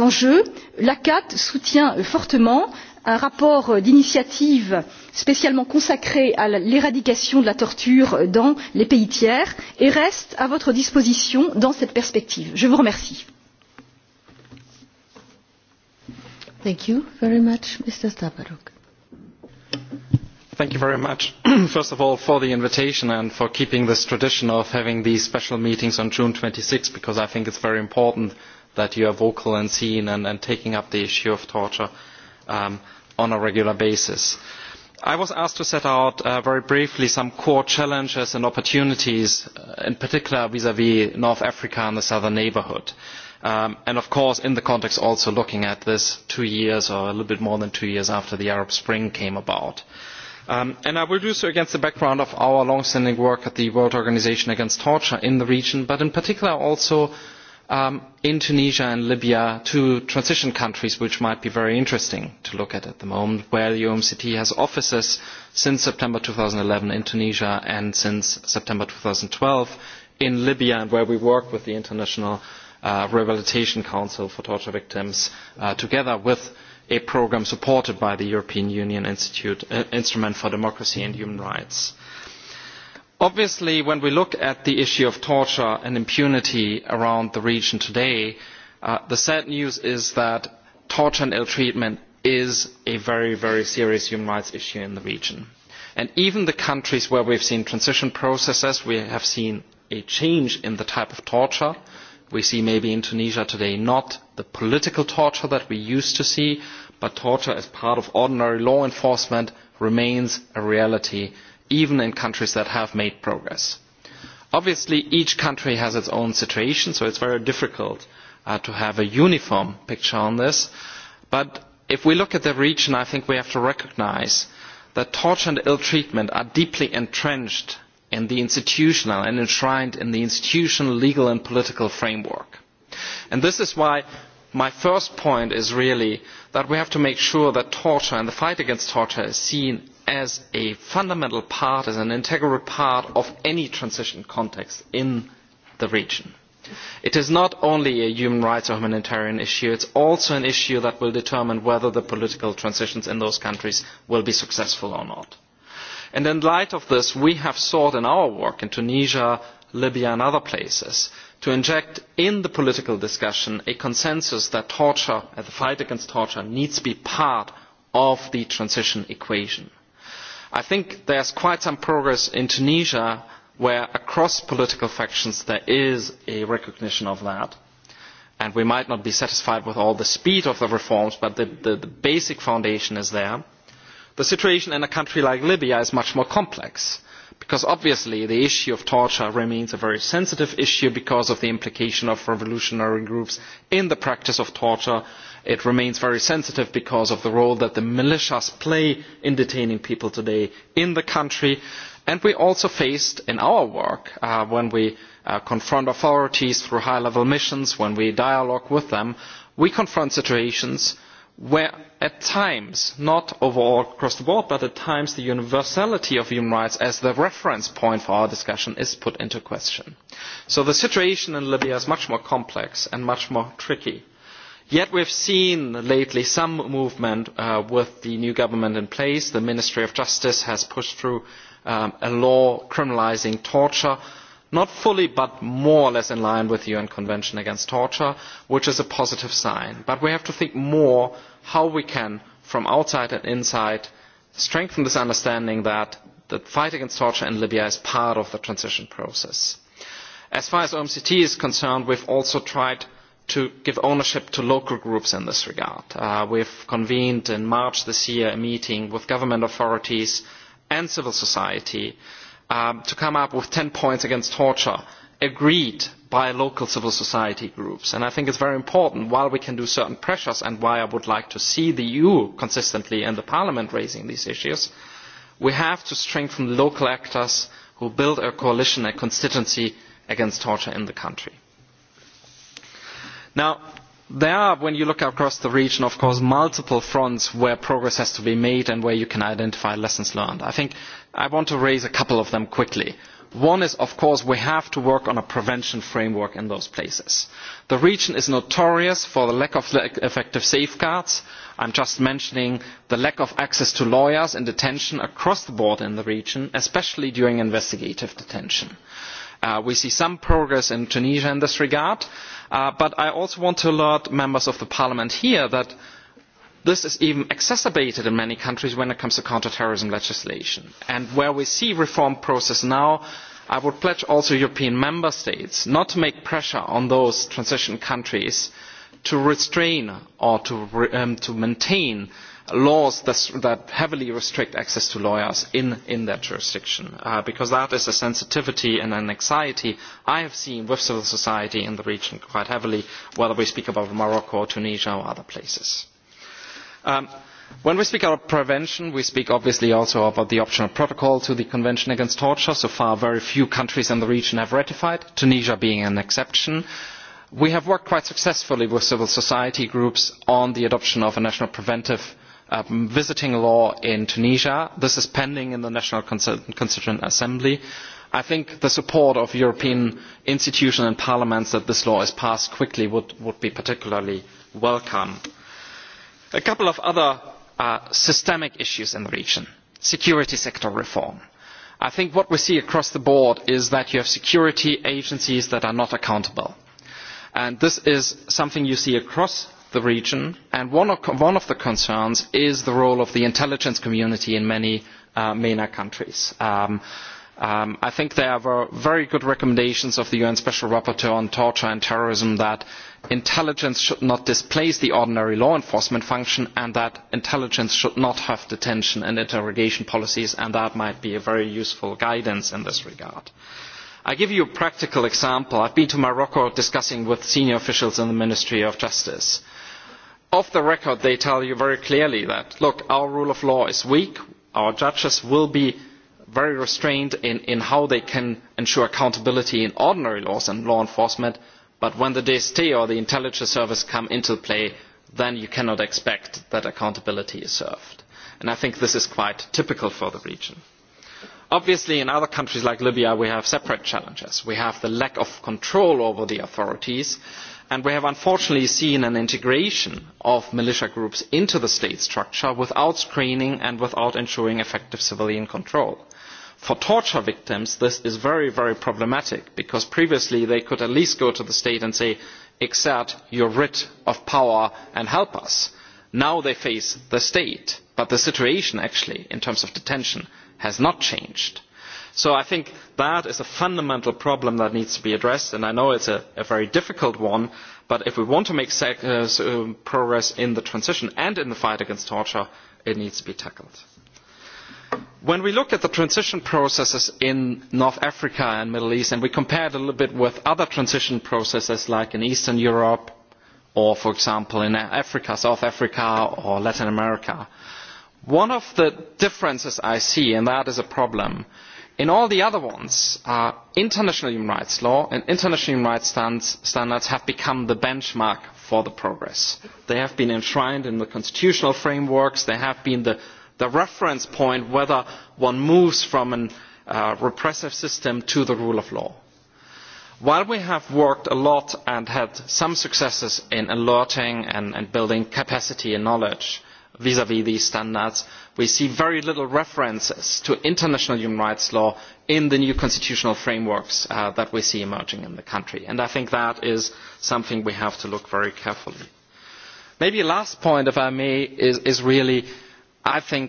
enjeux l'acat soutient fortement un rapport d'initiative spécialement consacré à l'éradication de la torture dans les pays tiers et reste à votre disposition dans cette perspective. je vous remercie. Thank you very much, Mr. Stavarok. Thank you very much, <clears throat> first of all, for the invitation and for keeping this tradition of having these special meetings on June 26, because I think it's very important that you are vocal and seen and, and taking up the issue of torture um, on a regular basis. I was asked to set out uh, very briefly some core challenges and opportunities, uh, in particular vis-à-vis -vis North Africa and the southern neighborhood. Um, and of course, in the context also looking at this two years or a little bit more than two years after the Arab Spring came about. Um, and I will do so against the background of our long-standing work at the World Organization Against Torture in the region, but in particular also um, in Tunisia and Libya, two transition countries which might be very interesting to look at at the moment, where the OMCT has offices since September 2011 in Tunisia and since September 2012 in Libya, and where we work with the International uh, Rehabilitation Council for Torture Victims uh, together with a program supported by the European Union Institute, uh, Instrument for Democracy and Human Rights. Obviously, when we look at the issue of torture and impunity around the region today, uh, the sad news is that torture and ill treatment is a very, very serious human rights issue in the region. And even the countries where we've seen transition processes, we have seen a change in the type of torture. We see maybe in Tunisia today not the political torture that we used to see, but torture as part of ordinary law enforcement remains a reality even in countries that have made progress. Obviously, each country has its own situation, so it's very difficult uh, to have a uniform picture on this. But if we look at the region, I think we have to recognize that torture and ill treatment are deeply entrenched in the institutional and enshrined in the institutional, legal and political framework. And this is why my first point is really that we have to make sure that torture and the fight against torture is seen as a fundamental part, as an integral part of any transition context in the region. It is not only a human rights or humanitarian issue, it is also an issue that will determine whether the political transitions in those countries will be successful or not. And in light of this, we have sought in our work in Tunisia, Libya and other places to inject in the political discussion a consensus that torture, the fight against torture needs to be part of the transition equation. I think there is quite some progress in Tunisia where across political factions there is a recognition of that. And we might not be satisfied with all the speed of the reforms, but the, the, the basic foundation is there. The situation in a country like Libya is much more complex because obviously the issue of torture remains a very sensitive issue because of the implication of revolutionary groups in the practice of torture It remains very sensitive because of the role that the militias play in detaining people today in the country. And we also faced in our work, uh, when we uh, confront authorities through high-level missions, when we dialogue with them, we confront situations where at times, not overall across the board, but at times the universality of human rights as the reference point for our discussion is put into question. So the situation in Libya is much more complex and much more tricky Yet we have seen lately some movement uh, with the new government in place. The Ministry of Justice has pushed through um, a law criminalising torture, not fully but more or less in line with the UN Convention Against Torture, which is a positive sign. But we have to think more how we can, from outside and inside, strengthen this understanding that the fight against torture in Libya is part of the transition process. As far as OMCT is concerned, we have also tried to give ownership to local groups in this regard. Uh, we've convened in March this year a meeting with government authorities and civil society um, to come up with 10 points against torture agreed by local civil society groups. And I think it's very important, while we can do certain pressures and why I would like to see the EU consistently and the Parliament raising these issues, we have to strengthen local actors who build a coalition, a constituency against torture in the country. Now, there are, when you look across the region, of course, multiple fronts where progress has to be made and where you can identify lessons learned. I think I want to raise a couple of them quickly. One is, of course, we have to work on a prevention framework in those places. The region is notorious for the lack of effective safeguards. I'm just mentioning the lack of access to lawyers and detention across the board in the region, especially during investigative detention. Uh, we see some progress in Tunisia in this regard, uh, but I also want to alert members of the parliament here that this is even exacerbated in many countries when it comes to counterterrorism legislation. And where we see reform process now, I would pledge also European member states not to make pressure on those transition countries to restrain or to, um, to maintain uh, laws that heavily restrict access to lawyers in, in that jurisdiction, uh, because that is a sensitivity and an anxiety I have seen with civil society in the region quite heavily, whether we speak about Morocco or Tunisia or other places. Um, When we speak about prevention, we speak obviously also about the optional protocol to the Convention Against Torture. So far, very few countries in the region have ratified, Tunisia being an exception. We have worked quite successfully with civil society groups on the adoption of a national preventive um, visiting law in Tunisia. This is pending in the National Constituent Assembly. I think the support of European institutions and parliaments that this law is passed quickly would, would be particularly welcome. A couple of other uh, systemic issues in the region. Security sector reform. I think what we see across the board is that you have security agencies that are not accountable. And this is something you see across the region, and one of, one of the concerns is the role of the intelligence community in many uh, MENA countries. Um, um, I think there were very good recommendations of the UN Special Rapporteur on torture and terrorism that intelligence should not displace the ordinary law enforcement function and that intelligence should not have detention and interrogation policies, and that might be a very useful guidance in this regard. I give you a practical example. I've been to Morocco discussing with senior officials in the Ministry of Justice off the record, they tell you very clearly that, look, our rule of law is weak. Our judges will be very restrained in, in how they can ensure accountability in ordinary laws and law enforcement. But when the DST or the intelligence service come into play, then you cannot expect that accountability is served. And I think this is quite typical for the region. Obviously, in other countries like Libya, we have separate challenges. We have the lack of control over the authorities. Uh, and we have unfortunately seen an integration of militia groups into the state structure without screening and without ensuring effective civilian control. For torture victims, this is very, very problematic because previously they could at least go to the state and say, exert your writ of power and help us. Now they face the state, but the situation actually, in terms of detention, has not changed. So I think that is a fundamental problem that needs to be addressed, and I know it is a very difficult one, but if we want to make uh, uh, progress in the transition and in the fight against torture, it needs to be tackled. When we look at the transition processes in North Africa and Middle East, and we compare it a little bit with other transition processes like in Eastern Europe, or for example in Africa, South Africa, or Latin America, one of the differences I see, and that is a problem, In all the other ones, uh, international human rights law and international human rights stands, standards have become the benchmark for the progress. They have been enshrined in the constitutional frameworks, they have been the, the reference point whether one moves from a uh, repressive system to the rule of law. While we have worked a lot and had some successes in alerting and, and building capacity and knowledge, vis-à-vis -vis these standards. We see very little references to international human rights law in the new constitutional frameworks uh, that we see emerging in the country. And I think that is something we have to look very carefully. Maybe a last point, if I may, is, is really, I think,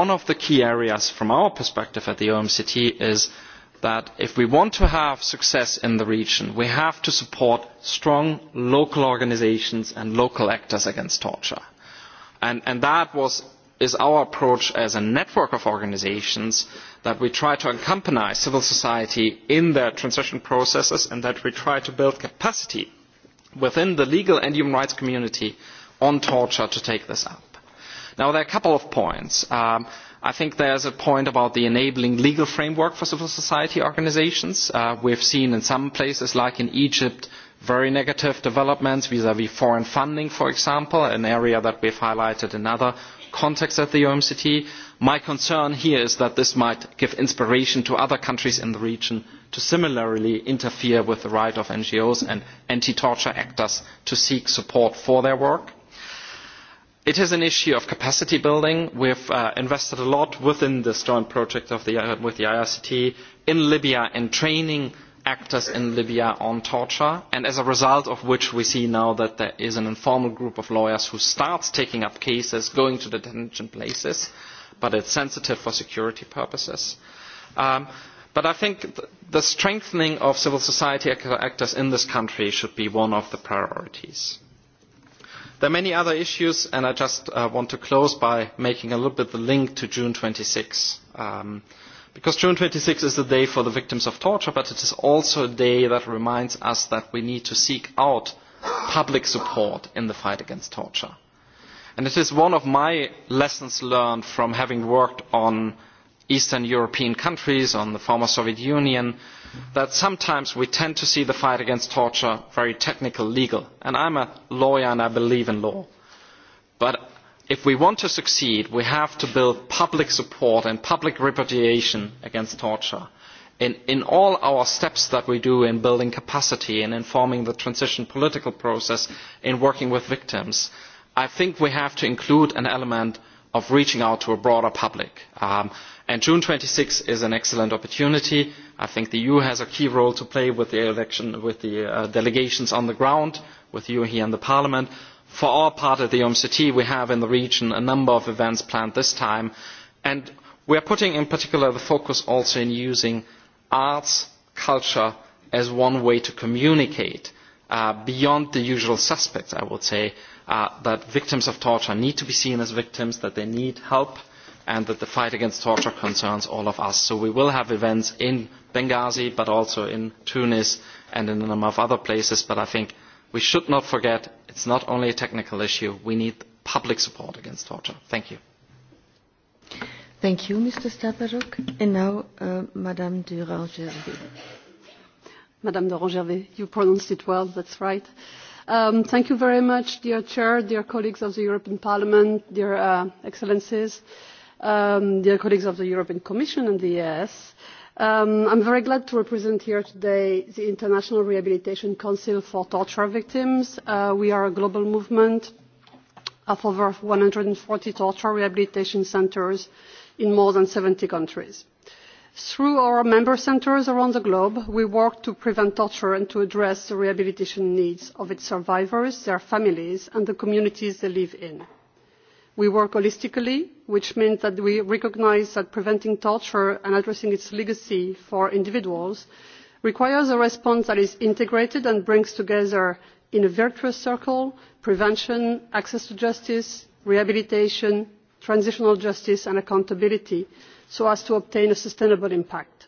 one of the key areas from our perspective at the OMCT is that if we want to have success in the region, we have to support strong local organisations and local actors against torture. And, and that was, is our approach as a network of organizations that we try to accompany civil society in their transition processes and that we try to build capacity within the legal and human rights community on torture to take this up. Now, there are a couple of points. Um, I think there's a point about the enabling legal framework for civil society organizations. Uh, we've seen in some places, like in Egypt, very negative developments vis-à-vis -vis foreign funding, for example, an area that we've highlighted in other contexts at the OMCT. My concern here is that this might give inspiration to other countries in the region to similarly interfere with the right of NGOs and anti-torture actors to seek support for their work. It is an issue of capacity building. We uh, invested a lot within this joint project of the, uh, with the IRCT in Libya in training actors in Libya on torture, and as a result of which we see now that there is an informal group of lawyers who starts taking up cases, going to the detention places, but it's sensitive for security purposes. Um, but I think th the strengthening of civil society actors in this country should be one of the priorities. There are many other issues, and I just uh, want to close by making a little bit the link to June 26. Um, Because June 26 is the day for the victims of torture, but it is also a day that reminds us that we need to seek out public support in the fight against torture. And it is one of my lessons learned from having worked on Eastern European countries, on the former Soviet Union, that sometimes we tend to see the fight against torture very technical, legal. And I'm a lawyer and I believe in law. But if we want to succeed, we have to build public support and public repudiation against torture. In, in all our steps that we do in building capacity and informing the transition political process in working with victims, I think we have to include an element of reaching out to a broader public. Um, and June 26 is an excellent opportunity. I think the EU has a key role to play with the election, with the uh, delegations on the ground, with you e here in the Parliament, For our part of the OMCT we have in the region a number of events planned this time, and we are putting in particular the focus also in using arts, culture as one way to communicate uh, beyond the usual suspects, I would say, uh, that victims of torture need to be seen as victims, that they need help, and that the fight against torture concerns all of us. So we will have events in Benghazi, but also in Tunis and in a number of other places, but I think we should not forget it's not only a technical issue. We need public support against torture. Thank you. Thank you, Mr. Stavaruk. And now, uh, Madame Durand-Gervais. Madame Durand-Gervais, you pronounced it well. That's right. Um, thank you very much, dear Chair, dear colleagues of the European Parliament, dear uh, Excellencies, um, dear colleagues of the European Commission and the EAS. Um, I'm very glad to represent here today the International Rehabilitation Council for Torture Victims. Uh, we are a global movement of over 140 torture rehabilitation centers in more than 70 countries. Through our member centers around the globe, we work to prevent torture and to address the rehabilitation needs of its survivors, their families, and the communities they live in. We work holistically, which means that we recognise that preventing torture and addressing its legacy for individuals requires a response that is integrated and brings together in a virtuous circle prevention, access to justice, rehabilitation, transitional justice and accountability so as to obtain a sustainable impact.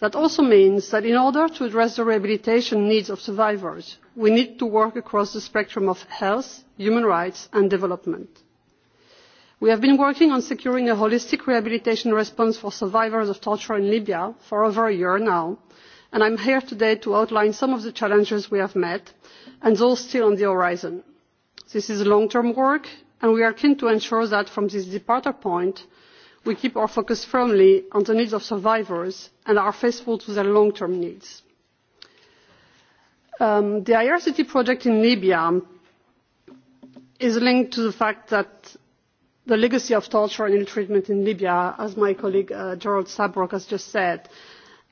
That also means that in order to address the rehabilitation needs of survivors, we need to work across the spectrum of health, human rights and development We have been working on securing a holistic rehabilitation response for survivors of torture in Libya for over a year now, and I am here today to outline some of the challenges we have met and those still on the horizon. This is long-term work, and we are keen to ensure that from this departure point, we keep our focus firmly on the needs of survivors and are faithful to their long-term needs. Um, the IRCT project in Libya is linked to the fact that the legacy of torture and ill treatment in Libya, as my colleague uh, Gerald Sabrok has just said,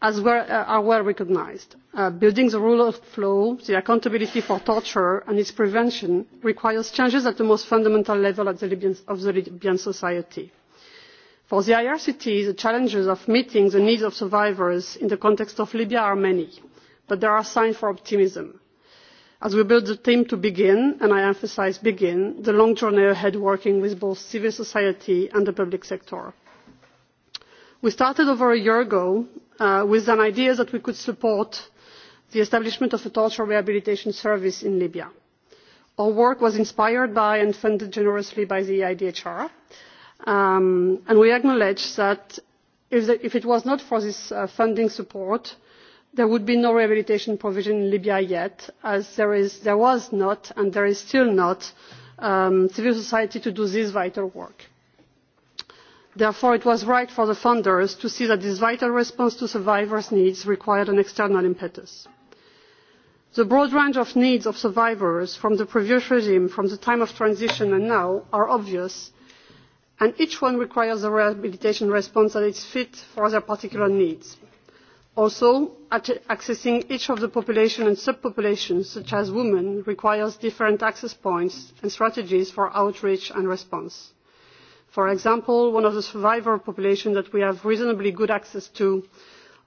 as were, uh, are well recognized. Uh, building the rule of law, the accountability for torture and its prevention requires changes at the most fundamental level at the Libyan, of the Libyan society. For the IRCT, the challenges of meeting the needs of survivors in the context of Libya are many, but there are signs for optimism As we build the team to begin, and I emphasize begin, the long journey ahead working with both civil society and the public sector. We started over a year ago uh, with an idea that we could support the establishment of a torture rehabilitation service in Libya. Our work was inspired by and funded generously by the EIDHR, um, and we acknowledge that if, the, if it was not for this uh, funding support, there would be no rehabilitation provision in libya yet as there, is, there was not and there is still not um, civil society to do this vital work. therefore it was right for the funders to see that this vital response to survivors' needs required an external impetus. the broad range of needs of survivors from the previous regime from the time of transition and now are obvious and each one requires a rehabilitation response that is fit for their particular needs. Also, accessing each of the population and subpopulations, such as women, requires different access points and strategies for outreach and response. For example, one of the survivor populations that we have reasonably good access to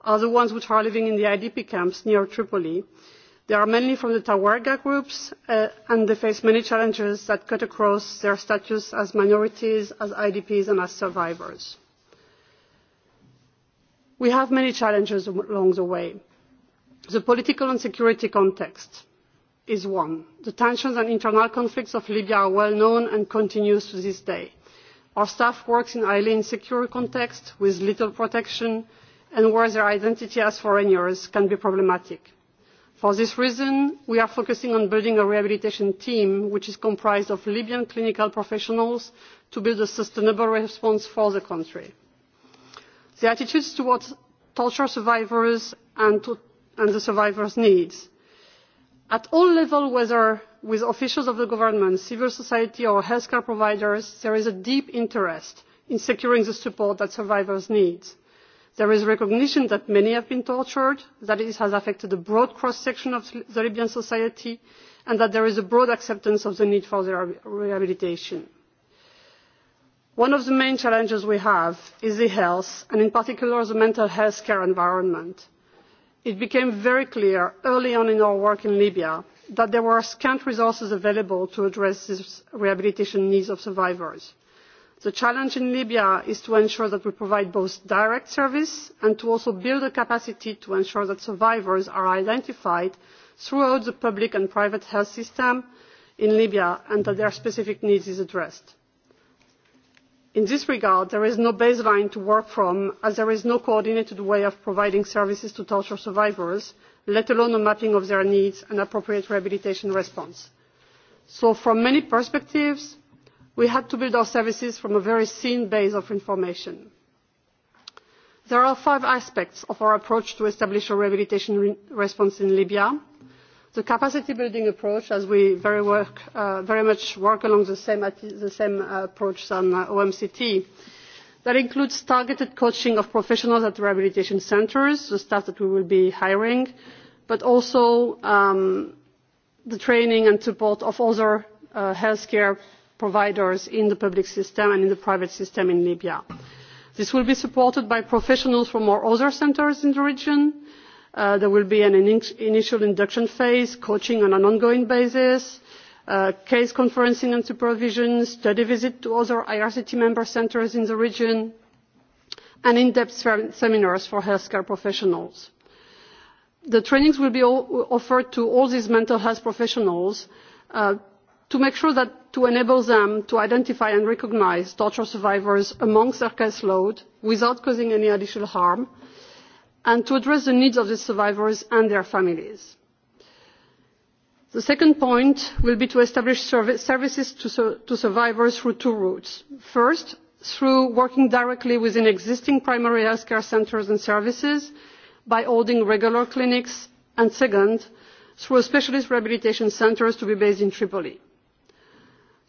are the ones which are living in the IDP camps near Tripoli. They are mainly from the Tawarga groups uh, and they face many challenges that cut across their status as minorities, as IDPs and as survivors we have many challenges along the way. The political and security context is one. The tensions and internal conflicts of Libya are well known and continue to this day. Our staff works in a highly insecure context with little protection and where their identity as foreigners can be problematic. For this reason, we are focusing on building a rehabilitation team which is comprised of Libyan clinical professionals to build a sustainable response for the country the attitudes towards torture survivors and, to, and the survivors' needs. At all levels, whether with officials of the government, civil society or healthcare providers, there is a deep interest in securing the support that survivors need. There is recognition that many have been tortured, that it has affected a broad cross-section of the Libyan society, and that there is a broad acceptance of the need for their rehabilitation. One of the main challenges we have is the health, and in particular the mental health care environment. It became very clear early on in our work in Libya that there were scant resources available to address the rehabilitation needs of survivors. The challenge in Libya is to ensure that we provide both direct service and to also build a capacity to ensure that survivors are identified throughout the public and private health system in Libya and that their specific needs is addressed. In this regard, there is no baseline to work from as there is no coordinated way of providing services to torture survivors, let alone a mapping of their needs and appropriate rehabilitation response. So from many perspectives, we had to build our services from a very thin base of information. There are five aspects of our approach to establish a rehabilitation re response in Libya The capacity building approach, as we very, work, uh, very much work along the same, the same uh, approach on uh, OMCT, that includes targeted coaching of professionals at rehabilitation centers, the staff that we will be hiring, but also um, the training and support of other uh, healthcare providers in the public system and in the private system in Libya. This will be supported by professionals from our other centers in the region, Uh, there will be an in initial induction phase, coaching on an ongoing basis, uh, case conferencing and supervision, study visit to other IRCT member centres in the region, and in-depth seminars for healthcare professionals. The trainings will be offered to all these mental health professionals uh, to make sure that to enable them to identify and recognise torture survivors amongst their caseload without causing any additional harm, and to address the needs of the survivors and their families. The second point will be to establish services to, to survivors through two routes. First, through working directly within existing primary health care centres and services by holding regular clinics, and second, through specialist rehabilitation centres to be based in Tripoli.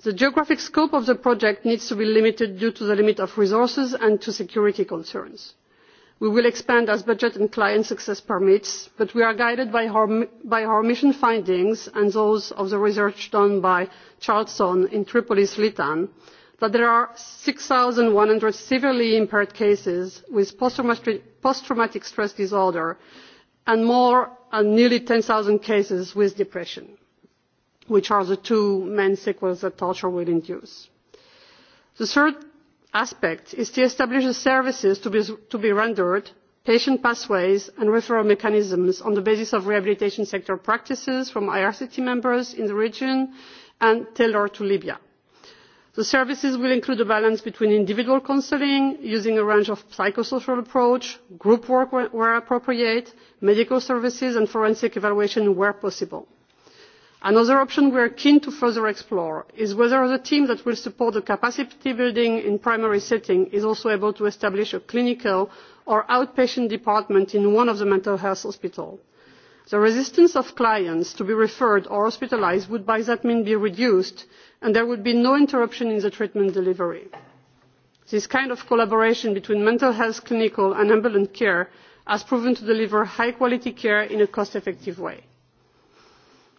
The geographic scope of the project needs to be limited due to the limit of resources and to security concerns. We will expand as budget and client success permits, but we are guided by our, mission findings and those of the research done by Charlton in Tripolis, Litan, that there are six one hundred severely impaired cases with post-traumatic stress disorder and more and nearly ten zero cases with depression, which are the two main sequels that torture will induce. The third aspects is to establish the services to be, to be rendered, patient pathways and referral mechanisms on the basis of rehabilitation sector practices from IRCT members in the region and tailored to Libya. The services will include a balance between individual counselling, using a range of psychosocial approach, group work where appropriate, medical services and forensic evaluation where possible. Another option we are keen to further explore is whether the team that will support the capacity building in primary setting is also able to establish a clinical or outpatient department in one of the mental health hospitals. The resistance of clients to be referred or hospitalised would by that mean be reduced and there would be no interruption in the treatment delivery. This kind of collaboration between mental health clinical and ambulance care has proven to deliver high quality care in a cost effective way.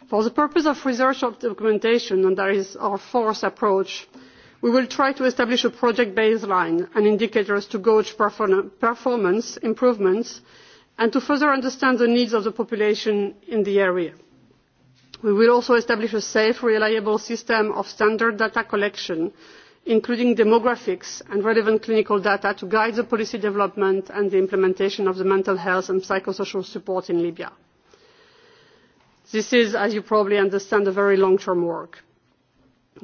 For the purpose of research documentation, and that is our fourth approach, we will try to establish a project baseline and indicators to gauge performance improvements and to further understand the needs of the population in the area. We will also establish a safe, reliable system of standard data collection, including demographics and relevant clinical data to guide the policy development and the implementation of the mental health and psychosocial support in Libya. This is, as you probably understand, a very long-term work.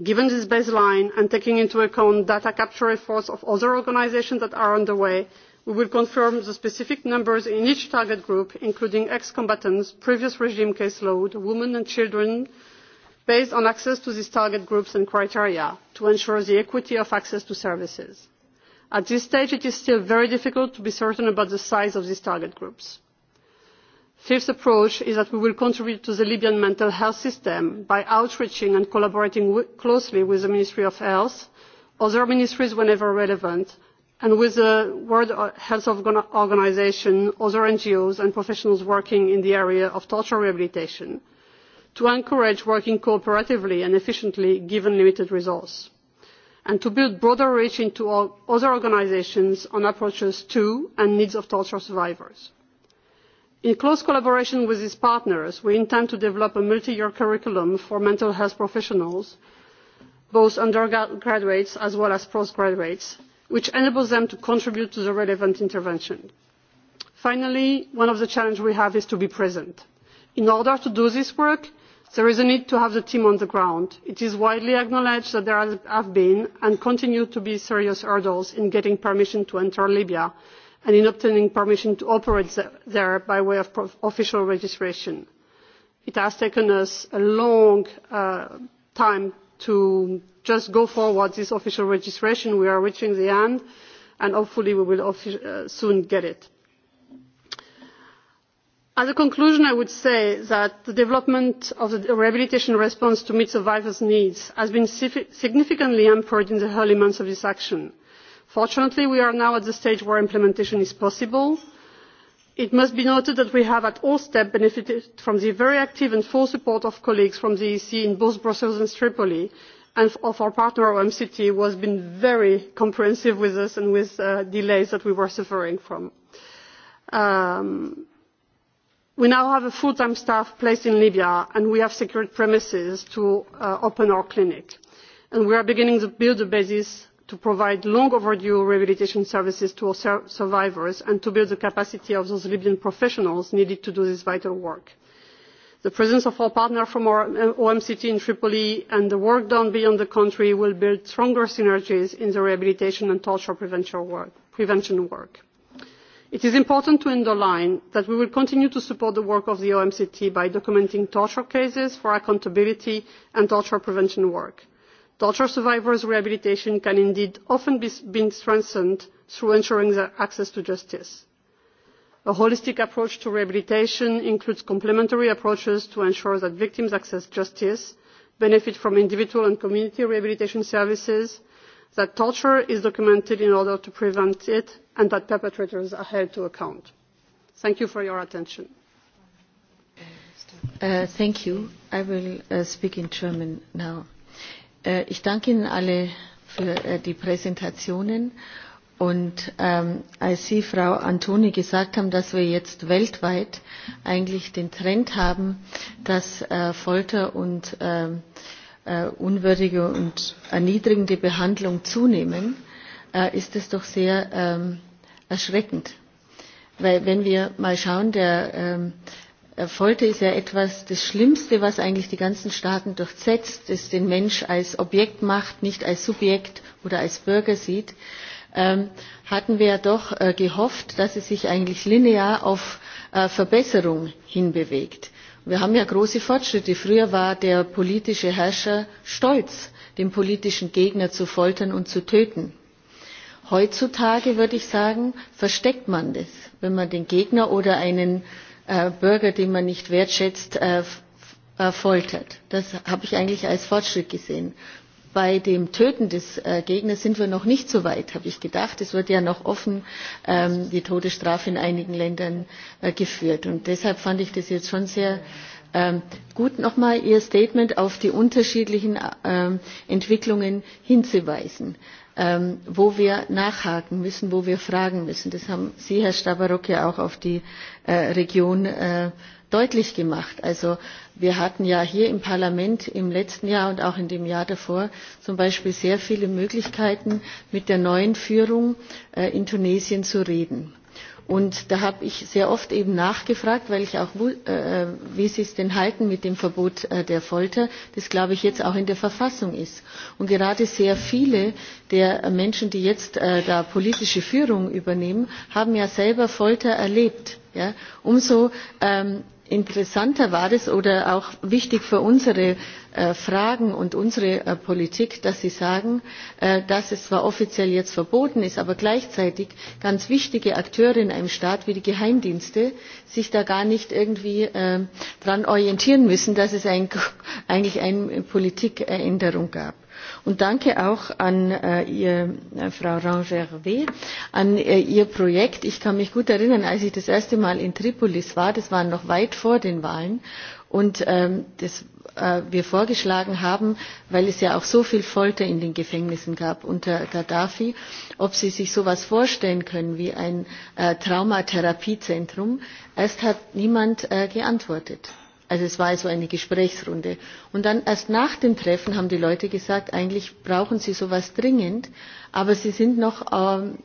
Given this baseline and taking into account data capture efforts of other organisations that are underway, we will confirm the specific numbers in each target group, including ex-combatants, previous regime caseload, women and children, based on access to these target groups and criteria to ensure the equity of access to services. At this stage, it is still very difficult to be certain about the size of these target groups fifth approach is that we will contribute to the libyan mental health system by outreaching and collaborating closely with the ministry of health other ministries whenever relevant and with the world health organisation other ngos and professionals working in the area of torture rehabilitation to encourage working cooperatively and efficiently given limited resources and to build broader reach into other organisations on approaches to and needs of torture survivors. In close collaboration with these partners, we intend to develop a multi-year curriculum for mental health professionals, both undergraduates as well as postgraduates, which enables them to contribute to the relevant intervention. Finally, one of the challenges we have is to be present. In order to do this work, there is a need to have the team on the ground. It is widely acknowledged that there have been and continue to be serious hurdles in getting permission to enter Libya, and in obtaining permission to operate there by way of official registration. It has taken us a long uh, time to just go forward this official registration. We are reaching the end and hopefully we will uh, soon get it. As a conclusion, I would say that the development of the rehabilitation response to meet survivors' needs has been significantly hampered in the early months of this action Fortunately, we are now at the stage where implementation is possible. It must be noted that we have at all steps benefited from the very active and full support of colleagues from the EC in both Brussels and Tripoli, and of our partner OMCT, who has been very comprehensive with us and with uh, delays that we were suffering from. Um, we now have a full-time staff placed in Libya, and we have secured premises to uh, open our clinic. And we are beginning to build the basis to provide long overdue rehabilitation services to our survivors and to build the capacity of those Libyan professionals needed to do this vital work. The presence of our partner from our uh, OMCT in Tripoli and the work done beyond the country will build stronger synergies in the rehabilitation and torture prevention work. Prevention work. It is important to underline that we will continue to support the work of the OMCT by documenting torture cases for accountability and torture prevention work Torture survivors' rehabilitation can indeed often be, be strengthened through ensuring their access to justice. A holistic approach to rehabilitation includes complementary approaches to ensure that victims access justice, benefit from individual and community rehabilitation services, that torture is documented in order to prevent it, and that perpetrators are held to account. Thank you for your attention. Uh, thank you. I will uh, speak in German now. Äh, ich danke Ihnen alle für äh, die Präsentationen. Und ähm, als Sie, Frau Antoni, gesagt haben, dass wir jetzt weltweit eigentlich den Trend haben, dass äh, Folter und äh, äh, unwürdige und erniedrigende Behandlung zunehmen, äh, ist es doch sehr äh, erschreckend. Weil wenn wir mal schauen, der äh, Äh, Folter ist ja etwas das Schlimmste, was eigentlich die ganzen Staaten durchsetzt, das den Mensch als Objekt macht, nicht als Subjekt oder als Bürger sieht. Ähm, hatten wir ja doch äh, gehofft, dass es sich eigentlich linear auf äh, Verbesserung hinbewegt. Wir haben ja große Fortschritte. Früher war der politische Herrscher stolz, den politischen Gegner zu foltern und zu töten. Heutzutage, würde ich sagen, versteckt man das, wenn man den Gegner oder einen Äh, Bürger, die man nicht wertschätzt, äh, äh, foltert. Das habe ich eigentlich als Fortschritt gesehen. Bei dem Töten des Gegners sind wir noch nicht so weit, habe ich gedacht. Es wird ja noch offen ähm, die Todesstrafe in einigen Ländern geführt. Und deshalb fand ich das jetzt schon sehr Ähm, gut nochmal Ihr Statement auf die unterschiedlichen ähm, Entwicklungen hinzuweisen, ähm, wo wir nachhaken müssen, wo wir fragen müssen. Das haben Sie, Herr Stabarock, ja auch auf die äh, Region äh, deutlich gemacht. Also wir hatten ja hier im Parlament im letzten Jahr und auch in dem Jahr davor zum Beispiel sehr viele Möglichkeiten, mit der neuen Führung äh, in Tunesien zu reden Und da habe ich sehr oft eben nachgefragt, weil ich auch, äh, äh, wie Sie es denn halten mit dem Verbot äh, der Folter, das glaube ich jetzt auch in der Verfassung ist. Und gerade sehr viele der Menschen, die jetzt äh, da politische Führung übernehmen, haben ja selber Folter erlebt. Ja? Umso ähm, interessanter war es oder auch wichtig für unsere äh, Fragen und unsere äh, Politik, dass Sie sagen, äh, dass es zwar offiziell jetzt verboten ist, aber gleichzeitig ganz wichtige Akteure in einem Staat wie die Geheimdienste sich da gar nicht irgendwie äh, daran orientieren müssen, dass es ein, <laughs> eigentlich eine Politikänderung gab. Und danke auch an äh, ihr, äh, Frau Rangervé, an äh, ihr Projekt. Ich kann mich gut erinnern, als ich das erste Mal in Tripolis war, das war noch weit vor den Wahlen, und ähm, das äh, wir vorgeschlagen haben, weil es ja auch so viel Folter in den Gefängnissen gab unter Gaddafi, ob Sie sich sowas vorstellen können wie ein äh, Traumatherapiezentrum. Erst hat niemand äh, geantwortet. Also es war so eine Gesprächsrunde. Und dann erst nach dem Treffen haben die Leute gesagt, eigentlich brauchen sie sowas dringend, aber sie sind noch ähm,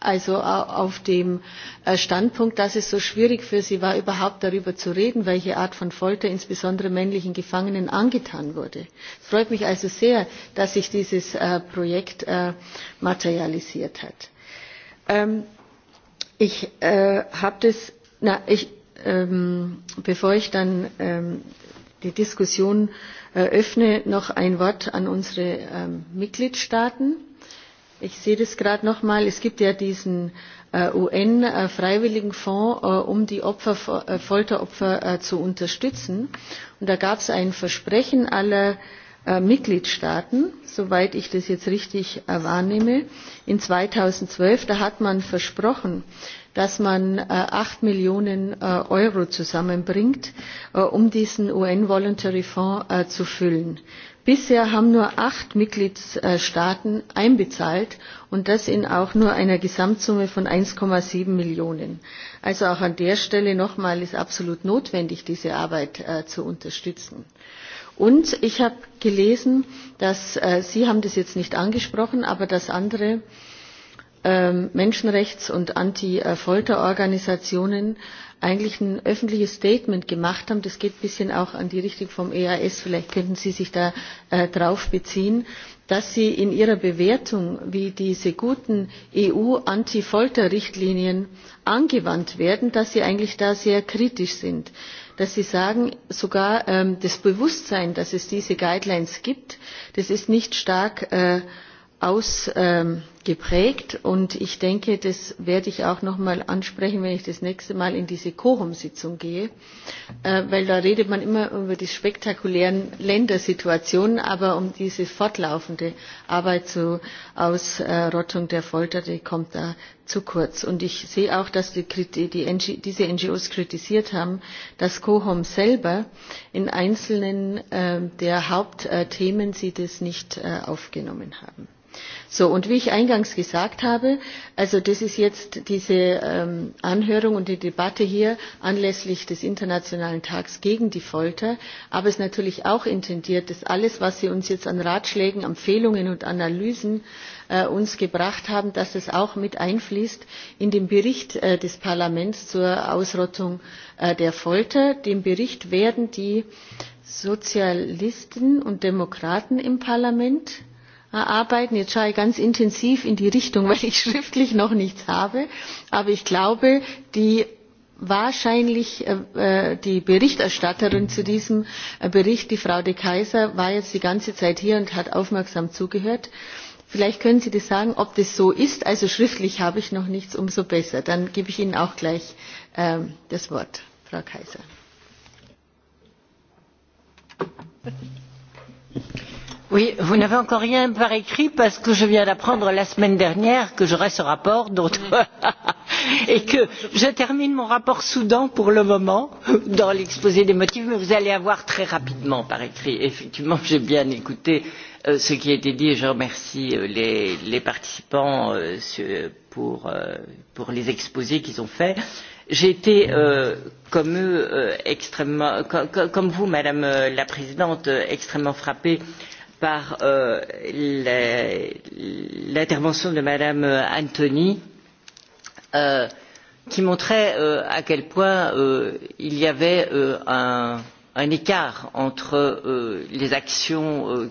also äh, auf dem äh, Standpunkt, dass es so schwierig für sie war, überhaupt darüber zu reden, welche Art von Folter insbesondere männlichen Gefangenen angetan wurde. Es freut mich also sehr, dass sich dieses äh, Projekt äh, materialisiert hat. Ähm, ich äh, habe das, na, ich, ähm, bevor ich dann ähm, die Diskussion eröffne, noch ein Wort an unsere ähm, Mitgliedstaaten. Ich sehe das gerade noch mal. Es gibt ja diesen äh, UN-Freiwilligenfonds, äh, um die Opfer, äh, Folteropfer äh, zu unterstützen. Und da gab es ein Versprechen aller äh, Mitgliedstaaten, soweit ich das jetzt richtig äh, wahrnehme, in 2012. Da hat man versprochen, dass man äh, acht 8 Millionen äh, Euro zusammenbringt, äh, um diesen UN-Voluntary Fonds äh, zu füllen. Bisher haben nur acht Mitgliedstaaten äh, einbezahlt und das in auch nur einer Gesamtsumme von 1,7 Millionen. Also auch an der Stelle nochmal ist absolut notwendig, diese Arbeit zu unterstützen. Und ich habe gelesen, dass äh, Sie haben das jetzt nicht angesprochen, aber dass andere Ähm, Menschenrechts- und Anti-Folterorganisationen eigentlich ein öffentliches Statement gemacht haben. Das geht ein bisschen auch an die Richtung vom EAS. Vielleicht könnten Sie sich da äh, drauf beziehen, dass Sie in Ihrer Bewertung, wie diese guten EU-Anti-Folter-Richtlinien angewandt werden, dass Sie eigentlich da sehr kritisch sind. Dass Sie sagen, sogar ähm, das Bewusstsein, dass es diese Guidelines gibt, das ist nicht stark äh, aus. Ähm, geprägt. Und ich denke, das werde ich auch noch mal ansprechen, wenn ich das nächste Mal in diese Quorum-Sitzung gehe, äh, weil da redet man immer über die spektakulären Ländersituationen, aber um diese fortlaufende Arbeit zur Ausrottung äh, der Folter, die kommt da zu kurz. Und ich sehe auch, dass die, die NG, diese NGOs kritisiert haben, dass COHOM selber in einzelnen äh, der Hauptthemen äh, sie das nicht äh, aufgenommen haben. So, und wie ich eingangs gesagt habe, also das ist jetzt diese ähm, Anhörung und die Debatte hier anlässlich des Internationalen Tags gegen die Folter, aber es ist natürlich auch intendiert, dass alles, was Sie uns jetzt an Ratschlägen, Empfehlungen und Analysen äh, uns gebracht haben, dass es auch mit einfließt in den Bericht äh, des Parlaments zur Ausrottung äh, der Folter. Dem Bericht werden die Sozialisten und Demokraten im Parlament arbeiten. Jetzt schaue ich ganz intensiv in die Richtung, <laughs> weil ich schriftlich noch nichts habe. Aber ich glaube, die wahrscheinlich äh, äh die Berichterstatterin zu diesem äh, Bericht, die Frau de Kaiser, war jetzt die ganze Zeit hier und hat aufmerksam zugehört. Vielleicht können Sie das sagen, ob das so ist. Also schriftlich habe ich noch nichts, umso besser. Dann gebe ich Ihnen auch gleich äh, das Wort, Frau Kaiser. <laughs> Oui, vous n'avez encore rien par écrit parce que je viens d'apprendre la semaine dernière que j'aurai ce rapport donc mm. <laughs> et que je termine mon rapport Soudan pour le moment <laughs> dans l'exposé des motifs, mais vous allez avoir très rapidement par écrit. Effectivement, j'ai bien écouté euh, ce qui a été dit et je remercie euh, les, les participants euh, pour, euh, pour les exposés qu'ils ont faits. J'ai été, euh, comme eux, euh, extrêmement, comme, comme vous, Madame euh, la Présidente, euh, extrêmement frappée euh, par euh, l'intervention de Madame euh, Anthony, euh, qui montrait euh, à quel point euh, il y avait euh, un, un écart entre euh, les actions, euh,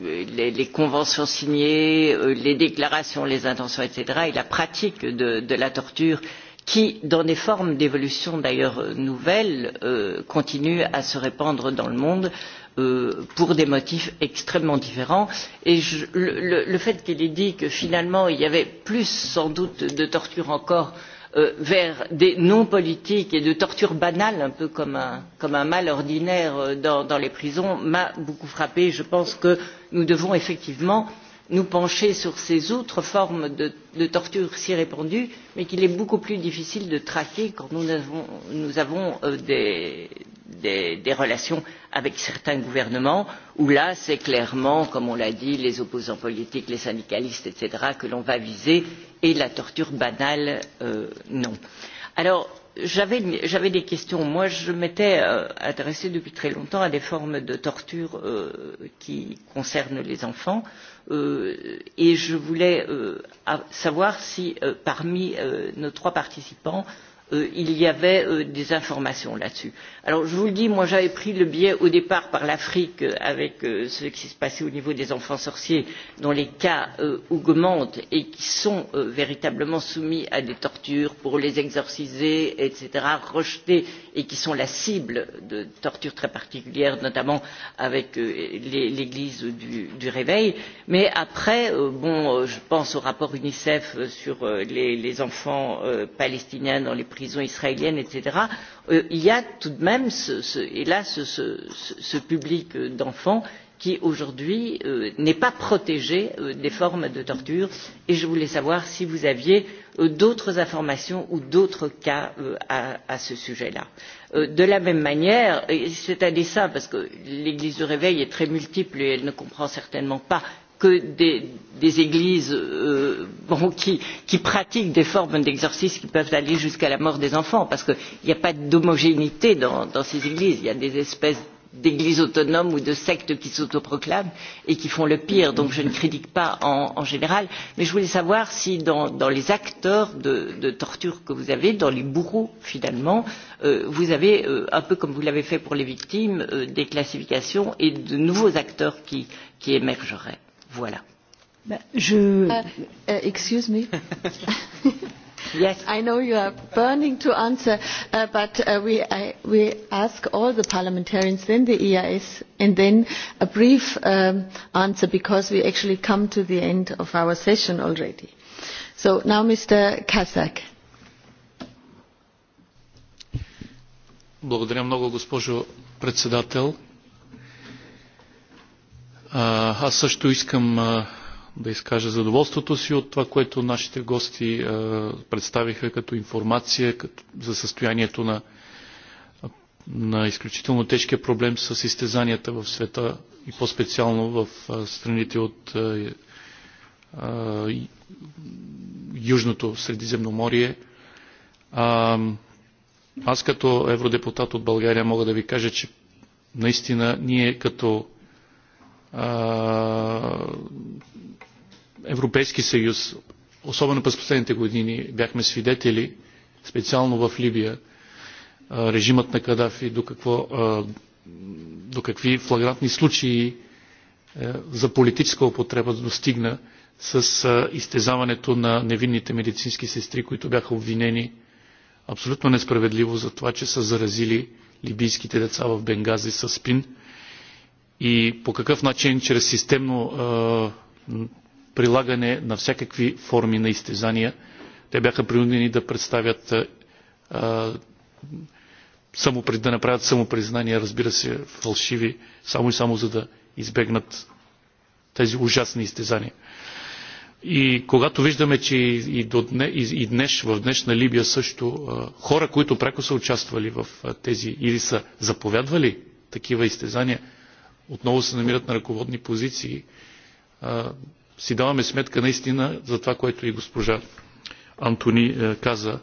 les, les conventions signées, euh, les déclarations, les intentions, etc., et la pratique de, de la torture qui, dans des formes d'évolution d'ailleurs nouvelles, euh, continue à se répandre dans le monde. Euh, Euh, pour des motifs extrêmement différents. Et je, le, le, fait qu'il ait dit que finalement il y avait plus sans doute de torture encore euh, vers des non politiques et de torture banale, un peu comme un, comme un mal ordinaire euh, dans, dans les prisons, m'a beaucoup frappé. Je pense que nous devons effectivement nous pencher sur ces autres formes de, de torture si répandues, mais qu'il est beaucoup plus difficile de traquer quand nous avons, nous avons euh, des, des, des relations avec certains gouvernements, où là, c'est clairement, comme on l'a dit, les opposants politiques, les syndicalistes, etc., que l'on va viser, et la torture banale, euh, non. Alors, j'avais des questions. Moi, je m'étais euh, intéressée depuis très longtemps à des formes de torture euh, qui concernent les enfants, euh, et je voulais euh, savoir si, euh, parmi euh, nos trois participants, euh, euh, il y avait euh, des informations là-dessus. Alors je vous le dis, moi j'avais pris le biais au départ par l'Afrique euh, avec euh, ce qui se passait au niveau des enfants sorciers dont les cas euh, augmentent et qui sont euh, véritablement soumis à des tortures pour les exorciser, etc., rejetés et qui sont la cible de tortures très particulières, notamment avec euh, l'Église du, du Réveil. Mais après, euh, bon, euh, je pense au rapport UNICEF euh, sur euh, les, les enfants euh, palestiniens dans les prisons prisons israéliennes, etc., euh, il y a tout de même, ce, ce, hélas, ce, ce public euh, d'enfants qui aujourd'hui euh, n'est pas protégé euh, des formes de torture et je voulais savoir si vous aviez euh, d'autres informations ou d'autres cas euh, à, à, ce sujet là. Euh, de la même manière c'est à dessein parce que l'église du réveil est très multiple et elle ne comprend certainement pas que des, des églises euh, bon, qui, qui pratiquent des formes d'exorcisme qui peuvent aller jusqu'à la mort des enfants, parce qu'il n'y a pas d'homogénéité dans, dans ces églises. Il y a des espèces d'églises autonomes ou de sectes qui s'autoproclament et qui font le pire. Donc je ne critique pas en, en général, mais je voulais savoir si dans, dans les acteurs de, de torture que vous avez, dans les bourreaux finalement, euh, vous avez, euh, un peu comme vous l'avez fait pour les victimes, euh, des classifications et de nouveaux acteurs qui, qui émergeraient. Voilà. Bah, je... Uh, uh, excuse me. <laughs> Yes, I know you are burning to answer, uh, but uh, we, I, we ask all the parliamentarians, then the EIS, and then a brief um, answer because we actually come to the end of our session already. So now Mr. Kazak. Благодаря много, госпожо председател. Аз също искам да изкажа задоволството си от това, което нашите гости представиха като информация за състоянието на, на изключително тежкия проблем с изтезанията в света и по-специално в страните от Южното Средиземноморие. Аз като евродепутат от България мога да ви кажа, че наистина ние като Европейски съюз, особено през последните години, бяхме свидетели, специално в Либия, режимът на Кадафи, до, какво, до какви флагрантни случаи за политическа употреба достигна с изтезаването на невинните медицински сестри, които бяха обвинени абсолютно несправедливо за това, че са заразили либийските деца в Бенгази с спин – и по какъв начин чрез системно е, прилагане на всякакви форми на изтезания те бяха принудени да представят е, само, да направят самопризнания, разбира се, фалшиви, само и само за да избегнат тези ужасни изтезания. И когато виждаме, че и, до дне, и, и днеш, в днешна Либия също а, хора, които пряко са участвали в а, тези или са заповядвали такива изтезания, отново се намират на ръководни позиции, си даваме сметка наистина за това, което и госпожа Антони каза,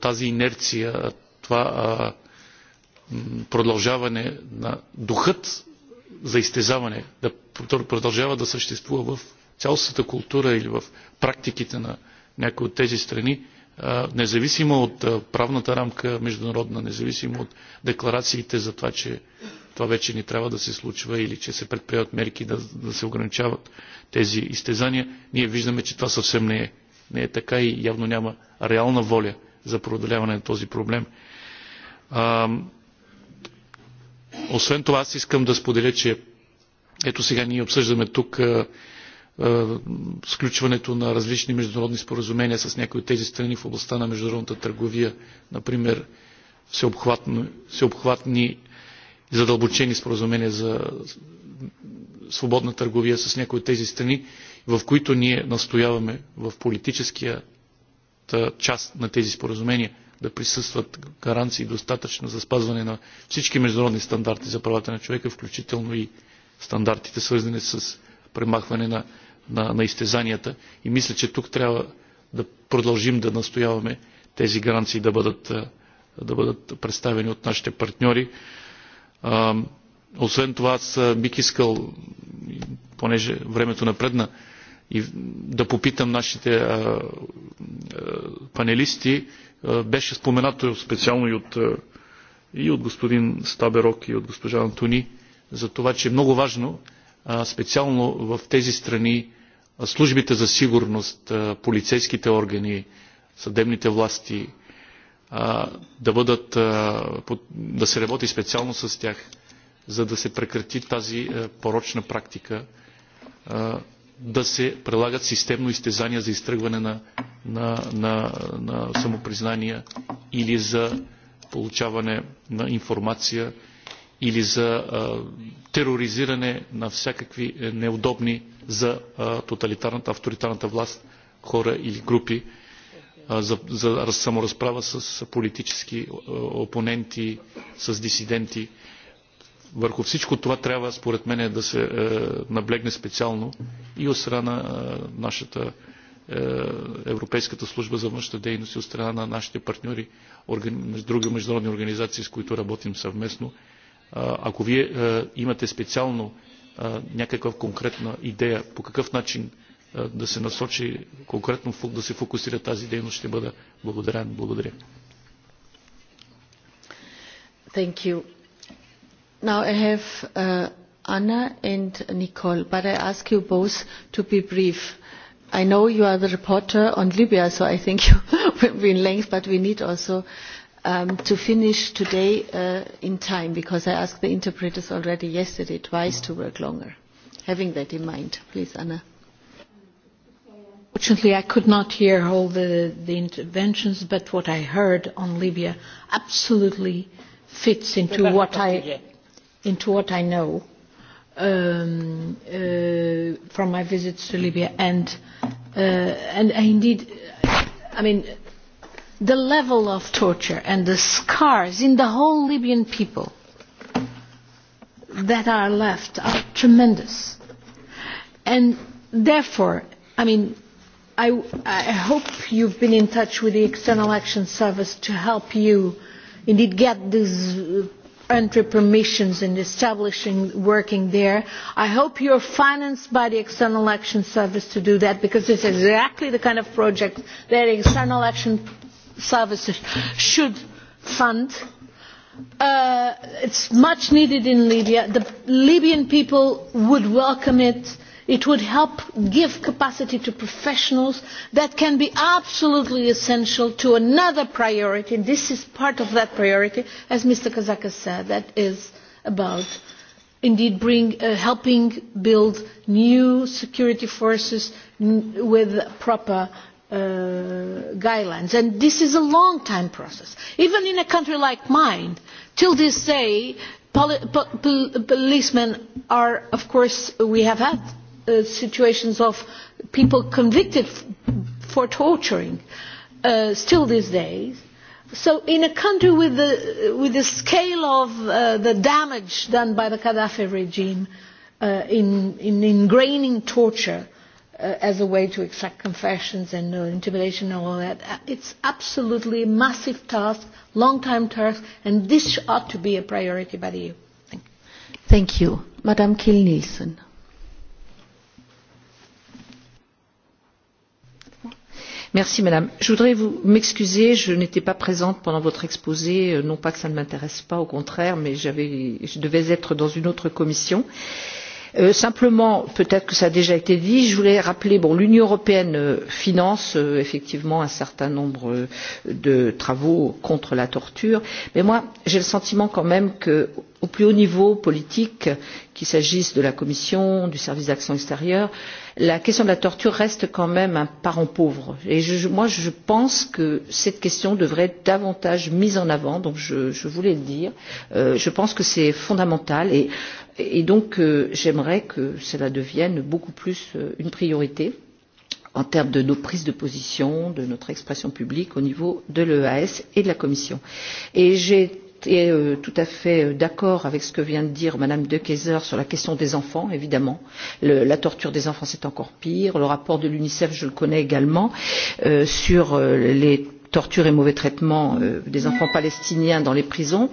тази инерция, това продължаване на духът за изтезаване да продължава да съществува в цялостната култура или в практиките на някои от тези страни, независимо от правната рамка международна, независимо от декларациите за това, че това вече не трябва да се случва или че се предприемат мерки да, да се ограничават тези изтезания, ние виждаме, че това съвсем не е. Не е така и явно няма реална воля за преодоляване на този проблем. А, освен това, аз искам да споделя, че ето сега ние обсъждаме тук сключването на различни международни споразумения с някои от тези страни в областта на международната търговия, например всеобхватни, всеобхватни задълбочени споразумения за свободна търговия с някои от тези страни, в които ние настояваме в политическия част на тези споразумения да присъстват гаранции достатъчно за спазване на всички международни стандарти за правата на човека, включително и стандартите свързани с премахване на, на, на изтезанията. И мисля, че тук трябва да продължим да настояваме тези гаранции да бъдат, да бъдат представени от нашите партньори. А, освен това, аз бих искал, понеже времето напредна, и да попитам нашите а, а, панелисти, а, беше споменато специално и от, а, и от господин Стаберок и от госпожа Антони, за това, че е много важно специално в тези страни службите за сигурност, полицейските органи, съдебните власти да бъдат да се работи специално с тях, за да се прекрати тази порочна практика, да се прилагат системно изтезания за изтръгване на, на, на, на самопризнания или за получаване на информация или за тероризиране на всякакви неудобни за тоталитарната, авторитарната власт хора или групи, за, за саморазправа с политически опоненти, с дисиденти. Върху всичко това трябва, според мен, да се наблегне специално и от страна на нашата Европейската служба за външна дейност и от страна на нашите партньори, други международни организации, с които работим съвместно Ако вие имате специално някаква конкретна идея по какъв начин да се насочи конкретно да се фокусира тази дейност, ще бъда благодарен. Благодаря. Thank you. Now I have uh, Anna and Nicole, but I ask you both to be brief. I know you are the reporter on Libya, so I think you will be in length, but we need also um, to finish today uh, in time because I asked the interpreters already yesterday twice to work longer. Having that in mind, please, Anna. Unfortunately I could not hear all the, the interventions, but what I heard on Libya absolutely fits into what I, into what I know um, uh, from my visits to Libya. And, uh, and indeed, I mean, the level of torture and the scars in the whole Libyan people that are left are tremendous. And therefore, I mean, I, I hope you've been in touch with the External Action Service to help you indeed get these uh, entry permissions and establishing working there. I hope you're financed by the External Action Service to do that because it's exactly the kind of project that the External Action services should fund. Uh, it's much needed in Libya. The Libyan people would welcome it. It would help give capacity to professionals that can be absolutely essential to another priority. This is part of that priority, as Mr. Kazaka said, that is about indeed bring, uh, helping build new security forces with proper uh, guidelines. And this is a long time process. Even in a country like mine, till this day, poli po pol policemen are, of course, we have had uh, situations of people convicted for torturing uh, still these days. So in a country with the, with the scale of uh, the damage done by the Gaddafi regime uh, in, in ingraining torture, uh, as a way to extract confessions and uh, intimidation and all that. Uh, it's absolutely a massive task, long-time task, and this ought to be a priority by the EU. Thank you. Thank you. Madame Kiel-Nielsen. Merci madame. Je voudrais vous m'excuser, je n'étais pas présente pendant votre exposé, euh, non pas que ça ne m'intéresse pas, au contraire, mais je devais être dans une autre commission. Euh, Euh, simplement, peut-être que ça a déjà été dit, je voulais rappeler, bon, l'Union européenne euh, finance euh, effectivement un certain nombre euh, de travaux contre la torture, mais moi, j'ai le sentiment quand même que au plus haut niveau politique, qu'il s'agisse de la Commission, du service d'action extérieure, la question de la torture reste quand même un parent pauvre. Et je, moi, je pense que cette question devrait être davantage mise en avant, donc je, je voulais le dire. Euh, je pense que c'est fondamental et, et donc euh, j'aimerais que cela devienne beaucoup plus euh, une priorité en termes de nos prises de position, de notre expression publique au niveau de l'EAS et de la Commission. Et j'ai est euh, tout à fait euh, d'accord avec ce que vient de dire Madame De Keyser sur la question des enfants, évidemment. Le, la torture des enfants, c'est encore pire. Le rapport de l'UNICEF, je le connais également, euh, sur euh, les tortures et mauvais traitements euh, des enfants palestiniens dans les prisons.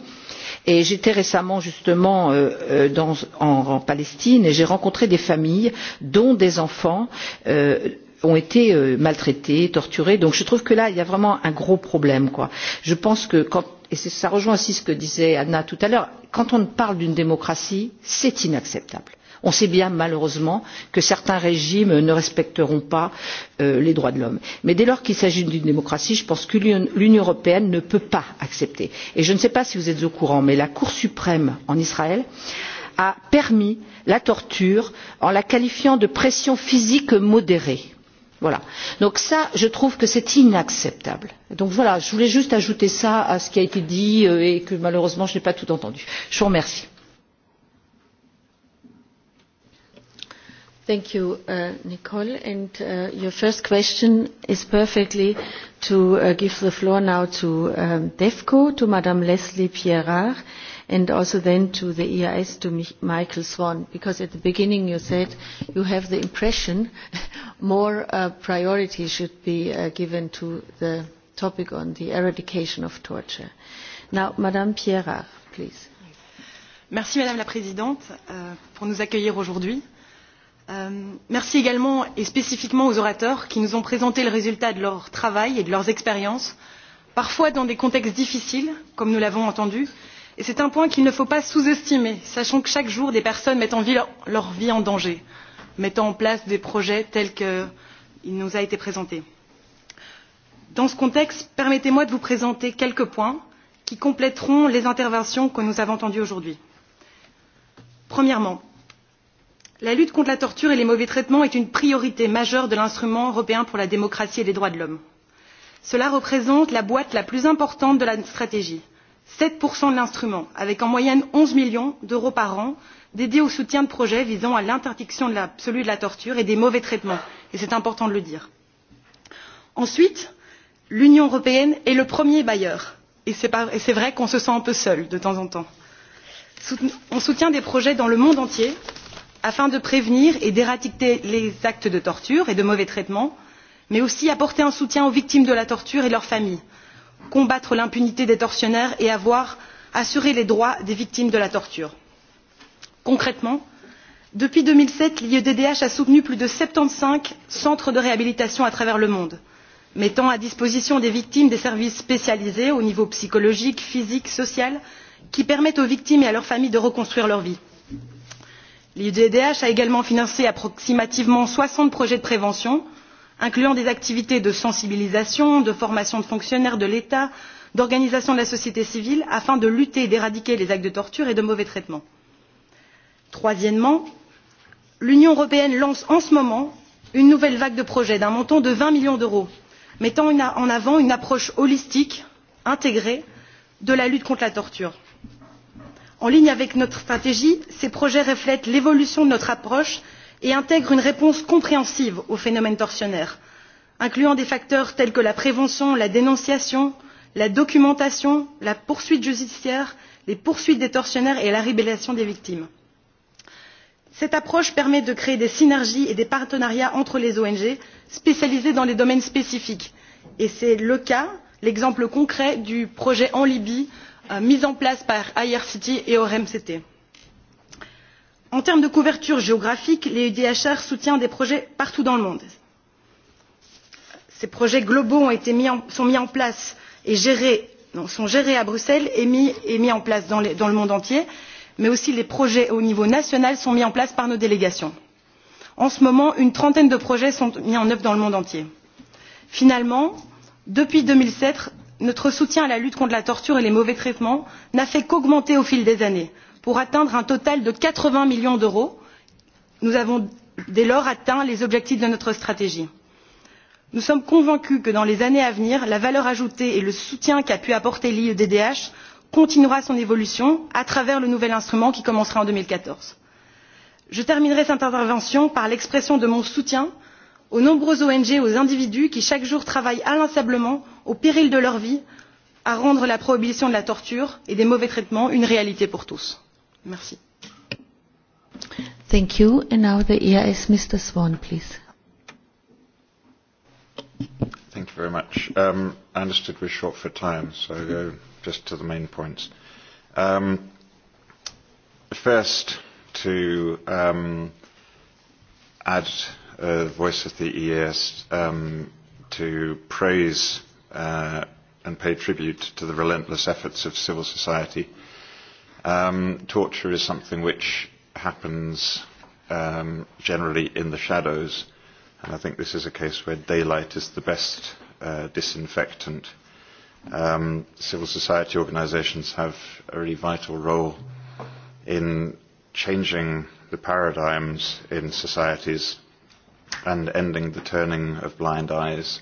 Et j'étais récemment justement euh, euh dans, en, en Palestine et j'ai rencontré des familles dont des enfants euh, ont été euh, maltraités, torturés. Donc je trouve que là, il y a vraiment un gros problème. Quoi. Je pense que quand et ça rejoint aussi ce que disait Anna tout à l'heure, quand on parle d'une démocratie, c'est inacceptable. On sait bien malheureusement que certains régimes ne respecteront pas euh, les droits de l'homme. Mais dès lors qu'il s'agit d'une démocratie, je pense que l'Union européenne ne peut pas accepter. Et je ne sais pas si vous êtes au courant, mais la Cour suprême en Israël a permis la torture en la qualifiant de pression physique modérée Voilà. Donc ça, je trouve que c'est inacceptable. Donc voilà, je voulais juste ajouter ça à ce qui a été dit euh, et que malheureusement je n'ai pas tout entendu. Je vous remercie. Thank you, uh, Nicole. And uh, your first question is perfectly to uh, give the floor now to um, DEFCO, to Madame Leslie Pierrard and also then to the EIS, to Michael Swan, because at the beginning you said you have the impression <laughs> more uh, priority should be uh, given to the topic on the eradication of torture. Now, Madame Pierre, please. Merci Madame la Présidente euh, pour nous accueillir aujourd'hui. Euh, merci également et spécifiquement aux orateurs qui nous ont présenté le résultat de leur travail et de leurs expériences, parfois dans des contextes difficiles, comme nous l'avons entendu, Et c'est un point qu'il ne faut pas sous-estimer, sachant que chaque jour, des personnes mettent en vie leur, leur vie en danger, mettant en place des projets tels qu'il nous a été présenté. Dans ce contexte, permettez-moi de vous présenter quelques points qui compléteront les interventions que nous avons entendues aujourd'hui. Premièrement, la lutte contre la torture et les mauvais traitements est une priorité majeure de l'instrument européen pour la démocratie et les droits de l'homme. Cela représente la boîte la plus importante de la stratégie 7 de l'instrument, avec en moyenne 11 millions d'euros par an dédiés au soutien de projets visant à l'interdiction absolue de la torture et des mauvais traitements, et c'est important de le dire. Ensuite, l'Union européenne est le premier bailleur, et c'est vrai qu'on se sent un peu seul de temps en temps. On soutient des projets dans le monde entier afin de prévenir et d'éradiquer les actes de torture et de mauvais traitements, mais aussi apporter un soutien aux victimes de la torture et leurs familles combattre l'impunité des tortionnaires et avoir assuré les droits des victimes de la torture. Concrètement, depuis deux mille sept, l'IEDDH a soutenu plus de cinq centres de réhabilitation à travers le monde, mettant à disposition des victimes des services spécialisés au niveau psychologique, physique, social, qui permettent aux victimes et à leurs familles de reconstruire leur vie. L'IEDDH a également financé approximativement soixante projets de prévention, incluant des activités de sensibilisation, de formation de fonctionnaires de l'État, d'organisation de la société civile, afin de lutter et d'éradiquer les actes de torture et de mauvais traitements. Troisièmement, l'Union européenne lance en ce moment une nouvelle vague de projets d'un montant de 20 millions d'euros, mettant en avant une approche holistique, intégrée, de la lutte contre la torture. En ligne avec notre stratégie, ces projets reflètent l'évolution de notre approche et intègre une réponse compréhensive aux phénomènes tortionnaires, incluant des facteurs tels que la prévention, la dénonciation, la documentation, la poursuite judiciaire, les poursuites des tortionnaires et la révélation des victimes. Cette approche permet de créer des synergies et des partenariats entre les ONG spécialisées dans les domaines spécifiques. Et c'est le cas, l'exemple concret du projet en Libye euh, mis en place par IRCT et ORMCT. En termes de couverture géographique, les UDHR e soutient des projets partout dans le monde. Ces projets globaux ont été mis en, sont mis en place et gérés, non, sont gérés à Bruxelles et mis, et mis en place dans, les, dans le monde entier, mais aussi les projets au niveau national sont mis en place par nos délégations. En ce moment, une trentaine de projets sont mis en œuvre dans le monde entier. Finalement, depuis 2007, notre soutien à la lutte contre la torture et les mauvais traitements n'a fait qu'augmenter au fil des années pour atteindre un total de quatre vingts millions d'euros. nous avons dès lors atteint les objectifs de notre stratégie. nous sommes convaincus que dans les années à venir la valeur ajoutée et le soutien qu'a pu apporter l'iedh continuera son évolution à travers le nouvel instrument qui commencera en. deux mille quatorze je terminerai cette intervention par l'expression de mon soutien aux nombreuses ong et aux individus qui chaque jour travaillent inlassablement au péril de leur vie à rendre la prohibition de la torture et des mauvais traitements une réalité pour tous. Merci. Thank you. And now the EIS, Mr. Swan, please. Thank you very much. Um, I understood we're short for time, so I'll go just to the main points. Um, first, to um, add uh, voice of the EAS um, to praise uh, and pay tribute to the relentless efforts of civil society Um, torture is something which happens um, generally in the shadows, and I think this is a case where daylight is the best uh, disinfectant. Um, civil society organizations have a really vital role in changing the paradigms in societies and ending the turning of blind eyes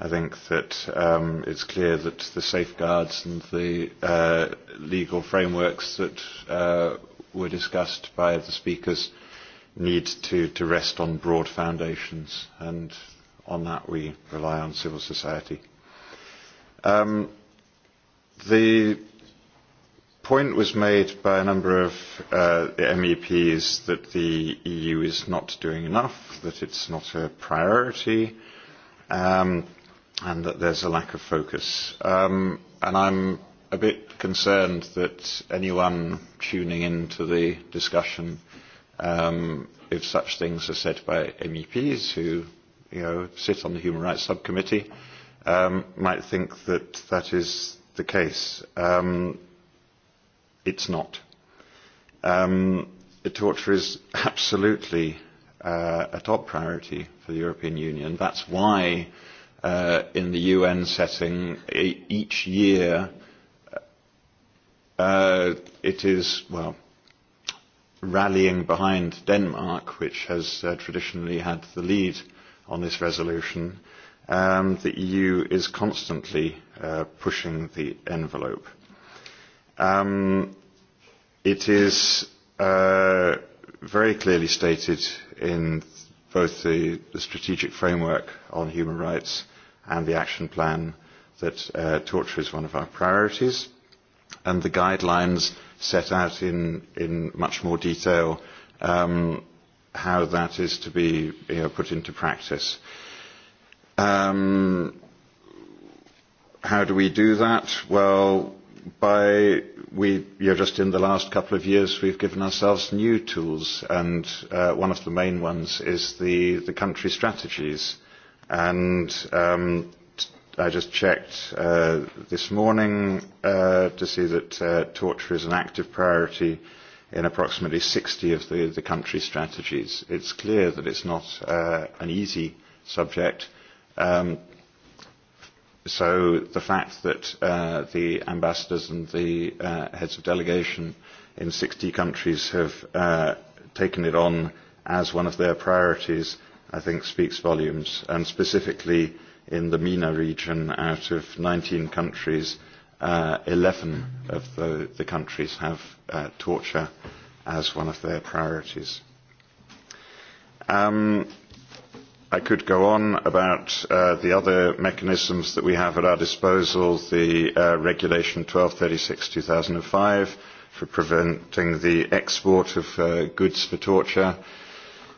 I think that um, it's clear that the safeguards and the uh, legal frameworks that uh, were discussed by the speakers need to, to rest on broad foundations, and on that we rely on civil society. Um, the point was made by a number of uh, the MEPs that the EU is not doing enough, that it's not a priority. Um, and that there's a lack of focus. Um, and I'm a bit concerned that anyone tuning into the discussion, um, if such things are said by MEPs who you know, sit on the Human Rights Subcommittee, um, might think that that is the case. Um, it's not. Um, torture is absolutely uh, a top priority for the European Union. That's why uh, in the UN setting e each year. Uh, it is, well, rallying behind Denmark, which has uh, traditionally had the lead on this resolution. Um, the EU is constantly uh, pushing the envelope. Um, it is uh, very clearly stated in both the, the strategic framework on human rights and the action plan that uh, torture is one of our priorities, and the guidelines set out in, in much more detail um, how that is to be you know, put into practice. Um, how do we do that? Well, by we you know, just in the last couple of years we've given ourselves new tools and uh, one of the main ones is the the country strategies and um, I just checked uh, this morning uh, to see that uh, torture is an active priority in approximately 60 of the, the country strategies. It's clear that it's not uh, an easy subject. Um, So the fact that uh, the ambassadors and the uh, heads of delegation in 60 countries have uh, taken it on as one of their priorities, I think speaks volumes. And specifically in the MENA region, out of 19 countries, uh, 11 of the, the countries have uh, torture as one of their priorities. Um, I could go on about uh, the other mechanisms that we have at our disposal, the uh, Regulation 1236-2005 for preventing the export of uh, goods for torture.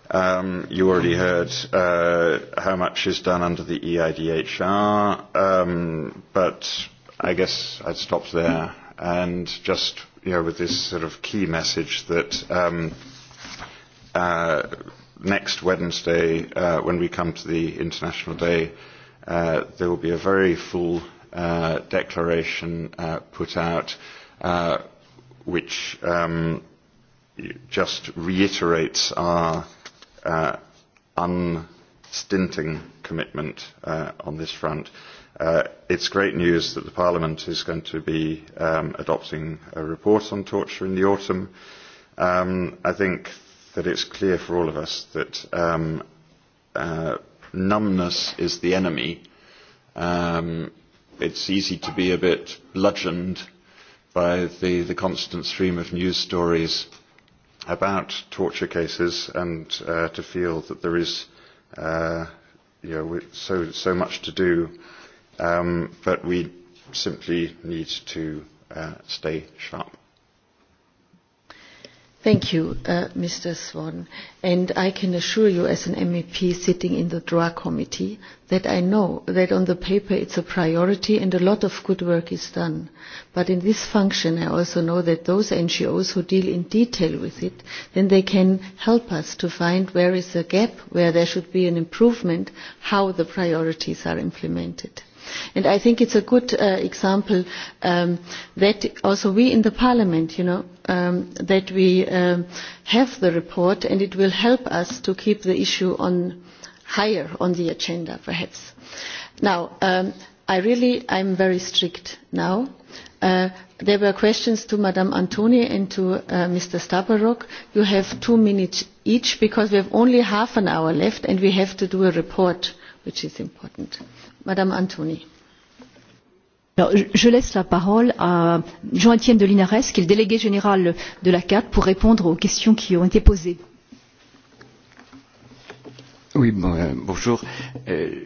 Um, you already heard uh, how much is done under the EIDHR, um, but I guess I'd stop there and just, you know, with this sort of key message that um, uh, next Wednesday, uh, when we come to the International Day, uh, there will be a very full uh, declaration uh, put out, uh, which um, just reiterates our uh, unstinting commitment uh, on this front. Uh, it's great news that the Parliament is going to be um, adopting a report on torture in the autumn. Um, I think that it's clear for all of us that um, uh, numbness is the enemy. Um, it's easy to be a bit bludgeoned by the, the constant stream of news stories about torture cases and uh, to feel that there is uh, you know, so, so much to do. Um, but we simply need to uh, stay sharp. Thank you, uh, Mr. Swan. And I can assure you as an MEP sitting in the DRA committee that I know that on the paper it's a priority and a lot of good work is done. But in this function I also know that those NGOs who deal in detail with it, then they can help us to find where is a gap, where there should be an improvement, how the priorities are implemented. And I think it's a good uh, example um, that also we in the Parliament, you know, um, that we um, have the report and it will help us to keep the issue on higher on the agenda, perhaps. Now, um, I really, I'm very strict now. Uh, there were questions to Madame Antoni and to uh, Mr. Stabarok. You have two minutes each because we have only half an hour left and we have to do a report, which is important. Madame Antoni. Alors, je laisse la parole à Jean-Étienne de Linares, qui est le délégué général de la CAT, pour répondre aux questions qui ont été posées. Oui, bon, euh, bonjour. Euh,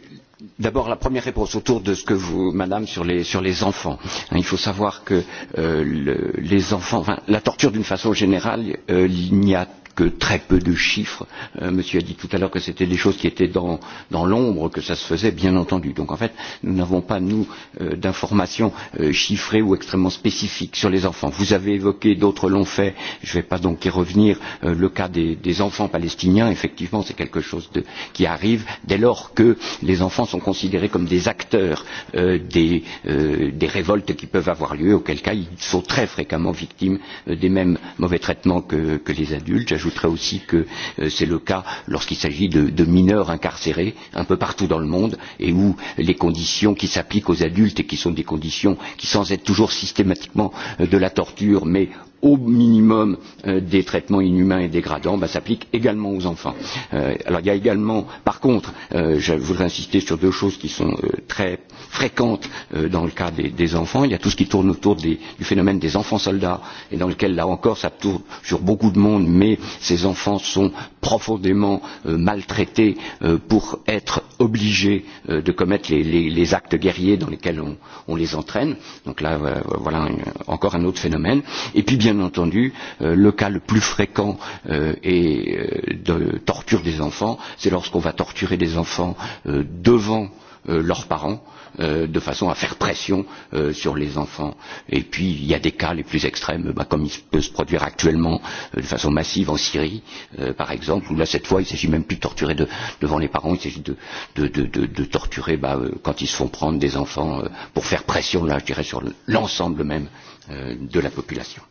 D'abord, la première réponse autour de ce que vous, madame, sur les, sur les enfants. Hein, il faut savoir que euh, le, les enfants, enfin, la torture d'une façon générale, euh, il n'y a que très peu de chiffres. Euh, monsieur a dit tout à l'heure que c'était des choses qui étaient dans, dans l'ombre, que ça se faisait, bien entendu. Donc en fait, nous n'avons pas, nous, euh, d'informations euh, chiffrées ou extrêmement spécifiques sur les enfants. Vous avez évoqué, d'autres l'ont fait, je ne vais pas donc y revenir, euh, le cas des, des enfants palestiniens, effectivement, c'est quelque chose de, qui arrive dès lors que les enfants sont considérés comme des acteurs euh, des, euh, des révoltes qui peuvent avoir lieu, auquel cas ils sont très fréquemment victimes euh, des mêmes mauvais traitements que, que les adultes. J'ajouterai aussi que euh, c'est le cas lorsqu'il s'agit de, de mineurs incarcérés un peu partout dans le monde et où les conditions qui s'appliquent aux adultes et qui sont des conditions qui sans être toujours systématiquement euh, de la torture mais au minimum euh, des traitements inhumains et dégradants ben, s'applique également aux enfants. Euh, alors il y a également, par contre, euh, je voudrais insister sur deux choses qui sont euh, très fréquentes euh, dans le cas des, des enfants. Il y a tout ce qui tourne autour des, du phénomène des enfants soldats et dans lequel là encore ça tourne sur beaucoup de monde, mais ces enfants sont profondément euh, maltraités euh, pour être obligés euh, de commettre les, les, les actes guerriers dans lesquels on, on les entraîne. Donc là, euh, voilà une, encore un autre phénomène. Et puis bien bien entendu euh, le cas le plus fréquent euh, euh, de torture des enfants, c'est lorsqu'on va torturer des enfants euh, devant euh, leurs parents euh, de façon à faire pression euh, sur les enfants. Et puis il y a des cas les plus extrêmes, bah, comme il peut se produire actuellement euh, de façon massive en Syrie, euh, par exemple, où là cette fois il ne s'agit même plus de torturer de, devant les parents, il s'agit de, de, de, de, de torturer bah, euh, quand ils se font prendre des enfants euh, pour faire pression, là je dirais, sur l'ensemble même euh, de la population.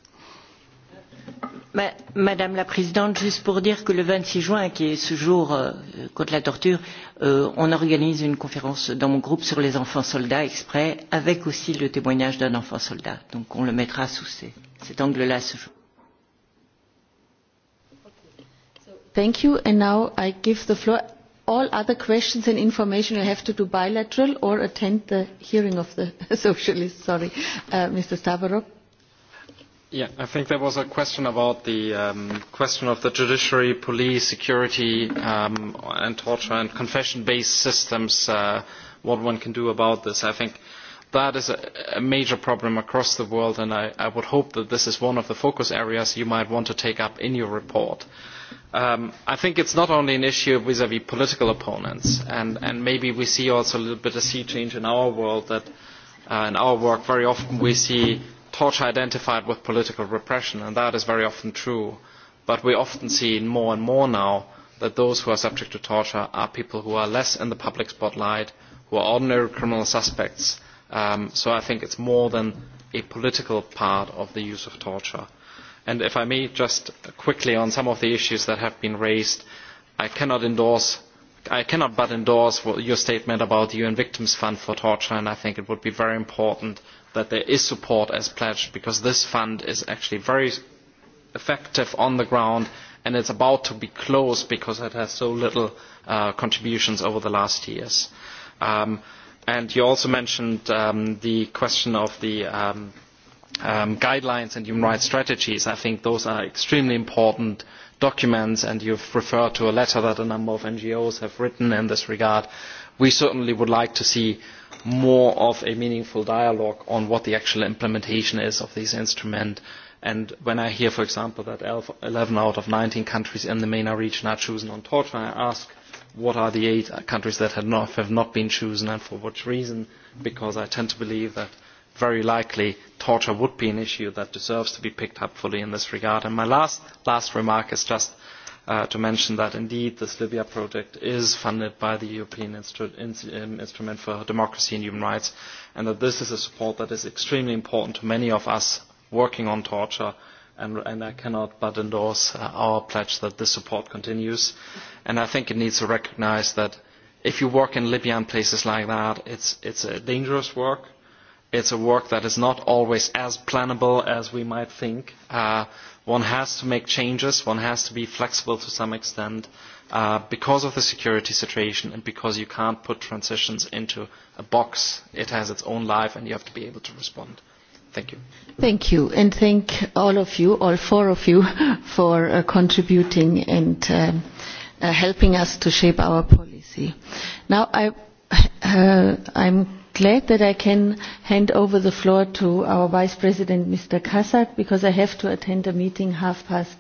Madame la Présidente, juste pour dire que le 26 juin, qui est ce jour euh, contre la torture, euh, on organise une conférence dans mon groupe sur les enfants soldats exprès, avec aussi le témoignage d'un enfant soldat. Donc on le mettra sous ces, cet angle-là ce jour. Thank you. And now I give the floor. All other questions and information you have to do bilateral or attend the hearing of the <laughs> socialists. Sorry, uh, Mr. Stavarov. Yeah, I think there was a question about the um, question of the judiciary, police, security, um, and torture and confession-based systems, uh, what one can do about this. I think that is a, a major problem across the world, and I, I would hope that this is one of the focus areas you might want to take up in your report. Um, I think it's not only an issue vis-à-vis -vis political opponents, and, and maybe we see also a little bit of sea change in our world that uh, in our work very often we see Torch identified with political repression, and that is very often true. But we often see more and more now that those who are subject to torture are people who are less in the public spotlight, who are ordinary criminal suspects. Um, so I think it's more than a political part of the use of torture. And if I may, just quickly on some of the issues that have been raised, I cannot endorse I cannot but endorse your statement about the UN Victims Fund for Torture, and I think it would be very important that there is support as pledged because this fund is actually very effective on the ground and it's about to be closed because it has so little uh, contributions over the last years. Um, and you also mentioned um, the question of the um, um, guidelines and human rights strategies. I think those are extremely important documents and you've referred to a letter that a number of NGOs have written in this regard. We certainly would like to see more of a meaningful dialogue on what the actual implementation is of these instruments. And when I hear, for example, that 11 out of 19 countries in the MENA region are chosen on torture, I ask what are the eight countries that have not, have not been chosen and for which reason, because I tend to believe that very likely torture would be an issue that deserves to be picked up fully in this regard. And my last, last remark is just uh, to mention that indeed this Libya project is funded by the European Instru in, um, Instrument for Democracy and Human Rights and that this is a support that is extremely important to many of us working on torture and, and I cannot but endorse uh, our pledge that this support continues and I think it needs to recognize that if you work in Libya and places like that it's, it's a dangerous work it's a work that is not always as plannable as we might think. Uh, One has to make changes, one has to be flexible to some extent uh, because of the security situation and because you can't put transitions into a box. It has its own life and you have to be able to respond. Thank you. Thank you, and thank all of you, all four of you, <laughs> for uh, contributing and um, uh, helping us to shape our policy. Now, I, uh, I'm glad that I can hand over the floor to our Vice President, Mr. Kasak, because I have to attend a meeting half past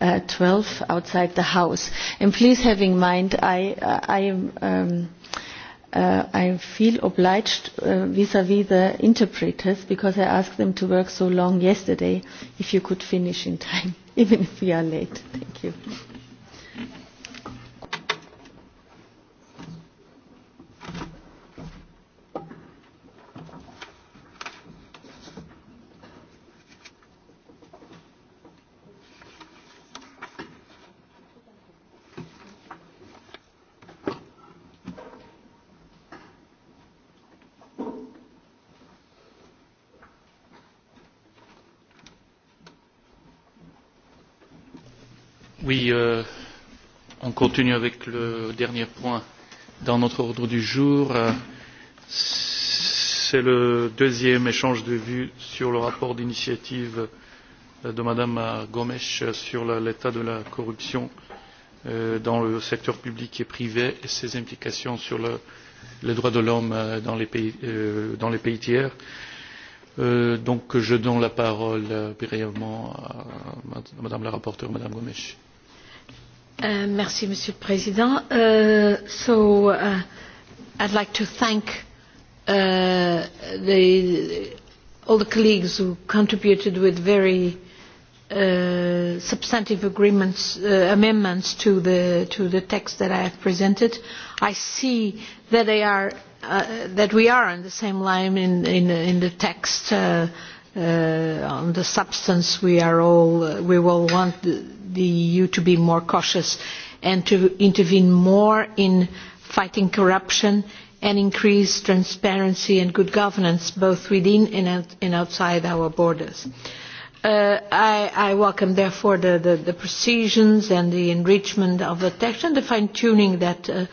uh, 12 outside the House. And please have in mind, I, uh, I am... Um, uh, I feel obliged uh, vis-à-vis uh, -vis the interpreters because I asked them to work so long yesterday if you could finish in time, <laughs> even if we are late. Thank you. Oui, euh, on continue avec le dernier point dans notre ordre du jour. C'est le deuxième échange de vues sur le rapport d'initiative de Madame Gomes sur l'état de la corruption euh, dans le secteur public et privé et ses implications sur le, les droits de l'homme euh, dans, les pays, euh, dans les pays tiers. Euh, donc je donne la parole brièvement à Madame la rapporteure, Madame Gomes. Uh, merci, Monsieur le Président. Uh, so, uh, I'd like to thank uh, the, all the colleagues who contributed with very uh, substantive agreements, uh, amendments to the, to the text that I have presented. I see that, they are, uh, that we are on the same line in, in, in the text. Uh, uh, on the substance we are all, uh, we all want the, the EU to be more cautious and to intervene more in fighting corruption and increase transparency and good governance both within and, out and outside our borders. Uh, I, I welcome therefore the, the, the precisions and the enrichment of the text and the fine-tuning that, uh, uh,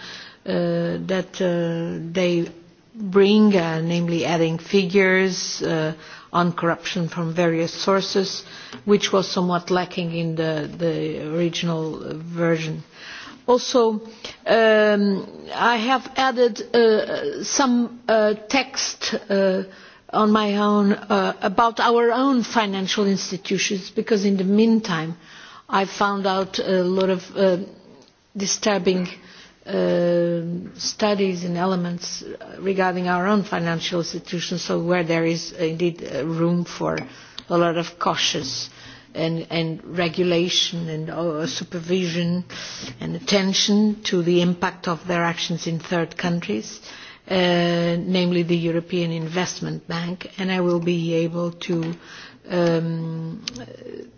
that uh, they bring, uh, namely adding figures, uh, on corruption from various sources, which was somewhat lacking in the, the original version. Also, um, I have added uh, some uh, text uh, on my own uh, about our own financial institutions because in the meantime I found out a lot of uh, disturbing mm uh, studies and elements regarding our own financial institutions, so where there is indeed uh, room for a lot of cautious and, and regulation and uh, supervision and attention to the impact of their actions in third countries, uh, namely the European Investment Bank, and I will be able to, um,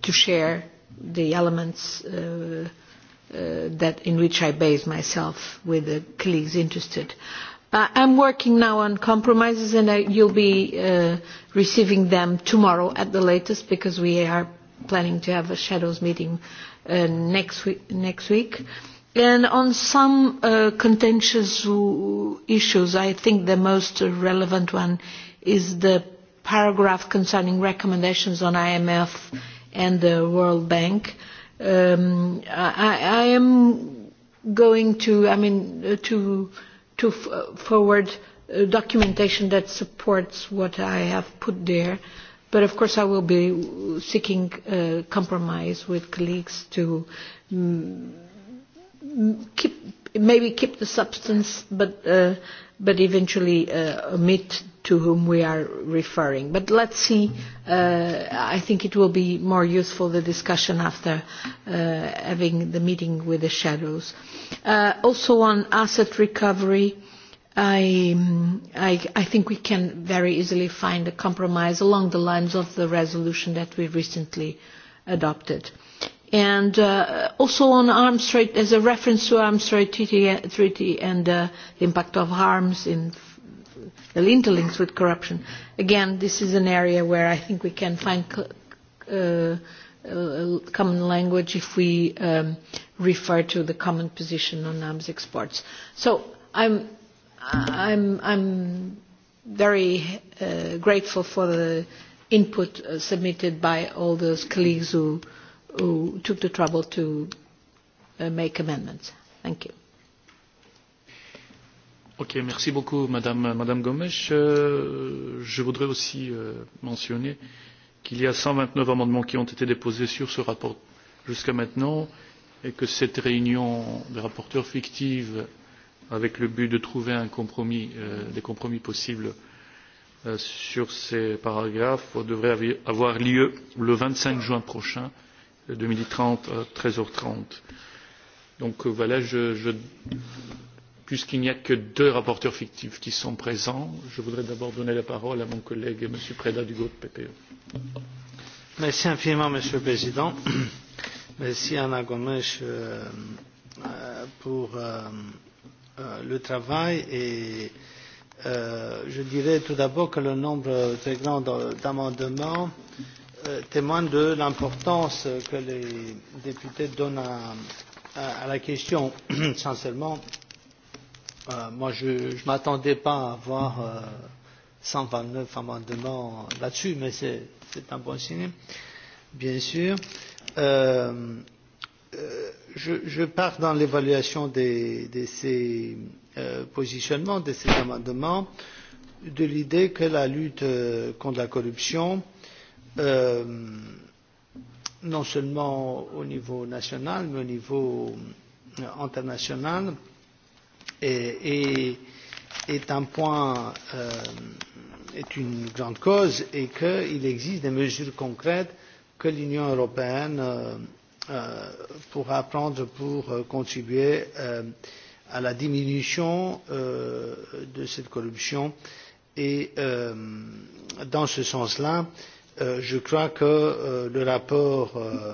to share the elements uh, uh, that in which I base myself with the colleagues interested. Uh, I'm working now on compromises and uh, you'll be uh, receiving them tomorrow at the latest because we are planning to have a shadows meeting uh, next, week, next week. And on some uh, contentious issues, I think the most relevant one is the paragraph concerning recommendations on IMF and the World Bank. Uh, um, I, I am going to, I mean, uh, to, to f uh, forward uh, documentation that supports what I have put there. But of course I will be seeking uh, compromise with colleagues to um, keep, maybe keep the substance but, uh, but eventually uh, omit to whom we are referring. But let's see, uh, I think it will be more useful, the discussion after uh, having the meeting with the shadows. Uh, also on asset recovery, I, um, I, I think we can very easily find a compromise along the lines of the resolution that we recently adopted. And uh, also on arms trade, as a reference to arms trade treaty, treaty and uh, the impact of harms in interlinks with corruption. Again, this is an area where I think we can find uh, uh, common language if we um, refer to the common position on arms exports. So I'm, I'm, I'm very uh, grateful for the input uh, submitted by all those colleagues who, who took the trouble to uh, make amendments. Thank you. Ok, merci beaucoup, Madame, Madame Gomes. Euh, je voudrais aussi euh, mentionner qu'il y a 129 amendements qui ont été déposés sur ce rapport jusqu'à maintenant et que cette réunion des rapporteurs fictive avec le but de trouver un compromis, euh, des compromis possibles euh, sur ces paragraphes devrait avoir lieu le 25 juin prochain, 2030 à 13h30. Donc euh, voilà, je, je Puisqu'il n'y a que deux rapporteurs fictifs qui sont présents, je voudrais d'abord donner la parole à mon collègue M. Preda du groupe PPE. Merci infiniment, Monsieur le Président. Merci Anna Gomes euh, euh, pour euh, le travail et je dirais tout d'abord que le nombre très grand d'amendements témoigne de l'importance que les députés donnent à, à la question. Sincèrement, <clears throat> Euh, moi, je ne m'attendais pas à avoir euh, 129 amendements là-dessus, mais c'est un bon signe, bien sûr. Euh, euh, je, je pars dans l'évaluation de ces euh, positionnements, de ces amendements, de l'idée que la lutte euh, contre la corruption, euh, non seulement au niveau national, mais au niveau international, euh, est, est un point, euh, est une grande cause et qu'il existe des mesures concrètes que l'Union européenne euh, euh, pourra prendre pour euh, contribuer euh, à la diminution euh, de cette corruption. Et euh, dans ce sens-là, euh, je crois que euh, le rapport euh,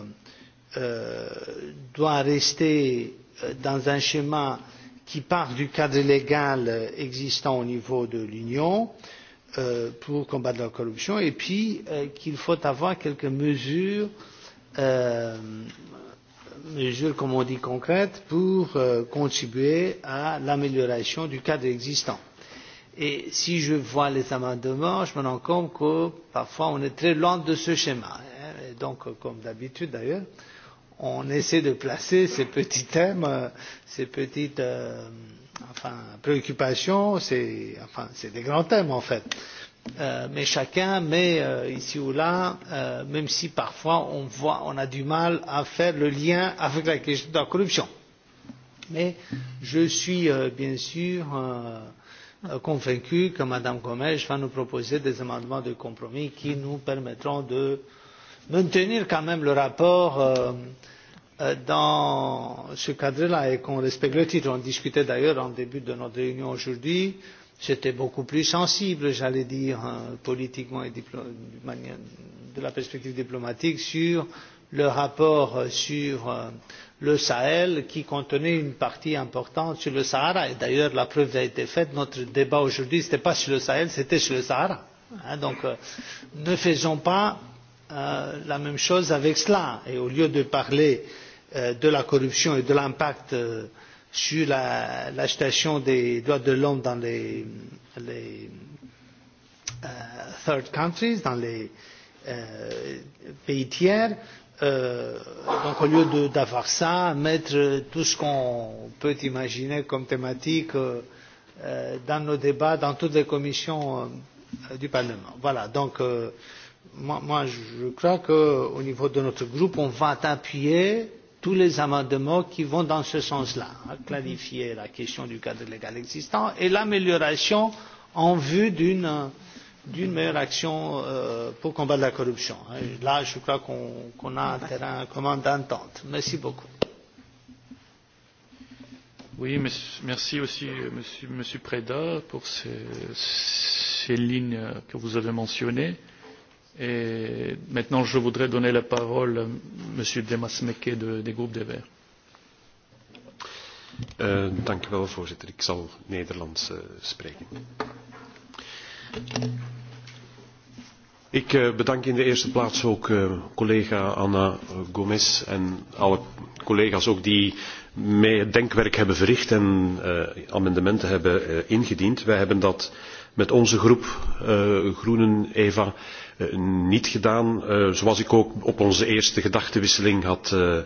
euh, doit rester euh, dans un schéma euh, qui part du cadre légal existant au niveau de l'Union euh, pour combattre la corruption et puis euh, qu'il faut avoir quelques mesures, euh, mesures comme on dit concrètes, pour euh, contribuer à l'amélioration du cadre existant. Et si je vois les amendements, je me rends compte que parfois on est très loin de ce schéma. Hein, donc, euh, comme d'habitude d'ailleurs, euh, on essaie de placer ces petits thèmes, euh, ces petites euh, enfin, préoccupations, c'est enfin, des grands thèmes en fait. Euh, mais chacun met euh, ici ou là, euh, même si parfois on, voit, on a du mal à faire le lien avec la question de la corruption. Mais je suis euh, bien sûr euh, euh convaincu que Mme Gomes va nous proposer des amendements de compromis qui nous permettront de euh, maintenir quand même le rapport euh, euh, dans ce cadre-là et qu'on respecte le titre. On discutait d'ailleurs en début de notre réunion aujourd'hui, c'était beaucoup plus sensible, j'allais dire, hein, politiquement et de la perspective diplomatique sur le rapport euh, sur euh, le Sahel qui contenait une partie importante sur le Sahara. Et d'ailleurs, la preuve a été faite, notre débat aujourd'hui, ce n'était pas sur le Sahel, c'était sur le Sahara. Hein, donc, euh, ne faisons pas Euh, la même chose avec cela. Et au lieu de parler euh, de la corruption et de l'impact euh, sur la, la situation des droits de l'homme dans les, les uh, third countries, dans les uh, pays tiers, euh, donc au lieu d'avoir ça, mettre tout ce qu'on peut imaginer comme thématique euh, dans nos débats, dans toutes les commissions euh, du Parlement. Voilà, donc euh, moi, moi, je crois qu'au niveau de notre groupe, on va appuyer tous les amendements qui vont dans ce sens-là, à clarifier la question du cadre légal existant et l'amélioration en vue d'une d'une meilleure action euh, pour combattre la corruption. Et Là, je crois qu'on qu a un terrain commun d'entente. Merci beaucoup. Oui, merci aussi, Monsieur, monsieur Preda, pour ces, ces lignes que vous avez mentionnées. Et maintenant, je voudrais donner la parole à M. Demas Mekke de, des groupes des Verts. Uh, dank u wel, voorzitter. Ik zal Nederlands uh, spreken. Ik uh, bedank in de eerste plaats ook uh, collega Anna Gomez en alle collega's ook die mee het denkwerk hebben verricht en uh, amendementen hebben uh, ingediend. Wij hebben dat met onze groep uh, Groenen, Eva, Eh, niet gedaan, eh, zoals ik ook op onze eerste gedachtenwisseling had eh,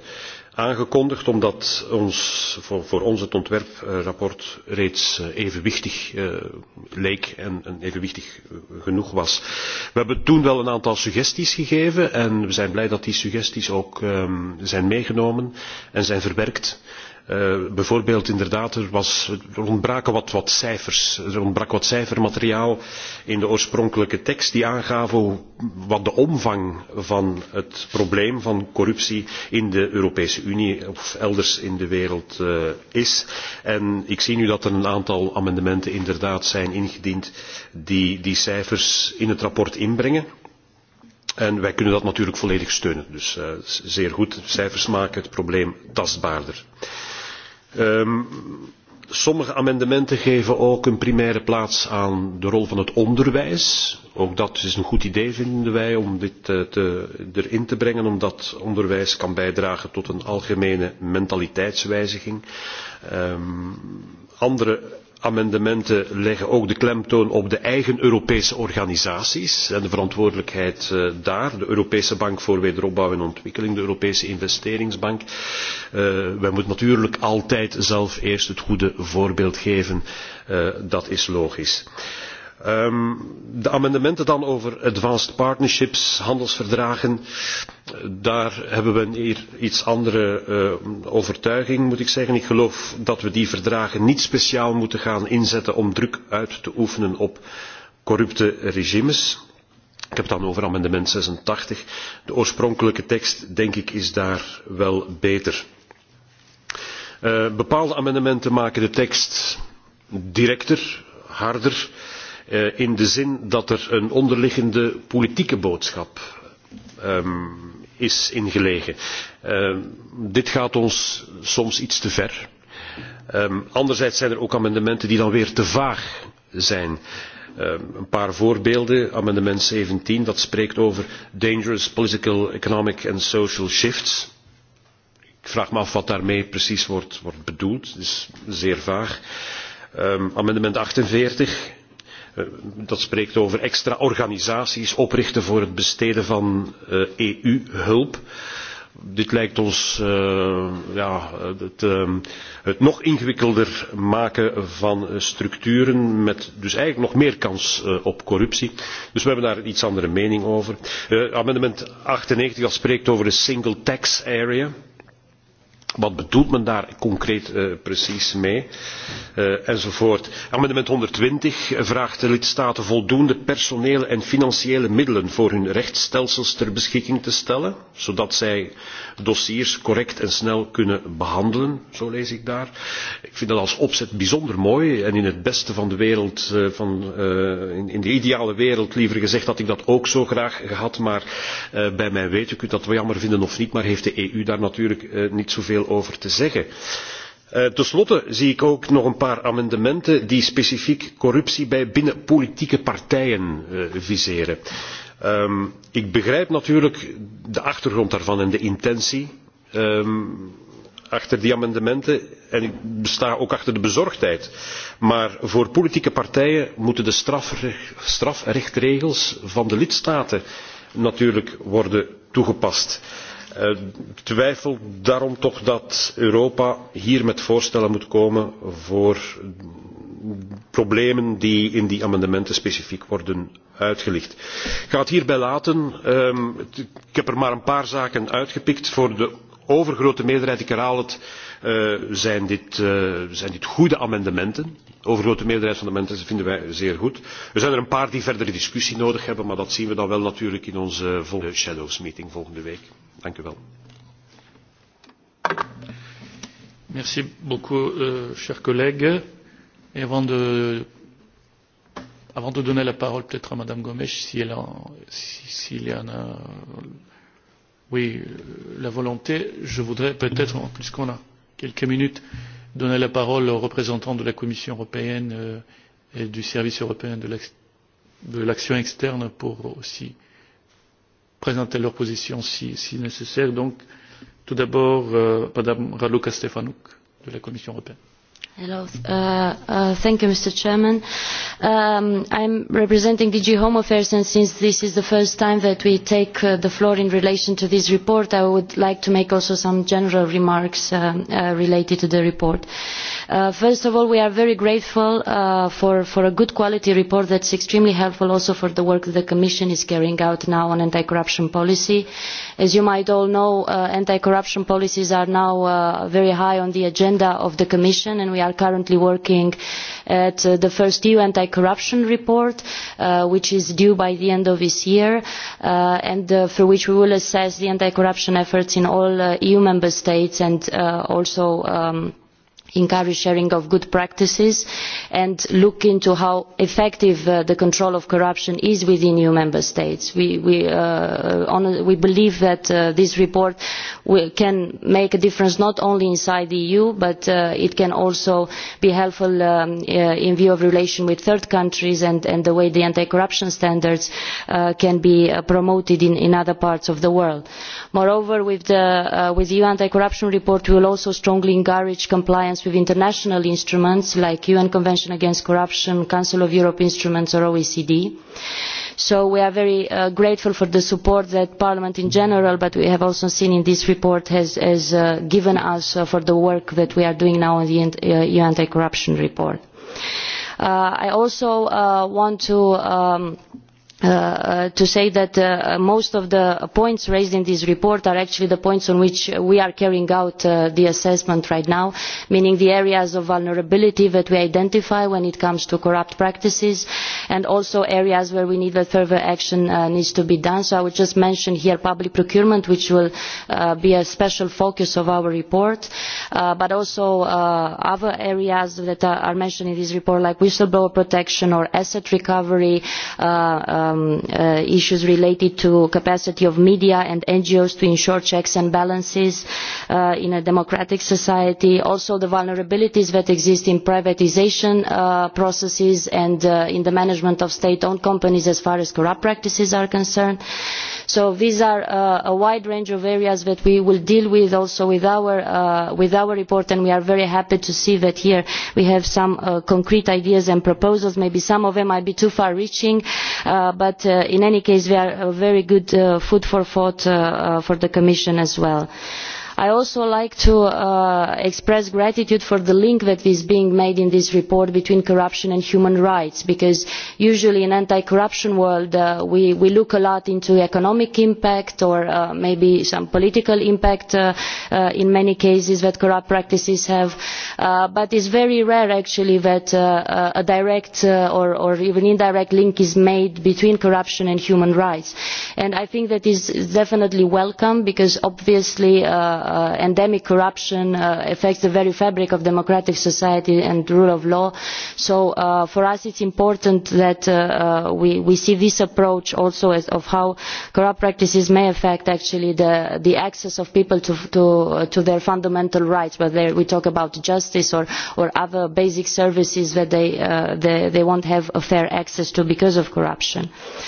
aangekondigd, omdat ons, voor, voor ons het ontwerprapport reeds evenwichtig leek en, en evenwichtig genoeg was. We hebben toen wel een aantal suggesties gegeven en we zijn blij dat die suggesties ook ehm, zijn meegenomen en zijn verwerkt. Uh, bijvoorbeeld inderdaad, er, was, er ontbraken wat, wat cijfers. Er ontbrak wat cijfermateriaal in de oorspronkelijke tekst die aangaven wat de omvang van het probleem van corruptie in de Europese Unie of elders in de wereld uh, is. En ik zie nu dat er een aantal amendementen inderdaad zijn ingediend die die cijfers in het rapport inbrengen. En wij kunnen dat natuurlijk volledig steunen. Dus uh, zeer goed, cijfers maken het probleem tastbaarder. Um, sommige amendementen geven ook een primaire plaats aan de rol van het onderwijs. Ook dat is een goed idee, vinden wij, om dit eh, te, erin te brengen, omdat onderwijs kan bijdragen tot een algemene mentaliteitswijziging. Um, andere amendementen leggen ook de klemtoon op de eigen Europese organisaties en de verantwoordelijkheid eh, daar. De Europese Bank voor Wederopbouw en Ontwikkeling, de Europese Investeringsbank. Eh, wij moeten natuurlijk altijd zelf eerst het goede voorbeeld geven. Eh, dat is logisch. Um, de amendementen dan over advanced partnerships, handelsverdragen, daar hebben we een hier iets andere uh, overtuiging moet ik zeggen. Ik geloof dat we die verdragen niet speciaal moeten gaan inzetten om druk uit te oefenen op corrupte regimes. Ik heb het dan over amendement 86. De oorspronkelijke tekst, denk ik, is daar wel beter. Uh, bepaalde amendementen maken de tekst directer, harder Eh, in de zin dat er een onderliggende politieke boodschap um, is ingelegen. Um, dit gaat ons soms iets te ver. Um, anderzijds zijn er ook amendementen die dan weer te vaag zijn. Um, een paar voorbeelden. Amendement 17, dat spreekt over dangerous political, economic and social shifts. Ik vraag me af wat daarmee precies wordt, wordt bedoeld. dat is zeer vaag. Um, amendement 48 Eh, dat spreekt over extra organisaties oprichten voor het besteden van EU-hulp. Eh, e Dit lijkt ons uh, ja, het, uh, het nog ingewikkelder maken van structuren met dus eigenlijk nog meer kans uh, op corruptie. Dus we hebben daar een iets andere mening over. Uh, amendement 98 dat spreekt over de single tax area. Wat bedoelt men daar concreet uh, precies mee? Uh, enzovoort. Amendement 120 vraagt de lidstaten voldoende personele en financiële middelen voor hun rechtsstelsels ter beschikking te stellen, zodat zij dossiers correct en snel kunnen behandelen, zo lees ik daar. Ik vind dat als opzet bijzonder mooi en in het beste van de wereld, uh, van, uh, in, in de ideale wereld liever gezegd had ik dat ook zo graag gehad, maar uh, bij mij weet u kunt dat wel jammer vinden of niet, maar heeft de EU daar natuurlijk uh, niet zoveel veel over te zeggen. Uh, Ten slotte zie ik ook nog een paar amendementen die specifiek corruptie bij binnen politieke partijen uh, viseren. Um, ik begrijp natuurlijk de achtergrond daarvan en de intentie um, achter die amendementen en ik sta ook achter de bezorgdheid. Maar voor politieke partijen moeten de strafrecht, strafrechtregels van de lidstaten natuurlijk worden toegepast. Ik ehm, twijfel daarom toch dat Europa hier met voorstellen moet komen voor problemen die in die amendementen specifiek worden uitgelicht. Ik ga het hierbij laten. Ehm, ik heb er maar een paar zaken uitgepikt. Voor de overgrote meerderheid, ik herhaal het, uh, zijn, dit, uh, zijn dit goede amendementen. De overgrote meerderheid van de amendementen vinden wij zeer goed. Er zijn er een paar die verdere discussie nodig hebben, maar dat zien we dan wel natuurlijk in onze volgende Shadows meeting volgende week. Dank u wel. Merci beaucoup, uh, chers collègues. Et avant de, avant de donner la parole peut-être à Madame Gomes, si elle en, si, si il y en a, oui, euh, la volonté, je voudrais peut-être, puisqu'on a quelques minutes donner la parole aux représentants de la Commission européenne euh, et du Service européen de l'action externe pour aussi présenter leur position si, si nécessaire. Donc, tout d'abord, euh, Madame Raluca Stefanouk de la Commission européenne. Hello. Uh, uh, thank you, Mr. Chairman. Um, I'm representing DG Home Affairs, and since this is the first time that we take uh, the floor in relation to this report, I would like to make also some general remarks um, uh, related to the report. Uh, first of all, we are very grateful uh, for, for a good quality report that's extremely helpful also for the work that the Commission is carrying out now on anti-corruption policy. As you might all know, uh, anti-corruption policies are now uh, very high on the agenda of the Commission, and we are are currently working at uh, the first EU anti-corruption report, uh, which is due by the end of this year, uh, and uh, for which we will assess the anti-corruption efforts in all uh, EU member states and uh, also um, encourage sharing of good practices and look into how effective uh, the control of corruption is within EU member states. We, we, uh, on, we believe that uh, this report can make a difference not only inside the EU but uh, it can also be helpful um, uh, in view of relation with third countries and, and the way the anti-corruption standards uh, can be uh, promoted in, in other parts of the world. Moreover, with the, uh, with the EU anti-corruption report we will also strongly encourage compliance compliance with international instruments like the UN Convention Against Corruption, Council of Europe instruments or OECD. So we are very uh, grateful for the support that Parliament in general, but we have also seen in this report has, has uh, given us uh, for the work that we are doing now in the uh, EU anti-corruption report. Uh, I also uh, want to um, Uh, uh, to say that uh, most of the points raised in this report are actually the points on which we are carrying out uh, the assessment right now, meaning the areas of vulnerability that we identify when it comes to corrupt practices and also areas where we need that further action uh, needs to be done. So I would just mention here public procurement, which will uh, be a special focus of our report, uh, but also uh, other areas that are mentioned in this report like whistleblower protection or asset recovery, uh, uh, um, uh, issues related to capacity of media and NGOs to ensure checks and balances uh, in a democratic society, also the vulnerabilities that exist in privatization uh, processes and uh, in the management of state-owned companies as far as corrupt practices are concerned. So these are uh, a wide range of areas that we will deal with also with our, uh, with our report and we are very happy to see that here we have some uh, concrete ideas and proposals. Maybe some of them might be too far reaching, uh, but uh, in any case, we are a very good uh, food for thought uh, uh, for the Commission as well. Uh, I also like to uh, express gratitude for the link that is being made in this report between corruption and human rights because usually in anti-corruption world uh, we, we look a lot into economic impact or uh, maybe some political impact uh, uh, in many cases that corrupt practices have uh, but it's very rare actually that uh, uh a direct uh, or, or even indirect link is made between corruption and human rights and I think that is definitely welcome because obviously uh, uh, endemic corruption uh, affects the very fabric of democratic society and rule of law. So uh, for us it's important that uh, uh, we, we see this approach also as of how corrupt practices may affect actually the, the access of people to, to, uh, to their fundamental rights, whether we talk about justice or, or other basic services that they, uh, they, they won't have a fair access to because of corruption. Uh,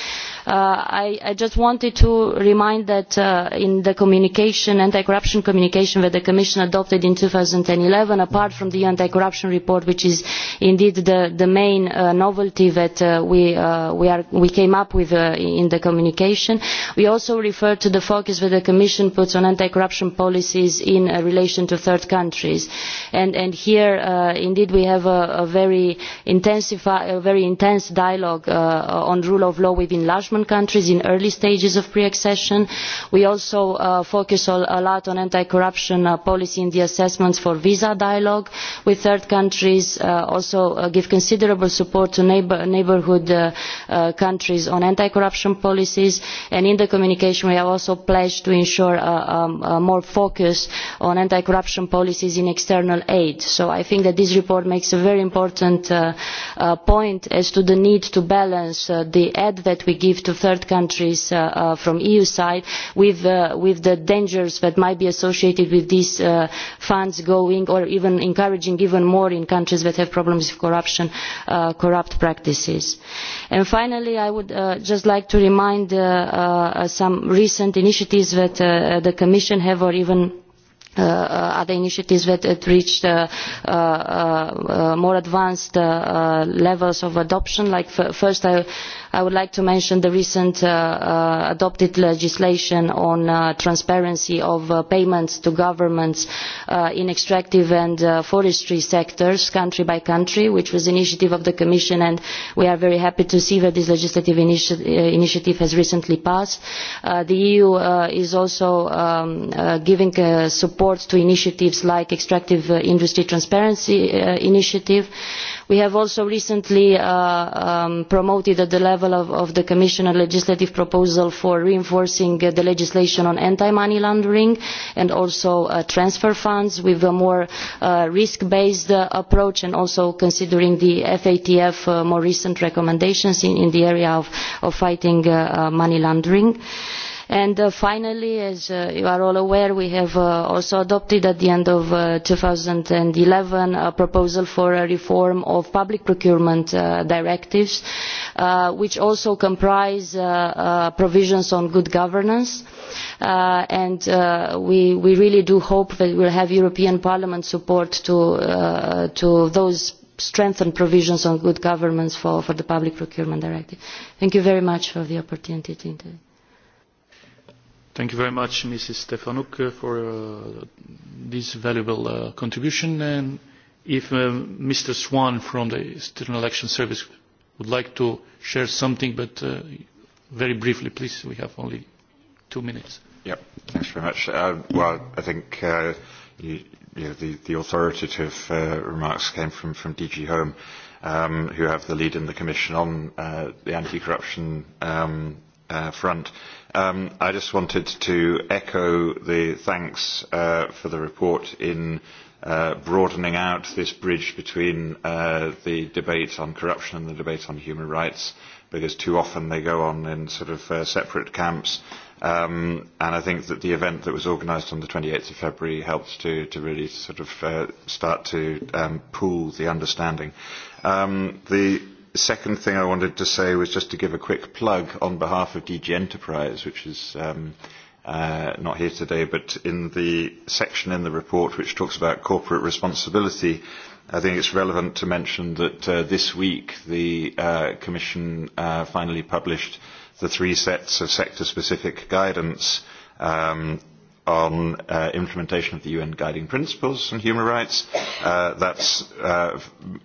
Uh, I, I just wanted to remind that uh, in the communication, anti-corruption communication that the Commission adopted in 2011, apart from the anti-corruption report, which is indeed the, the main uh, novelty that we, we, are, we came up with in the communication, we also refer to the focus that the Commission puts on anti-corruption policies in relation to third countries. And, and here, indeed, we have a, a, very, a very intense dialogue on the rule of law within enlargement development countries in early stages of pre-accession. We also uh, focus all, a lot on anti-corruption uh, policy in the assessments for visa dialogue with third countries, uh, also uh, give considerable support to neighbor, neighborhood uh, uh, countries on anti-corruption policies. And in the communication, we have also pledged to ensure uh, um, uh, more focus on anti-corruption policies in external aid. So I think that this report makes a very important uh, uh, point as to the need to balance uh, the aid that we give give to third countries uh, uh, from EU side with, uh, with the dangers that might be associated with these uh, funds going or even encouraging even more in countries that have problems with corruption, uh, corrupt practices. And finally, I would uh, just like to remind uh, uh, some recent initiatives that uh, the Commission have or even uh, uh other initiatives that had reached uh, uh, uh, more advanced uh, uh, levels of adoption. Like f first, I I would like to mention the recent uh, uh, adopted legislation on uh, transparency of uh, payments to governments uh, in extractive and uh, forestry sectors, country by country, which was initiative of the Commission, and we are very happy to see that this legislative initi uh, initiative has recently passed. Uh, the EU uh, is also um, uh, giving uh, support to initiatives like extractive uh, industry transparency uh, initiative, We have also recently uh, um, promoted at the level of, of the Commission a legislative proposal for reinforcing uh, the legislation on anti-money laundering and also uh, transfer funds with a more uh, risk-based uh, approach and also considering the FATF uh, more recent recommendations in, in the area of, of fighting uh, uh, money laundering. Uh, And uh, finally, as uh, you are all aware, we have uh, also adopted at the end of uh, 2011 a proposal for a reform of public procurement uh, directives, uh, which also comprise uh, uh, provisions on good governance. Uh, and uh, we, we really do hope that we'll have European Parliament support to, uh, to those strengthened provisions on good governance for, for the public procurement directive. Thank you very much for the opportunity to interview. Thank you very much, Mrs. Stefanuk, uh, for uh, this valuable uh, contribution. And if uh, Mr. Swan from the Student Election Service would like to share something, but uh, very briefly, please, we have only two minutes. Yeah, thanks very much. Uh, well, I think uh, you, you know, the, the authoritative uh, remarks came from, from DG Home, um, who have the lead in the Commission on uh, the anti-corruption um, uh, front. Um, I just wanted to echo the thanks uh, for the report in uh, broadening out this bridge between uh, the debate on corruption and the debate on human rights, because too often they go on in sort of uh, separate camps. Um, and I think that the event that was organised on the 28th of February helped to, to really sort of uh, start to um, pool the understanding. Um, the second thing I wanted to say was just to give a quick plug on behalf of DG Enterprise, which is um, uh, not here today, but in the section in the report which talks about corporate responsibility, I think it's relevant to mention that uh, this week the uh, Commission uh, finally published the three sets of sector-specific guidance um, on uh, implementation of the UN guiding principles on human rights. Uh, that's, uh,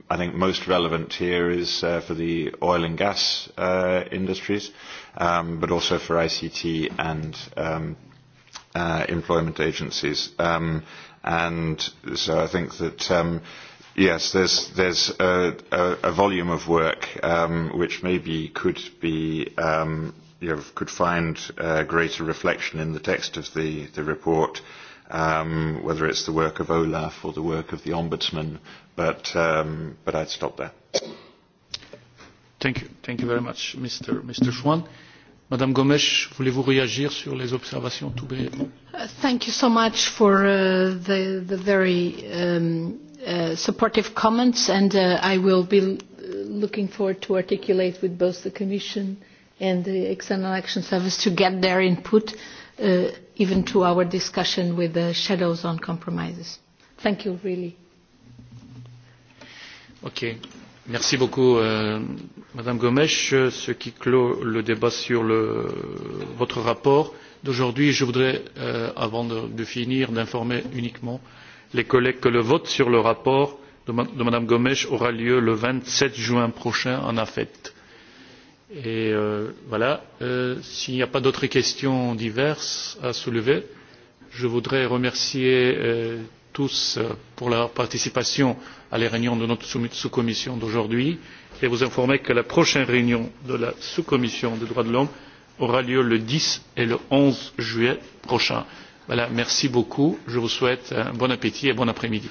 I think, most relevant here is uh, for the oil and gas uh, industries, um, but also for ICT and um, uh, employment agencies. Um, and so I think that, um, yes, there's, there's a, a, a volume of work um, which maybe could be um, you could find uh, greater reflection in the text of the, the report, um, whether it's the work of Olaf or the work of the Ombudsman, but, um, but I'd stop there. Thank you. Thank you very much, Mr. Mr. Schwan. Madame Gomes, voulez-vous réagir sur les observations tout brièvement uh, Thank you so much for uh, the, the very um, uh, supportive comments and uh, I will be looking forward to articulate with both the Commission and the External Action Service to get their input uh, even to our discussion with the shadows on compromises. Thank you, really. Okay. Merci beaucoup, euh, Madame Gomes, euh, ce qui clôt le débat sur le, votre rapport d'aujourd'hui. Je voudrais, euh, avant de, de finir, d'informer uniquement les collègues que le vote sur le rapport de, de Madame Gomes aura lieu le 27 juin prochain en AFET. Et euh, voilà, euh, s'il n'y a pas d'autres questions diverses à soulever, je voudrais remercier euh, tous euh, pour leur participation à les réunions de notre sous-commission d'aujourd'hui et vous informer que la prochaine réunion de la sous-commission des droits de l'homme aura lieu le 10 et le 11 juillet prochain. Voilà, merci beaucoup. Je vous souhaite un bon appétit et bon après-midi.